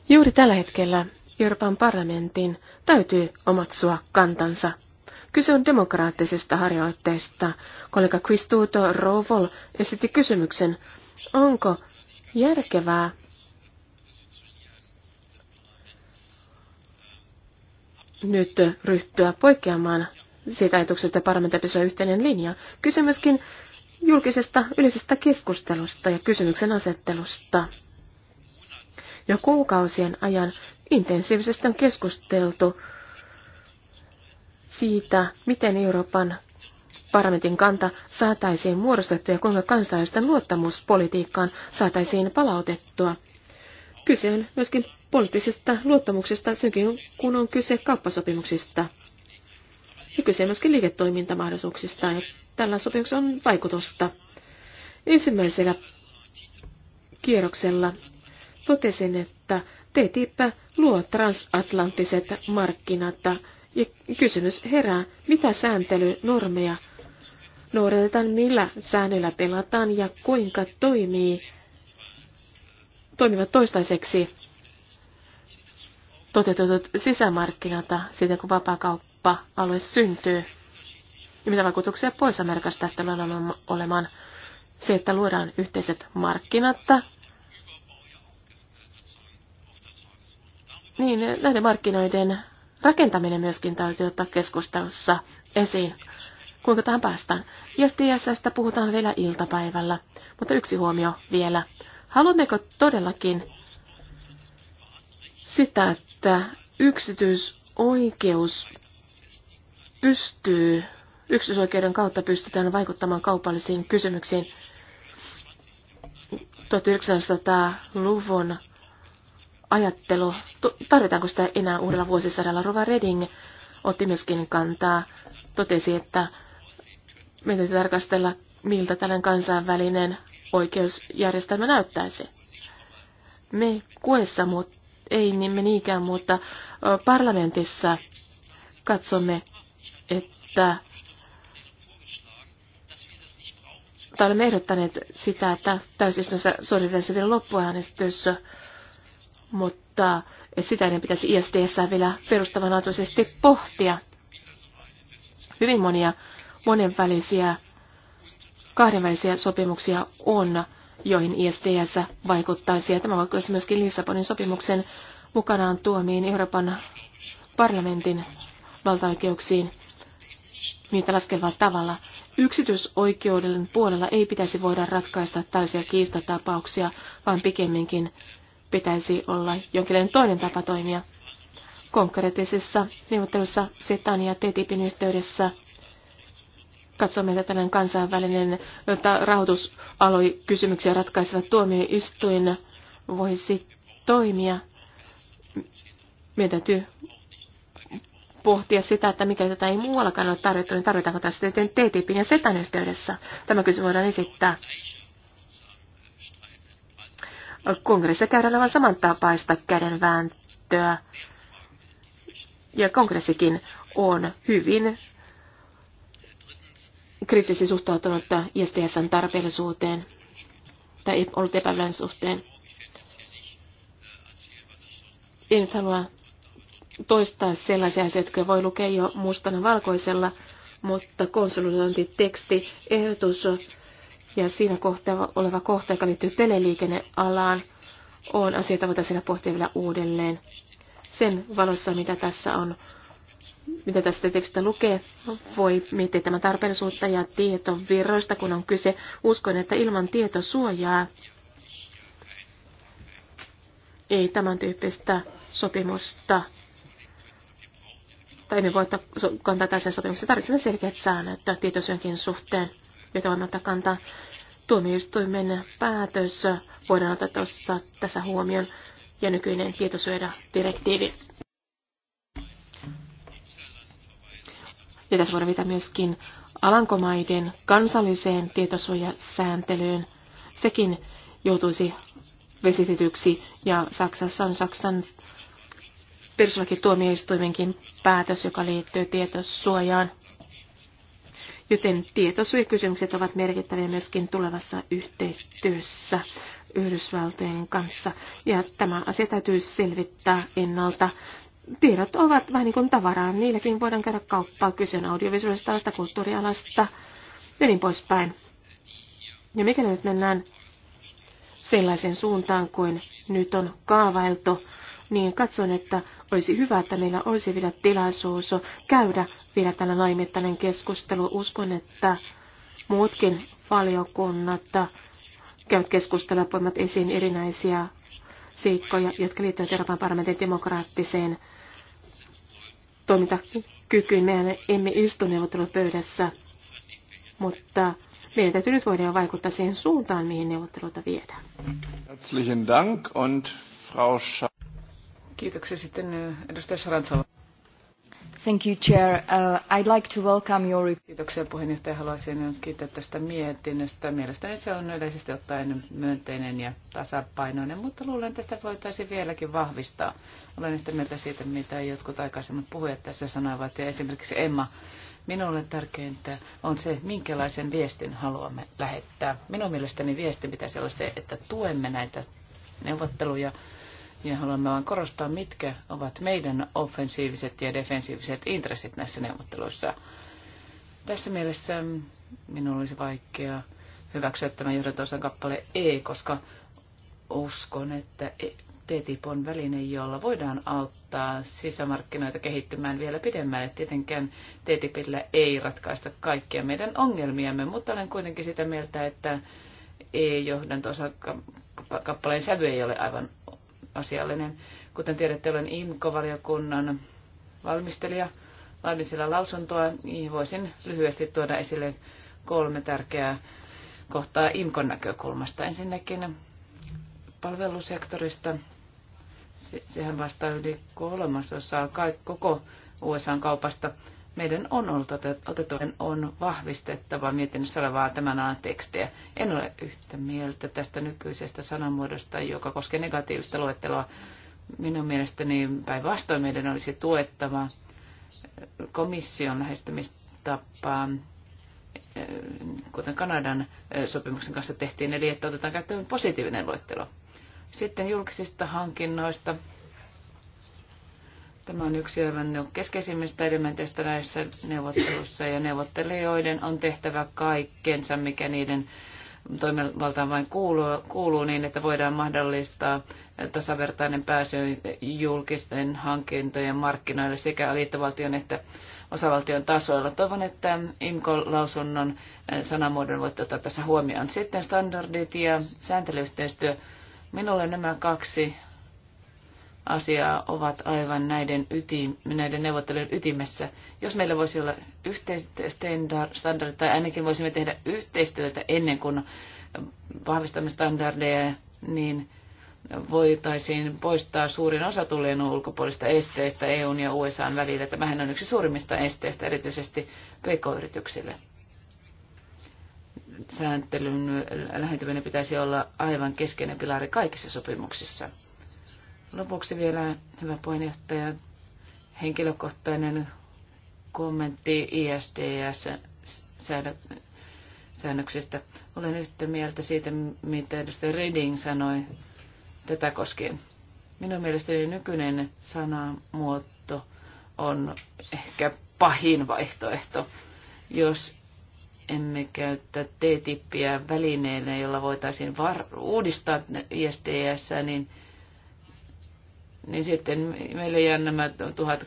Juuri tällä hetkellä Euroopan parlamentin täytyy omaksua kantansa. Kyse on demokraattisesta harjoitteesta. Kollega Quistuto Rovol esitti kysymyksen, onko järkevää nyt ryhtyä poikkeamaan siitä ajatuksesta, että parlamentaarissa on yhteinen linja. Kyse myöskin julkisesta yleisestä keskustelusta ja kysymyksen asettelusta. Jo kuukausien ajan intensiivisesti on keskusteltu siitä, miten Euroopan parlamentin kanta saataisiin muodostettua ja kuinka kansalaisten luottamuspolitiikkaan saataisiin palautettua. Kyse on myöskin poliittisesta luottamuksesta, senkin kun on kyse kauppasopimuksista. Ja kyse on myöskin liiketoimintamahdollisuuksista, ja tällä sopimuksella on vaikutusta. Ensimmäisellä kierroksella totesin, että TTIP luo transatlanttiset markkinat, ja kysymys herää, mitä sääntelynormeja noudatetaan, millä säännöillä pelataan ja kuinka toimii toimivat toistaiseksi toteutetut sisämarkkinat siitä, kun vapaakauppa-alue syntyy. Ja mitä vaikutuksia pois Amerikasta tästä olemaan se, että luodaan yhteiset markkinat, niin näiden markkinoiden rakentaminen myöskin täytyy ottaa keskustelussa esiin. Kuinka tähän päästään? Jos puhutaan vielä iltapäivällä, mutta yksi huomio vielä. Haluammeko todellakin sitä, että yksityisoikeus pystyy, yksityisoikeuden kautta pystytään vaikuttamaan kaupallisiin kysymyksiin. 1900-luvun ajattelu, tarvitaanko sitä enää uudella vuosisadalla? Rova Reding otti myöskin kantaa, totesi, että meidän tarkastella, miltä tällainen kansainvälinen oikeusjärjestelmä näyttäisi. Me kuessa, mutta ei niin me niinkään, mutta parlamentissa katsomme, että tai olemme ehdottaneet sitä, että täysistunnossa suoritetaan vielä loppuäänestys, mutta sitä ennen pitäisi ISDS vielä perustavanlaatuisesti pohtia. Hyvin monia monenvälisiä kahdenvälisiä sopimuksia on, joihin ISDS vaikuttaisi. Ja tämä vaikuttaisi myöskin Lissabonin sopimuksen mukanaan tuomiin Euroopan parlamentin valtaoikeuksiin niitä laskevalla tavalla. Yksityisoikeuden puolella ei pitäisi voida ratkaista tällaisia kiistatapauksia, vaan pikemminkin pitäisi olla jonkinlainen toinen tapa toimia. Konkreettisissa neuvottelussa SETAN ja TTIPin yhteydessä Katsomme, että tämän kansainvälinen rahoitusaloi kysymyksiä ratkaiseva tuomioistuin voisi toimia. Meidän täytyy pohtia sitä, että mikä tätä ei muuallakaan ole tarjottu, niin tarvitaanko tässä sitten ja SETAn yhteydessä. Tämä kysymys voidaan esittää. Kongressissa käydään aivan samantapaista kädenvääntöä. Ja kongressikin on hyvin kriittisesti suhtautunut ISTSn tarpeellisuuteen tai ollut epäilyn suhteen. En nyt halua toistaa sellaisia asioita, jotka voi lukea jo mustana valkoisella, mutta konsolidointiteksti, ehdotus ja siinä kohtaa oleva kohta, joka liittyy teleliikennealaan, on asia, jota siellä pohtia vielä uudelleen sen valossa, mitä tässä on mitä tästä tekstistä lukee, no, voi miettiä tämän tarpeellisuutta ja tietovirroista, kun on kyse. Uskon, että ilman tietosuojaa ei tämän tyyppistä sopimusta, tai me voi kantaa tässä sopimuksessa. Tarvitsemme selkeät säännöt tietosyönkin suhteen, joita voimme ottaa kantaa. Tuomioistuimen päätös voidaan ottaa tuossa, tässä huomioon ja nykyinen tietosuojadirektiivi. direktiivi Ja tässä voidaan viitata myöskin Alankomaiden kansalliseen tietosuojasääntelyyn. Sekin joutuisi vesitetyksi ja Saksassa on Saksan perustuslakituomioistuimenkin päätös, joka liittyy tietosuojaan. Joten tietosuojakysymykset ovat merkittäviä myöskin tulevassa yhteistyössä Yhdysvaltojen kanssa. Ja tämä asia täytyy selvittää ennalta tiedot ovat vähän niin kuin tavaraa. Niilläkin voidaan käydä kauppaa. Kyse on audiovisuaalisesta alasta, kulttuurialasta ja niin poispäin. Ja mikäli nyt mennään sellaisen suuntaan kuin nyt on kaavailtu, niin katson, että olisi hyvä, että meillä olisi vielä tilaisuus käydä vielä tällä laimittainen keskustelu. Uskon, että muutkin valiokunnat käyvät keskustella poimat esiin erinäisiä seikkoja, jotka liittyvät Euroopan parlamentin demokraattiseen toimintakykyyn. Me emme istu neuvottelupöydässä, mutta meidän täytyy nyt voida vaikuttaa siihen suuntaan, mihin neuvotteluita viedään. Herzlichen Dank und Frau Kiitoksia sitten äh, edustaja Sarantsala. Thank you, Chair. Uh, I'd like to welcome your... Kiitoksia puheenjohtaja. Haluaisin kiittää tästä mietinnöstä. Mielestäni se on yleisesti ottaen myönteinen ja tasapainoinen, mutta luulen, että sitä voitaisiin vieläkin vahvistaa. Olen yhtä mieltä siitä, mitä jotkut aikaisemmat puhujat tässä sanoivat, ja esimerkiksi Emma Minulle tärkeintä on se, minkälaisen viestin haluamme lähettää. Minun mielestäni viesti pitäisi olla se, että tuemme näitä neuvotteluja ja haluamme vain korostaa, mitkä ovat meidän offensiiviset ja defensiiviset intressit näissä neuvotteluissa. Tässä mielessä minun olisi vaikea hyväksyä tämän johdantosan kappale E, koska uskon, että e- TTIP on väline, jolla voidaan auttaa sisämarkkinoita kehittymään vielä pidemmälle. Tietenkään TTIPillä ei ratkaista kaikkia meidän ongelmiamme, mutta olen kuitenkin sitä mieltä, että E-johdantosan kappaleen sävy ei ole aivan asiallinen. Kuten tiedätte, olen IMKO-valiokunnan valmistelija. Laadin siellä lausuntoa. Voisin lyhyesti tuoda esille kolme tärkeää kohtaa IMKON näkökulmasta. Ensinnäkin palvelusektorista. Sehän vastaa yli kolmasosaa koko usa kaupasta meidän on ollut otettu, on vahvistettava mietinnössä olevaa tämän alan tekstiä. En ole yhtä mieltä tästä nykyisestä sanamuodosta, joka koskee negatiivista luetteloa. Minun mielestäni päinvastoin meidän olisi tuettava eh, komission lähestymistapaa, eh, kuten Kanadan eh, sopimuksen kanssa tehtiin, eli että otetaan käyttöön positiivinen luettelo. Sitten julkisista hankinnoista Tämä on yksi aivan keskeisimmistä elementeistä näissä neuvotteluissa ja neuvottelijoiden on tehtävä kaikkensa, mikä niiden toimivaltaan vain kuuluu, kuuluu niin, että voidaan mahdollistaa tasavertainen pääsy julkisten hankintojen markkinoille sekä liittovaltion että osavaltion tasoilla. Toivon, että IMCO-lausunnon sanamuodon voitte ottaa tässä huomioon. Sitten standardit ja sääntelyyhteistyö. Minulle nämä kaksi asiaa ovat aivan näiden, ytim, näiden neuvottelujen ytimessä. Jos meillä voisi olla yhteistyöstandardit tai ainakin voisimme tehdä yhteistyötä ennen kuin vahvistamme standardeja, niin voitaisiin poistaa suurin osa tulien ulkopuolista esteistä EUn ja USAn välillä. Tämähän on yksi suurimmista esteistä erityisesti pk-yrityksille. Sääntelyn lähentyminen pitäisi olla aivan keskeinen pilari kaikissa sopimuksissa. Lopuksi vielä, hyvä puheenjohtaja, henkilökohtainen kommentti ISDS-säännöksistä. Olen yhtä mieltä siitä, mitä edustaja Reding sanoi tätä koskien. Minun mielestäni nykyinen sanamuoto on ehkä pahin vaihtoehto, jos emme käytä T-tippiä välineenä, jolla voitaisiin uudistaa ISDS, niin – niin sitten meille jää nämä tuhat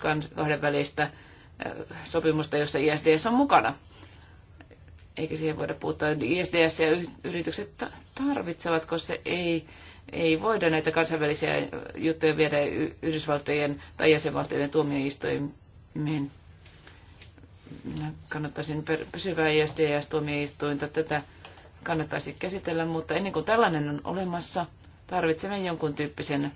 välistä äh, sopimusta, jossa ISDS on mukana. Eikä siihen voida puuttua. ISDS ja yritykset tarvitsevat, koska se ei, ei voida näitä kansainvälisiä äh, juttuja viedä Yhdysvaltojen tai jäsenvaltioiden tuomioistuimiin. Kannattaisin pysyvää ISDS-tuomioistuinta tätä kannattaisi käsitellä, mutta ennen kuin tällainen on olemassa, tarvitsemme jonkun tyyppisen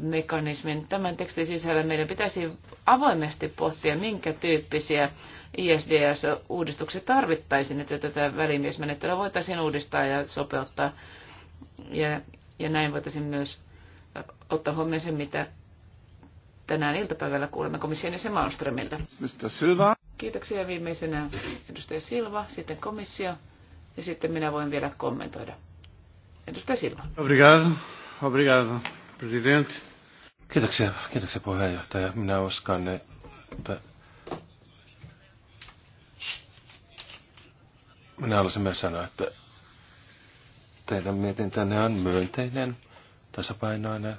mekanismin. Tämän tekstin sisällä meidän pitäisi avoimesti pohtia, minkä tyyppisiä ISDS-uudistuksia tarvittaisiin, että tätä välimiesmenettelyä voitaisiin uudistaa ja sopeuttaa. Ja, ja näin voitaisiin myös ottaa huomioon sen, mitä tänään iltapäivällä kuulemme komission ja Malmströmiltä. Silva. Kiitoksia viimeisenä edustaja Silva, sitten komissio ja sitten minä voin vielä kommentoida. Edustaja Silva. Obrigado. Obrigado. President. Kiitoksia, kiitoksia puheenjohtaja. Minä uskon, että minä haluaisin myös sanoa, että teidän mietintänne on myönteinen, tasapainoinen.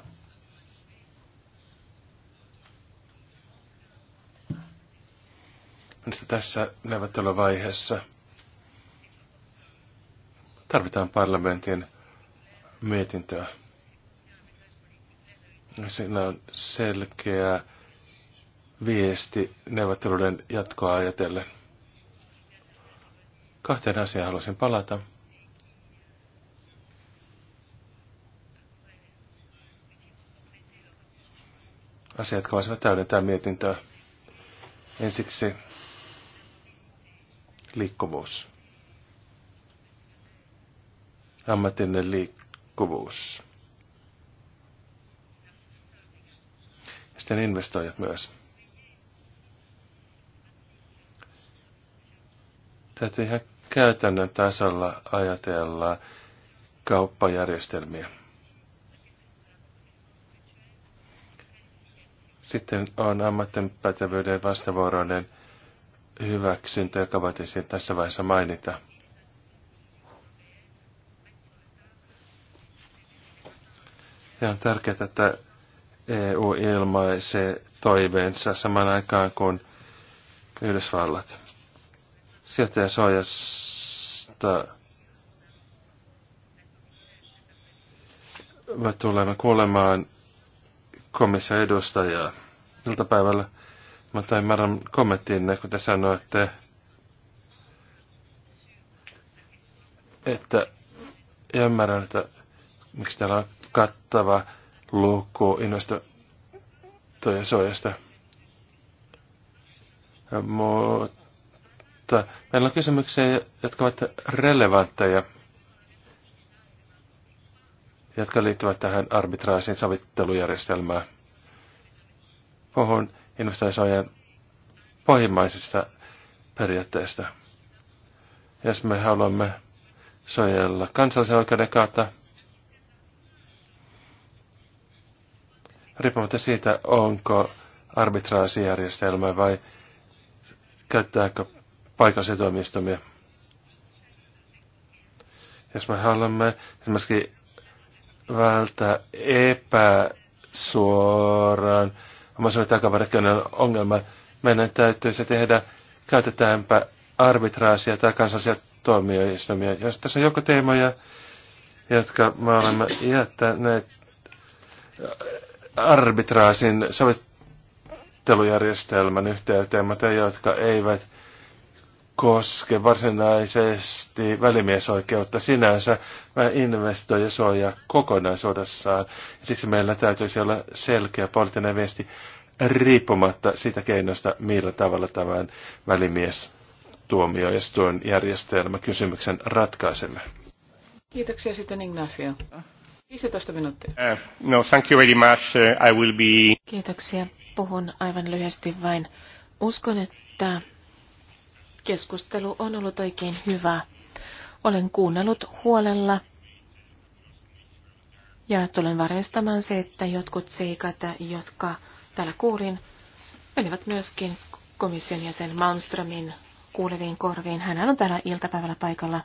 Minusta tässä neuvotteluvaiheessa tarvitaan parlamentin mietintöä. No, siinä on selkeä viesti neuvotteluiden jatkoa ajatellen. Kahteen asiaan haluaisin palata. Asiat, jotka voisivat täydentää mietintöä. Ensiksi liikkuvuus. Ammatillinen liikkuvuus. sitten investoijat myös. Täytyy ihan käytännön tasolla ajatella kauppajärjestelmiä. Sitten on ammatten pätevyyden vastavuoroinen hyväksyntä, joka voitaisiin tässä vaiheessa mainita. Ja on tärkeää, että EU ilmaisee toiveensa saman aikaan kuin Yhdysvallat. Sieltä suojasta me tulemme kuulemaan komission edustajaa iltapäivällä. Mä tain määrän kommenttiin, kun te sanoitte, että ymmärrän, että miksi täällä on kattava luku investointojen sojasta. Mutta meillä on kysymyksiä, jotka ovat relevantteja, jotka liittyvät tähän arbitraasin sovittelujärjestelmään. Puhun investointisuojan pohjimmaisesta periaatteesta. Jos me haluamme suojella kansallisen oikeuden kautta, riippumatta siitä, onko arbitraasijärjestelmä vai käyttääkö paikallisia toimistomia. Jos me haluamme esimerkiksi välttää epäsuoraan omaisuuden takavarikkoinen ongelma, meidän täytyy se tehdä, käytetäänpä arbitraasia tai kansallisia tuomioistuimia. Jos tässä on joku teemoja, jotka me olemme jättäneet arbitraasin sovittelujärjestelmän yhteyteen, mutta jotka eivät koske varsinaisesti välimiesoikeutta sinänsä, vaan investoi ja suojaa kokonaisuudessaan. Ja siksi meillä täytyisi olla selkeä poliittinen viesti riippumatta siitä keinosta, millä tavalla tämän välimies tuomioistuin järjestelmä kysymyksen ratkaisemme. Kiitoksia sitten Ignacio. 15 minuuttia. Uh, no, thank you very much. Uh, I will be... Kiitoksia. Puhun aivan lyhyesti vain. Uskon, että keskustelu on ollut oikein hyvä. Olen kuunnellut huolella ja tulen varmistamaan se, että jotkut seikat, jotka täällä kuulin, menivät myöskin komission jäsen Malmströmin kuuleviin korviin. Hän on täällä iltapäivällä paikalla.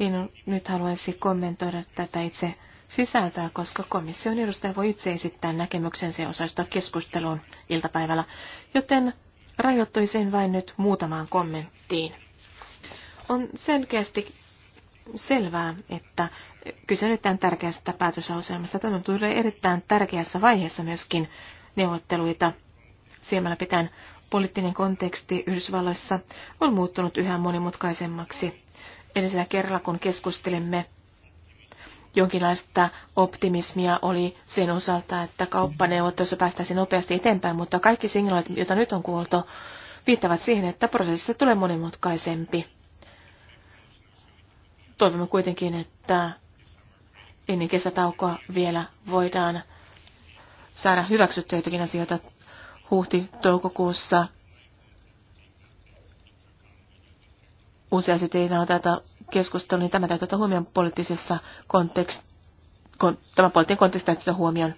En niin nyt haluaisi kommentoida tätä itse sisältää, koska komission edustaja voi itse esittää näkemyksensä ja osallistua keskusteluun iltapäivällä, joten rajoittuisin vain nyt muutamaan kommenttiin. On selkeästi selvää, että kyse nyt tämän tärkeästä päätöslauselmasta. Tämä tulee erittäin tärkeässä vaiheessa myöskin neuvotteluita silmällä pitäen. Poliittinen konteksti Yhdysvalloissa on muuttunut yhä monimutkaisemmaksi. Edellisellä kerralla, kun keskustelimme jonkinlaista optimismia oli sen osalta, että kauppaneuvottelussa päästäisiin nopeasti eteenpäin, mutta kaikki signaalit, joita nyt on kuultu, viittavat siihen, että prosessista tulee monimutkaisempi. Toivomme kuitenkin, että ennen kesätaukoa vielä voidaan saada hyväksyttyä jotakin asioita huhti-toukokuussa. Usein sitten ei keskustelu, niin tämä täytyy ottaa huomioon poliittisessa kontekst, kon, tämä poliittinen konteksti täytyy ottaa huomioon.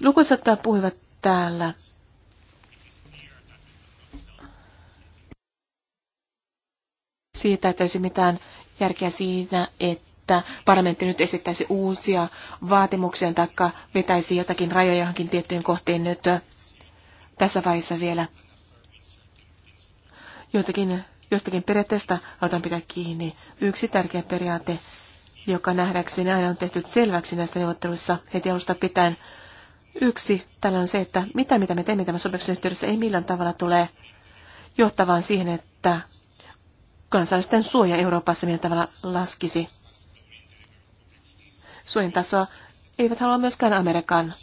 Lukuisat puhuivat täällä siitä, että olisi mitään järkeä siinä, että parlamentti nyt esittäisi uusia vaatimuksia tai vetäisi jotakin rajoja johonkin tiettyyn kohteen nyt tässä vaiheessa vielä. Joitakin Jostakin periaatteesta halutaan pitää kiinni. Yksi tärkeä periaate, joka nähdäkseni aina on tehty selväksi näissä neuvotteluissa heti alusta pitäen. Yksi tällä on se, että mitä mitä me teemme tämän sopimuksen yhteydessä ei millään tavalla tule johtavaan siihen, että kansallisten suoja Euroopassa millään tavalla laskisi. Suojan tasoa eivät halua myöskään Amerikan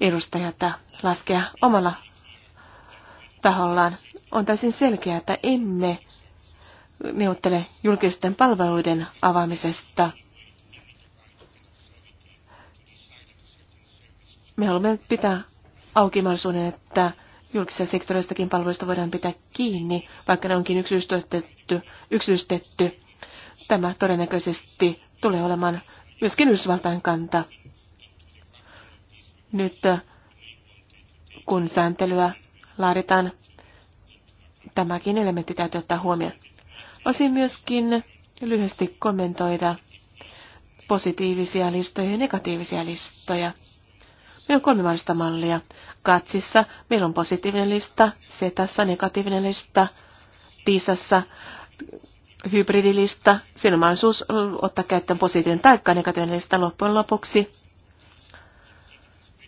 edustajat laskea omalla tahollaan on täysin selkeää, että emme neuvottele julkisten palveluiden avaamisesta. Me haluamme pitää auki mahdollisuuden, että julkisista sektoreistakin palveluista voidaan pitää kiinni, vaikka ne onkin yksityistetty. yksityistetty. Tämä todennäköisesti tulee olemaan myöskin Yhdysvaltain kanta. Nyt äh, kun sääntelyä laaditaan Tämäkin elementti täytyy ottaa huomioon. Osin myöskin lyhyesti kommentoida positiivisia listoja ja negatiivisia listoja. Meillä on kolme mahdollista mallia. Katsissa meillä on positiivinen lista, setassa negatiivinen lista, piisassa hybridilista. Siinä on mahdollisuus ottaa käyttöön positiivinen tai negatiivinen lista loppujen lopuksi.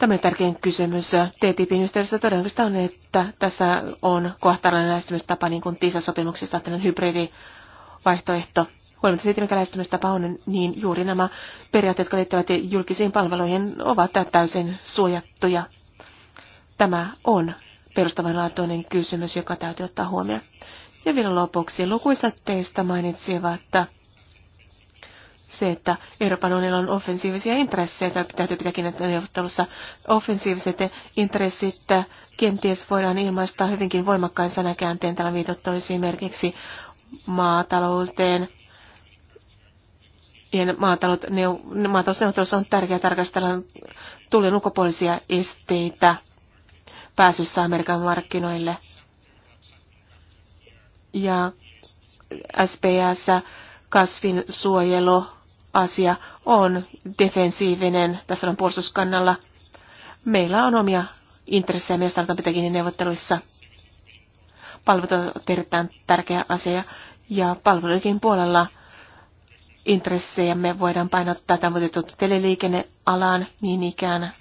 Tämä tärkein kysymys TTIPin yhteydessä todennäköistä on, että tässä on kohtalainen lähestymistapa niin kuin TISA-sopimuksessa tällainen hybridivaihtoehto. Huolimatta siitä, mikä lähestymistapa on, niin juuri nämä periaatteet, jotka liittyvät julkisiin palveluihin, ovat täysin suojattuja. Tämä on perustavanlaatuinen kysymys, joka täytyy ottaa huomioon. Ja vielä lopuksi lukuisat teistä mainitsivat, että se, että Euroopan unionilla on offensiivisia intressejä, tai täytyy pitääkin kiinnittää neuvottelussa offensiiviset intressit, kenties voidaan ilmaista hyvinkin voimakkain sanakäänteen, tällä viitottu esimerkiksi maatalouteen. Ja maatalousneuvottelussa on tärkeää tarkastella tullin ulkopuolisia esteitä pääsyssä Amerikan markkinoille. Ja SPS kasvinsuojelu asia on defensiivinen tässä on puolustuskannalla. Meillä on omia intressejä myös Tartanpitäkin neuvotteluissa. Palvelut ovat erittäin tärkeä asia ja palveluikin puolella Me voidaan painottaa tavoitetut teleliikennealaan niin ikään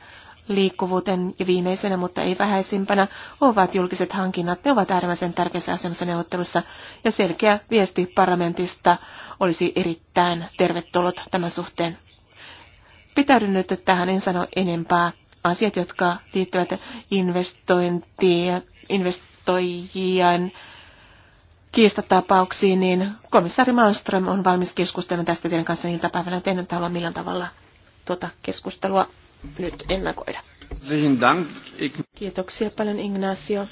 liikkuvuuteen ja viimeisenä, mutta ei vähäisimpänä, ovat julkiset hankinnat. Ne ovat äärimmäisen tärkeässä asemassa neuvottelussa ja selkeä viesti parlamentista olisi erittäin tervetullut tämän suhteen. Pitäydyn nyt tähän, en sano enempää. Asiat, jotka liittyvät investointiin, investoijien kiistatapauksiin, niin komissaari Malmström on valmis keskustelemaan tästä teidän kanssa iltapäivänä. En nyt halua millään tavalla tuota keskustelua nyt ennakoida. Kiitoksia paljon Ignacio.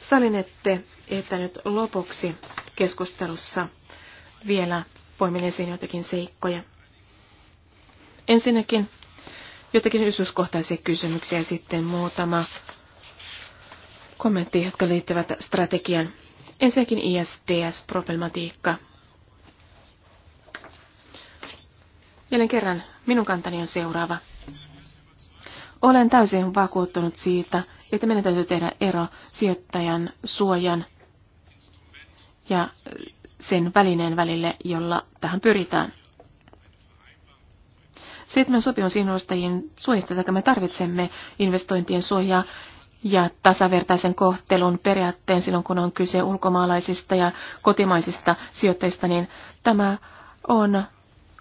Salinette, että nyt lopuksi keskustelussa vielä poimin esiin jotakin seikkoja. Ensinnäkin jotakin yksityiskohtaisia kysymyksiä ja sitten muutama kommentti, jotka liittyvät strategian. Ensinnäkin ISDS-problematiikka. Jälleen kerran Minun kantani on seuraava. Olen täysin vakuuttunut siitä, että meidän täytyy tehdä ero sijoittajan suojan ja sen välineen välille, jolla tähän pyritään. Seitsemän sopimus investoijien suojista, että me tarvitsemme investointien suojaa ja tasavertaisen kohtelun periaatteen silloin, kun on kyse ulkomaalaisista ja kotimaisista sijoitteista, niin tämä on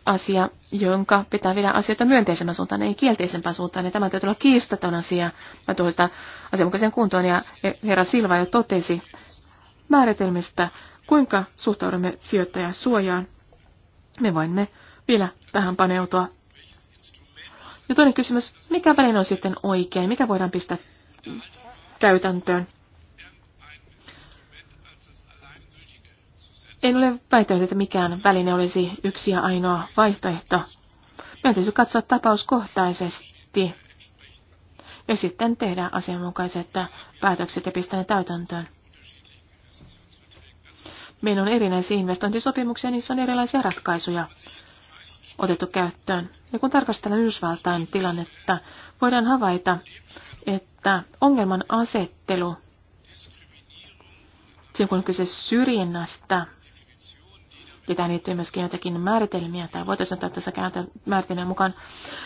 asia, jonka pitää viedä asioita myönteisemmän suuntaan, ei kielteisempään suuntaan. Ja tämä täytyy olla kiistaton asia. Mä tuon sitä asianmukaisen kuntoon ja herra Silva jo totesi määritelmistä, kuinka suhtaudumme suojaan. Me voimme vielä tähän paneutua. Ja toinen kysymys, mikä väline on sitten oikein, mikä voidaan pistää käytäntöön? En ole väittänyt, että mikään väline olisi yksi ja ainoa vaihtoehto. Meidän täytyy katsoa tapauskohtaisesti ja sitten tehdä asianmukaiset päätökset ja pistää ne täytäntöön. Meillä on erinäisiä investointisopimuksia, niissä on erilaisia ratkaisuja otettu käyttöön. Ja kun tarkastellaan Yhdysvaltain tilannetta, voidaan havaita, että ongelman asettelu, silloin kun on kyse syrjinnästä ja tähän liittyy myöskin joitakin määritelmiä, tai voitaisiin että tässä määritelmän mukaan.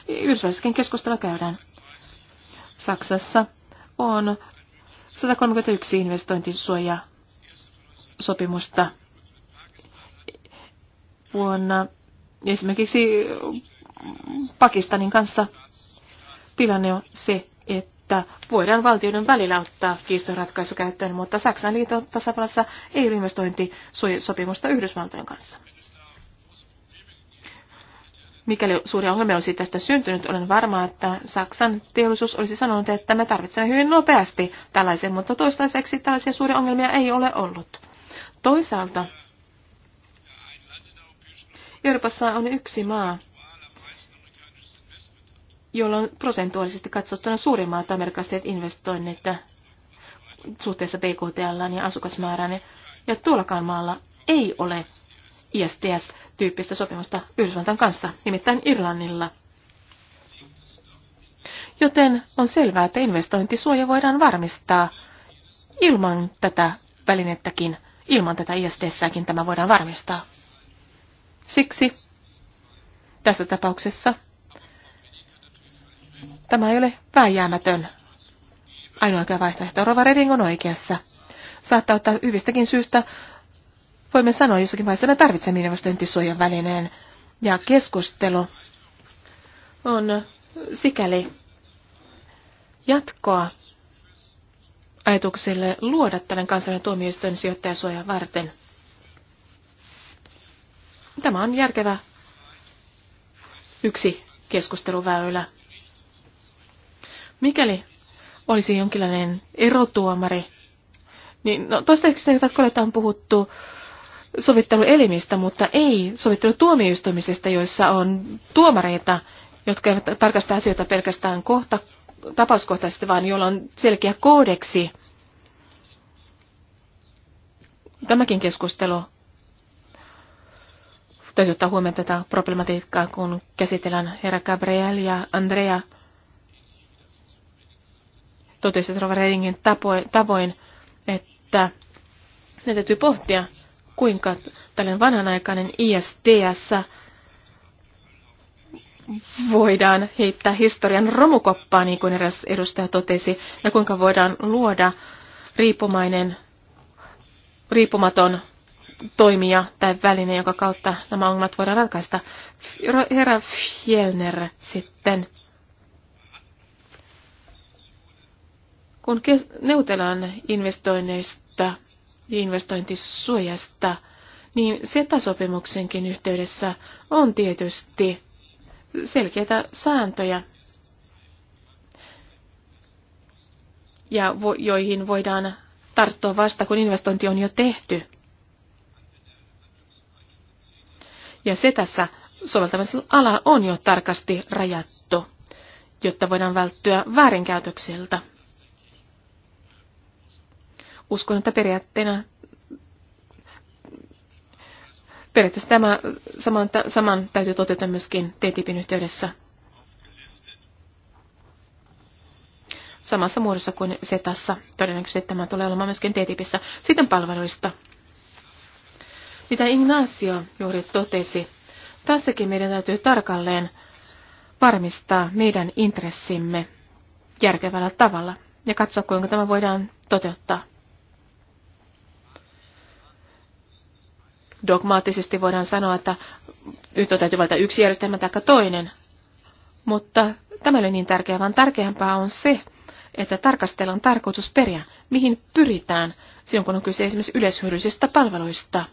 Yhdysvallissakin keskustella käydään. Saksassa on 131 investointisuojasopimusta sopimusta vuonna esimerkiksi Pakistanin kanssa tilanne on se, että että voidaan valtioiden välillä ottaa kiistoratkaisu käyttöön, mutta Saksan liiton tasavallassa ei ole sopimusta Yhdysvaltojen kanssa. Mikäli suuri ongelma olisi tästä syntynyt, olen varma, että Saksan teollisuus olisi sanonut, että me tarvitsemme hyvin nopeasti tällaisen, mutta toistaiseksi tällaisia suuria ongelmia ei ole ollut. Toisaalta Euroopassa on yksi maa, Jolloin prosentuaalisesti katsottuna suurimmat amerikkalaiset investoinnit suhteessa BKT ja asukasmäärään. Ja tuollakaan maalla ei ole ISTS-tyyppistä sopimusta Yhdysvaltain kanssa, nimittäin Irlannilla. Joten on selvää, että investointisuoja voidaan varmistaa ilman tätä välinettäkin, ilman tätä ISTS-säkin tämä voidaan varmistaa. Siksi tässä tapauksessa Tämä ei ole vääjäämätön oikea vaihtoehto. Rova Reding on oikeassa. Saattaa ottaa hyvistäkin syystä, voimme sanoa jossakin vaiheessa, että me tarvitsemme investointisuojan välineen. Ja keskustelu on sikäli jatkoa ajatukselle luoda tällainen kansallinen tuomioistuin sijoittajasuojan varten. Tämä on järkevä yksi keskusteluväylä. Mikäli olisi jonkinlainen erotuomari, niin no, toistaiseksi katkoleita on puhuttu sovitteluelimistä, mutta ei sovittelutuomioistuimisesta, joissa on tuomareita, jotka eivät tarkasta asioita pelkästään kohta, tapauskohtaisesti, vaan joilla on selkeä koodeksi. Tämäkin keskustelu täytyy ottaa huomioon tätä problematiikkaa, kun käsitellään herra Gabriel ja Andrea – totesi Rova Redingin tavoin, että ne täytyy pohtia, kuinka tällainen vanhanaikainen ISDS voidaan heittää historian romukoppaa, niin kuin eräs edustaja totesi, ja kuinka voidaan luoda riippumainen, riippumaton toimija tai väline, joka kautta nämä ongelmat voidaan ratkaista. Herra Fjellner sitten Kun kes- neuvotellaan investoinneista ja investointisuojasta, niin SETA-sopimuksenkin yhteydessä on tietysti selkeitä sääntöjä, ja vo- joihin voidaan tarttua vasta, kun investointi on jo tehty. Ja se tässä soveltamisala on jo tarkasti rajattu, jotta voidaan välttyä väärinkäytöksiltä Uskon, että periaatteena periaatteessa tämä saman, saman täytyy toteuttaa myöskin TTIPin yhteydessä. Samassa muodossa kuin SETassa. Todennäköisesti tämä tulee olemaan myöskin TTIPissä. Sitten palveluista. Mitä Ignacio juuri totesi, tässäkin meidän täytyy tarkalleen varmistaa meidän intressimme järkevällä tavalla ja katsoa, kuinka tämä voidaan toteuttaa. dogmaattisesti voidaan sanoa, että nyt on täytyy valita yksi järjestelmä tai toinen. Mutta tämä ei ole niin tärkeää, vaan tärkeämpää on se, että tarkastellaan tarkoitusperiä, mihin pyritään silloin, kun on kyse esimerkiksi yleishyödyllisistä palveluista.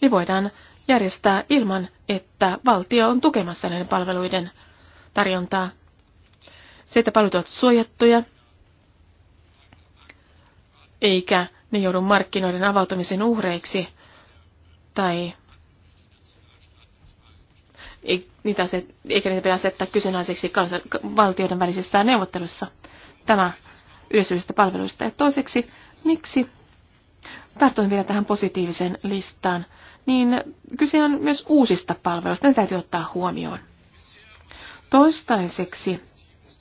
Ne voidaan järjestää ilman, että valtio on tukemassa näiden palveluiden tarjontaa. Se, että palvelut ovat suojattuja, eikä ne joudu markkinoiden avautumisen uhreiksi, tai niitä se, eikä niitä pidä asettaa kyseenalaiseksi valtioiden välisessä neuvottelussa tämä yleisöllisistä palveluista. Ja toiseksi, miksi tartuin vielä tähän positiiviseen listaan, niin kyse on myös uusista palveluista, ne täytyy ottaa huomioon. Toistaiseksi,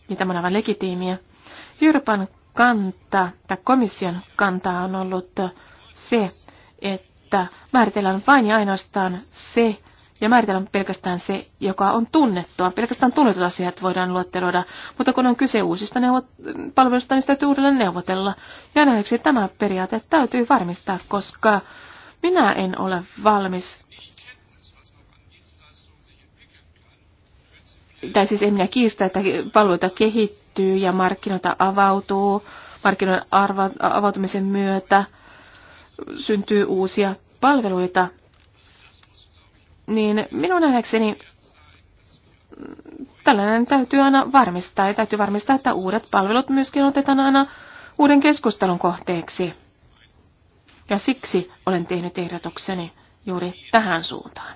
ja tämä on aivan legitiimiä, Euroopan kanta tai komission kanta on ollut se, että että määritellään vain ja ainoastaan se, ja määritellään pelkästään se, joka on tunnettua. Pelkästään tunnetut asiat voidaan luetteloida, mutta kun on kyse uusista neuvot- palveluista, niin sitä täytyy uudelleen neuvotella. Ja nähdäksi tämä periaate täytyy varmistaa, koska minä en ole valmis tai siis en minä kiistä, että palveluita kehittyy ja markkinoita avautuu markkinoiden arva, avautumisen myötä – syntyy uusia palveluita, niin minun nähdäkseni tällainen täytyy aina varmistaa ja täytyy varmistaa, että uudet palvelut myöskin otetaan aina uuden keskustelun kohteeksi. Ja siksi olen tehnyt ehdotukseni juuri tähän suuntaan.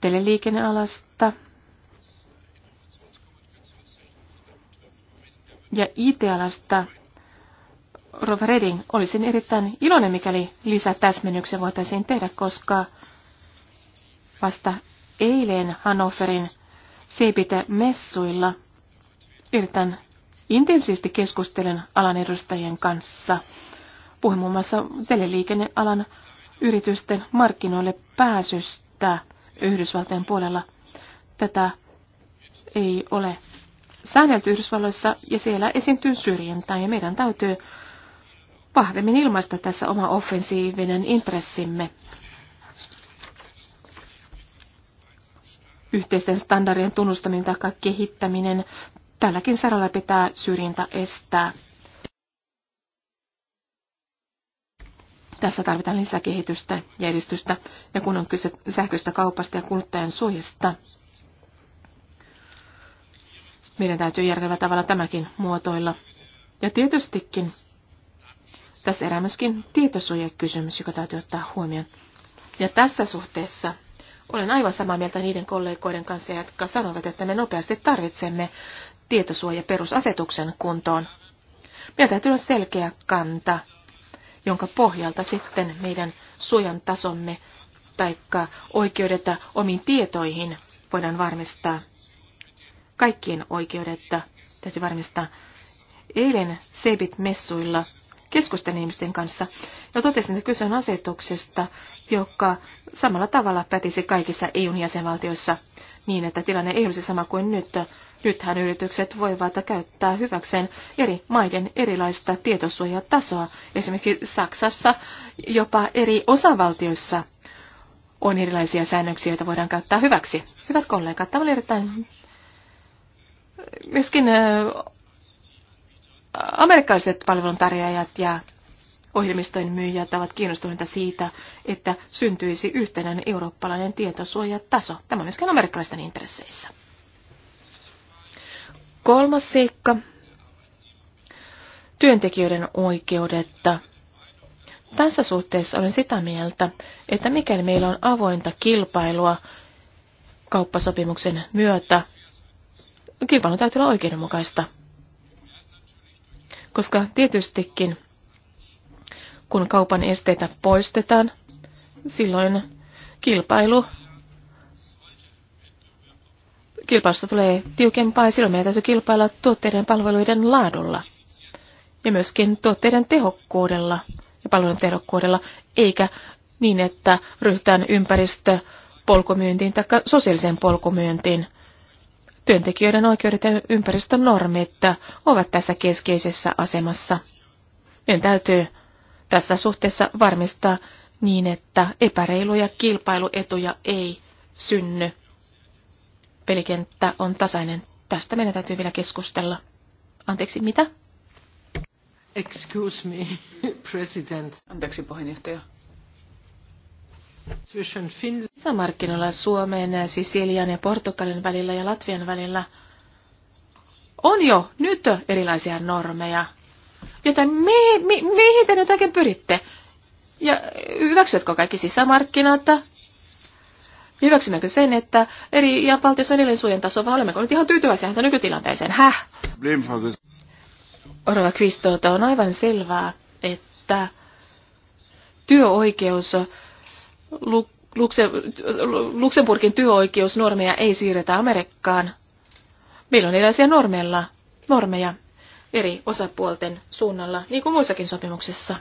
Teleliikennealasta ja IT-alasta Rov Reding, olisin erittäin iloinen, mikäli lisätäsmennyksen voitaisiin tehdä, koska vasta eilen Hannoverin Seipite-messuilla erittäin intensiivisesti keskustelen alan edustajien kanssa. Puhuin muun muassa teleliikennealan yritysten markkinoille pääsystä Yhdysvaltojen puolella. Tätä ei ole säännelty Yhdysvalloissa ja siellä esiintyy syrjintää ja meidän täytyy vahvemmin ilmaista tässä oma offensiivinen intressimme. Yhteisten standardien tunnustaminen tai kehittäminen tälläkin saralla pitää syrjintä estää. Tässä tarvitaan lisäkehitystä ja edistystä, ja kun on kyse sähköistä kaupasta ja kuluttajan suojasta, meidän täytyy järkevällä tavalla tämäkin muotoilla. Ja tietystikin tässä erää myöskin tietosuojakysymys, joka täytyy ottaa huomioon. Ja tässä suhteessa olen aivan samaa mieltä niiden kollegoiden kanssa, jotka sanovat, että me nopeasti tarvitsemme tietosuojaperusasetuksen kuntoon. Meillä täytyy olla selkeä kanta, jonka pohjalta sitten meidän suojan tasomme tai oikeudet omiin tietoihin voidaan varmistaa kaikkien oikeudet täytyy varmistaa. Eilen Sebit-messuilla keskustelin ihmisten kanssa ja totesin, että kyse on asetuksesta, joka samalla tavalla pätisi kaikissa EUn jäsenvaltioissa niin, että tilanne ei olisi sama kuin nyt. Nythän yritykset voivat käyttää hyväkseen eri maiden erilaista tietosuojatasoa. Esimerkiksi Saksassa jopa eri osavaltioissa on erilaisia säännöksiä, joita voidaan käyttää hyväksi. Hyvät kollegat, tämä oli erittäin myöskin amerikkalaiset palveluntarjoajat ja ohjelmistojen myyjät ovat kiinnostuneita siitä, että syntyisi yhtenäinen eurooppalainen tietosuojataso. Tämä on myöskin amerikkalaisten intresseissä. Kolmas seikka. Työntekijöiden oikeudet. Tässä suhteessa olen sitä mieltä, että mikäli meillä on avointa kilpailua kauppasopimuksen myötä, kilpailun täytyy olla oikeudenmukaista. Koska tietystikin, kun kaupan esteitä poistetaan, silloin kilpailu kilpailusta tulee tiukempaa ja silloin meidän täytyy kilpailla tuotteiden ja palveluiden laadulla ja myöskin tuotteiden tehokkuudella ja palvelun tehokkuudella, eikä niin, että ryhtään ympäristö polkumyyntiin tai sosiaaliseen polkumyyntiin Työntekijöiden oikeudet ja ympäristön normit ovat tässä keskeisessä asemassa. Meidän täytyy tässä suhteessa varmistaa niin, että epäreiluja kilpailuetuja ei synny. Pelikenttä on tasainen. Tästä meidän täytyy vielä keskustella. Anteeksi, mitä? Excuse me, president. Anteeksi, puheenjohtaja. Sisämarkkinoilla Suomen, Sisilian ja Portugalin välillä ja Latvian välillä on jo nyt erilaisia normeja, joten mi, mi, mihin te nyt oikein pyritte? Ja hyväksyvätkö kaikki sisämarkkinat? Hyväksymmekö sen, että eri ja valtiossa on edelleen suojan taso, vai olemmeko nyt ihan tyytyväisiä tähän nykytilanteeseen? Häh? Orva Kvistolta on aivan selvää, että työoikeus Luxemburgin työoikeusnormeja ei siirretä Amerikkaan. Meillä on erilaisia normeilla, normeja eri osapuolten suunnalla, niin kuin muissakin sopimuksissa.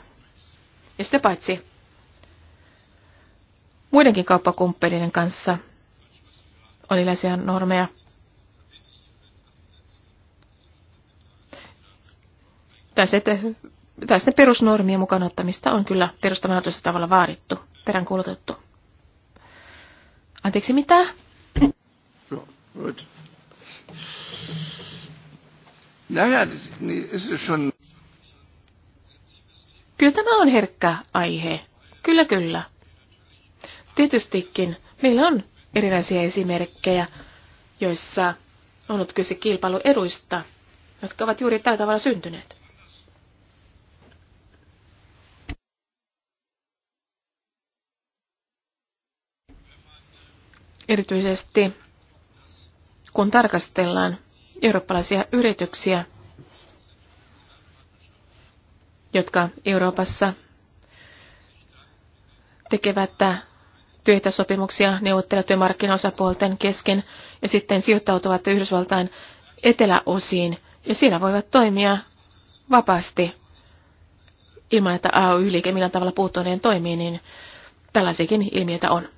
Ja sitten paitsi muidenkin kauppakumppelien kanssa on erilaisia normeja. Tai sitten perusnormien mukaan ottamista on kyllä perustavanlaatuisella tavalla vaadittu peräänkuulutettu. Anteeksi, mitä? Gut. Naja, das ist Kyllä tämä on herkkä aihe. Kyllä, kyllä. Tietystikin meillä on erilaisia esimerkkejä, joissa on ollut kyse kilpailueduista, jotka ovat juuri tällä tavalla syntyneet. Erityisesti kun tarkastellaan eurooppalaisia yrityksiä, jotka Euroopassa tekevät työehtosopimuksia, neuvottelevat työmarkkinaosapuolten kesken ja sitten sijoittautuvat Yhdysvaltain eteläosiin. Ja siinä voivat toimia vapaasti ilman, että AY-liike millään tavalla puuttuneen toimii, niin tällaisiakin ilmiöitä on.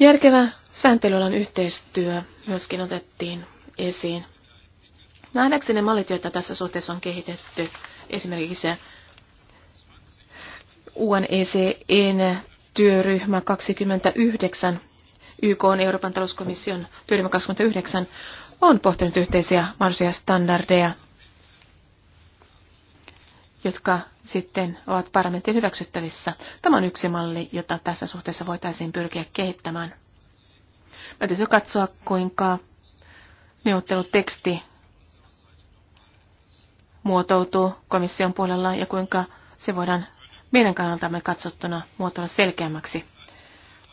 Järkevä sääntelyalan yhteistyö myöskin otettiin esiin. Nähdäkseni ne mallit, joita tässä suhteessa on kehitetty, esimerkiksi se UNECEn e työryhmä 29, YK on Euroopan talouskomission työryhmä 29, on pohtinut yhteisiä mahdollisia standardeja jotka sitten ovat parlamentin hyväksyttävissä. Tämä on yksi malli, jota tässä suhteessa voitaisiin pyrkiä kehittämään. Mä täytyy katsoa, kuinka neuvotteluteksti muotoutuu komission puolella ja kuinka se voidaan meidän kannaltamme katsottuna muotoilla selkeämmäksi.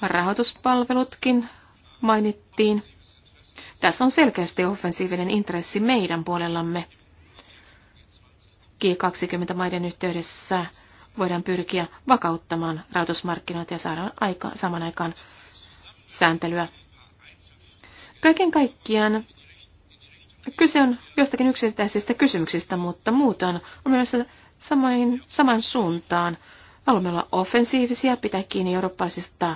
Rahoituspalvelutkin mainittiin. Tässä on selkeästi offensiivinen intressi meidän puolellamme. G20 maiden yhteydessä voidaan pyrkiä vakauttamaan rahoitusmarkkinoita ja saada aika, saman aikaan sääntelyä. Kaiken kaikkiaan kyse on jostakin yksittäisistä kysymyksistä, mutta muuten on myös samoin, saman suuntaan. Haluamme olla offensiivisia, pitää kiinni eurooppalaisista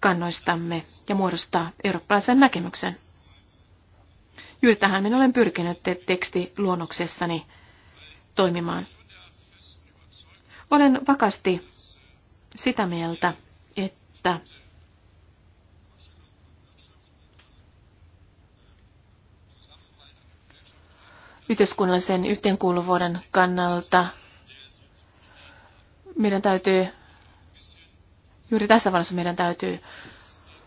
kannoistamme ja muodostaa eurooppalaisen näkemyksen. Juuri tähän minä olen pyrkinyt tekstiluonnoksessani toimimaan. Olen vakasti sitä mieltä, että yhteiskunnallisen yhteenkuuluvuuden kannalta meidän täytyy, juuri tässä vaiheessa meidän täytyy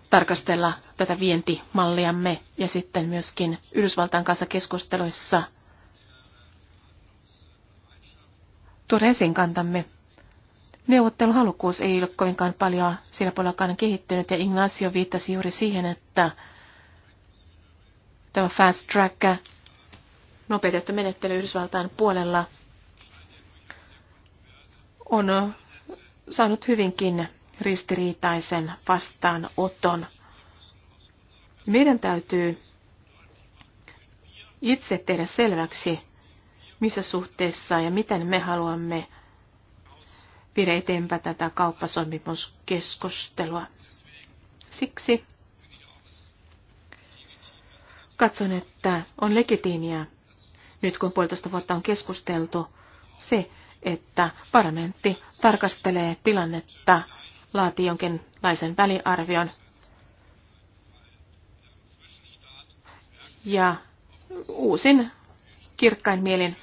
tarkastella tätä vientimalliamme ja sitten myöskin Yhdysvaltain kanssa keskusteluissa – tuoda esiin kantamme. Neuvotteluhalukkuus ei ole kovinkaan paljon sillä puolellakaan kehittynyt, ja Ignacio viittasi juuri siihen, että tämä fast track, nopeutettu menettely Yhdysvaltain puolella, on saanut hyvinkin ristiriitaisen vastaanoton. Meidän täytyy itse tehdä selväksi, missä suhteessa ja miten me haluamme viedä eteenpäin tätä kauppasopimuskeskustelua. Siksi katson, että on legitiimiä, nyt kun puolitoista vuotta on keskusteltu, se, että parlamentti tarkastelee tilannetta, laatii jonkinlaisen väliarvion ja uusin kirkkain mielin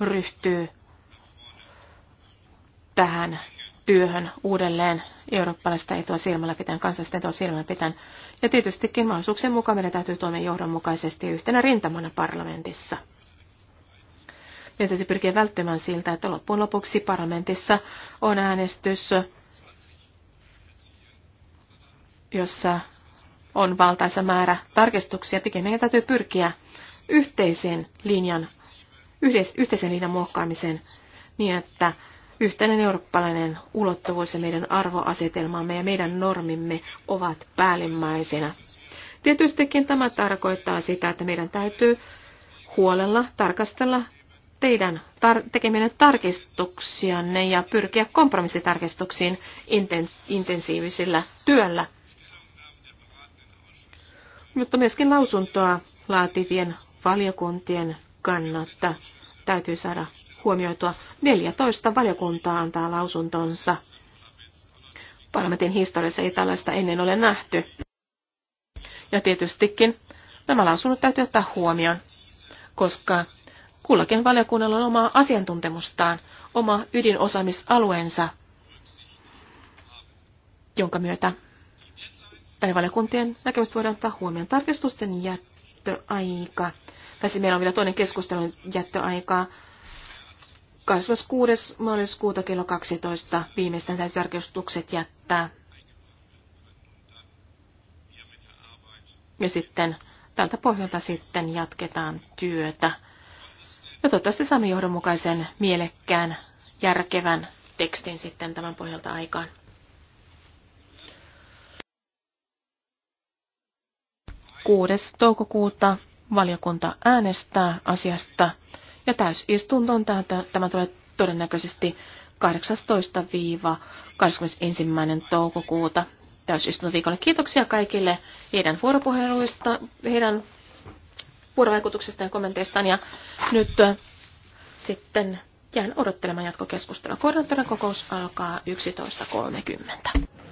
ryhtyy tähän työhön uudelleen eurooppalaista etua silmällä pitäen, kansallista etua silmällä pitäen. Ja tietystikin mahdollisuuksien mukaan meidän täytyy toimia johdonmukaisesti yhtenä rintamana parlamentissa. Meidän täytyy pyrkiä välttämään siltä, että loppujen lopuksi parlamentissa on äänestys, jossa on valtaisa määrä tarkistuksia. Pikemminkin täytyy pyrkiä yhteisen linjan yhteisen linjan muokkaamisen niin, että yhteinen eurooppalainen ulottuvuus ja meidän arvoasetelmamme ja meidän normimme ovat päällimmäisenä. Tietystikin tämä tarkoittaa sitä, että meidän täytyy huolella tarkastella teidän tar- tekeminen tarkistuksianne ja pyrkiä kompromissitarkistuksiin inten- intensiivisellä työllä. Mutta myöskin lausuntoa laativien valiokuntien kannalta täytyy saada huomioitua. 14 valiokuntaa antaa lausuntonsa. Parlamentin historiassa ei tällaista ennen ole nähty. Ja tietystikin nämä lausunnot täytyy ottaa huomioon, koska kullakin valiokunnalla on omaa asiantuntemustaan, oma ydinosaamisalueensa, jonka myötä eri valiokuntien näkemystä voidaan ottaa huomioon. Tarkistusten jättöaika tässä siis meillä on vielä toinen keskustelun jättöaikaa. 26. maaliskuuta kello 12 viimeistään täytyy tarkistukset jättää. Ja sitten tältä pohjalta sitten jatketaan työtä. Ja toivottavasti saamme johdonmukaisen, mielekkään, järkevän tekstin sitten tämän pohjalta aikaan. Kuudes toukokuuta valiokunta äänestää asiasta ja täysistuntoon tämä tulee todennäköisesti 18-21. toukokuuta täysistuntoviikolle. Kiitoksia kaikille heidän vuoropuheluista, heidän vuorovaikutuksesta ja kommenteistaan. Ja nyt äh, sitten jään odottelemaan jatkokeskustelua. Koordinaattorin kokous alkaa 11.30.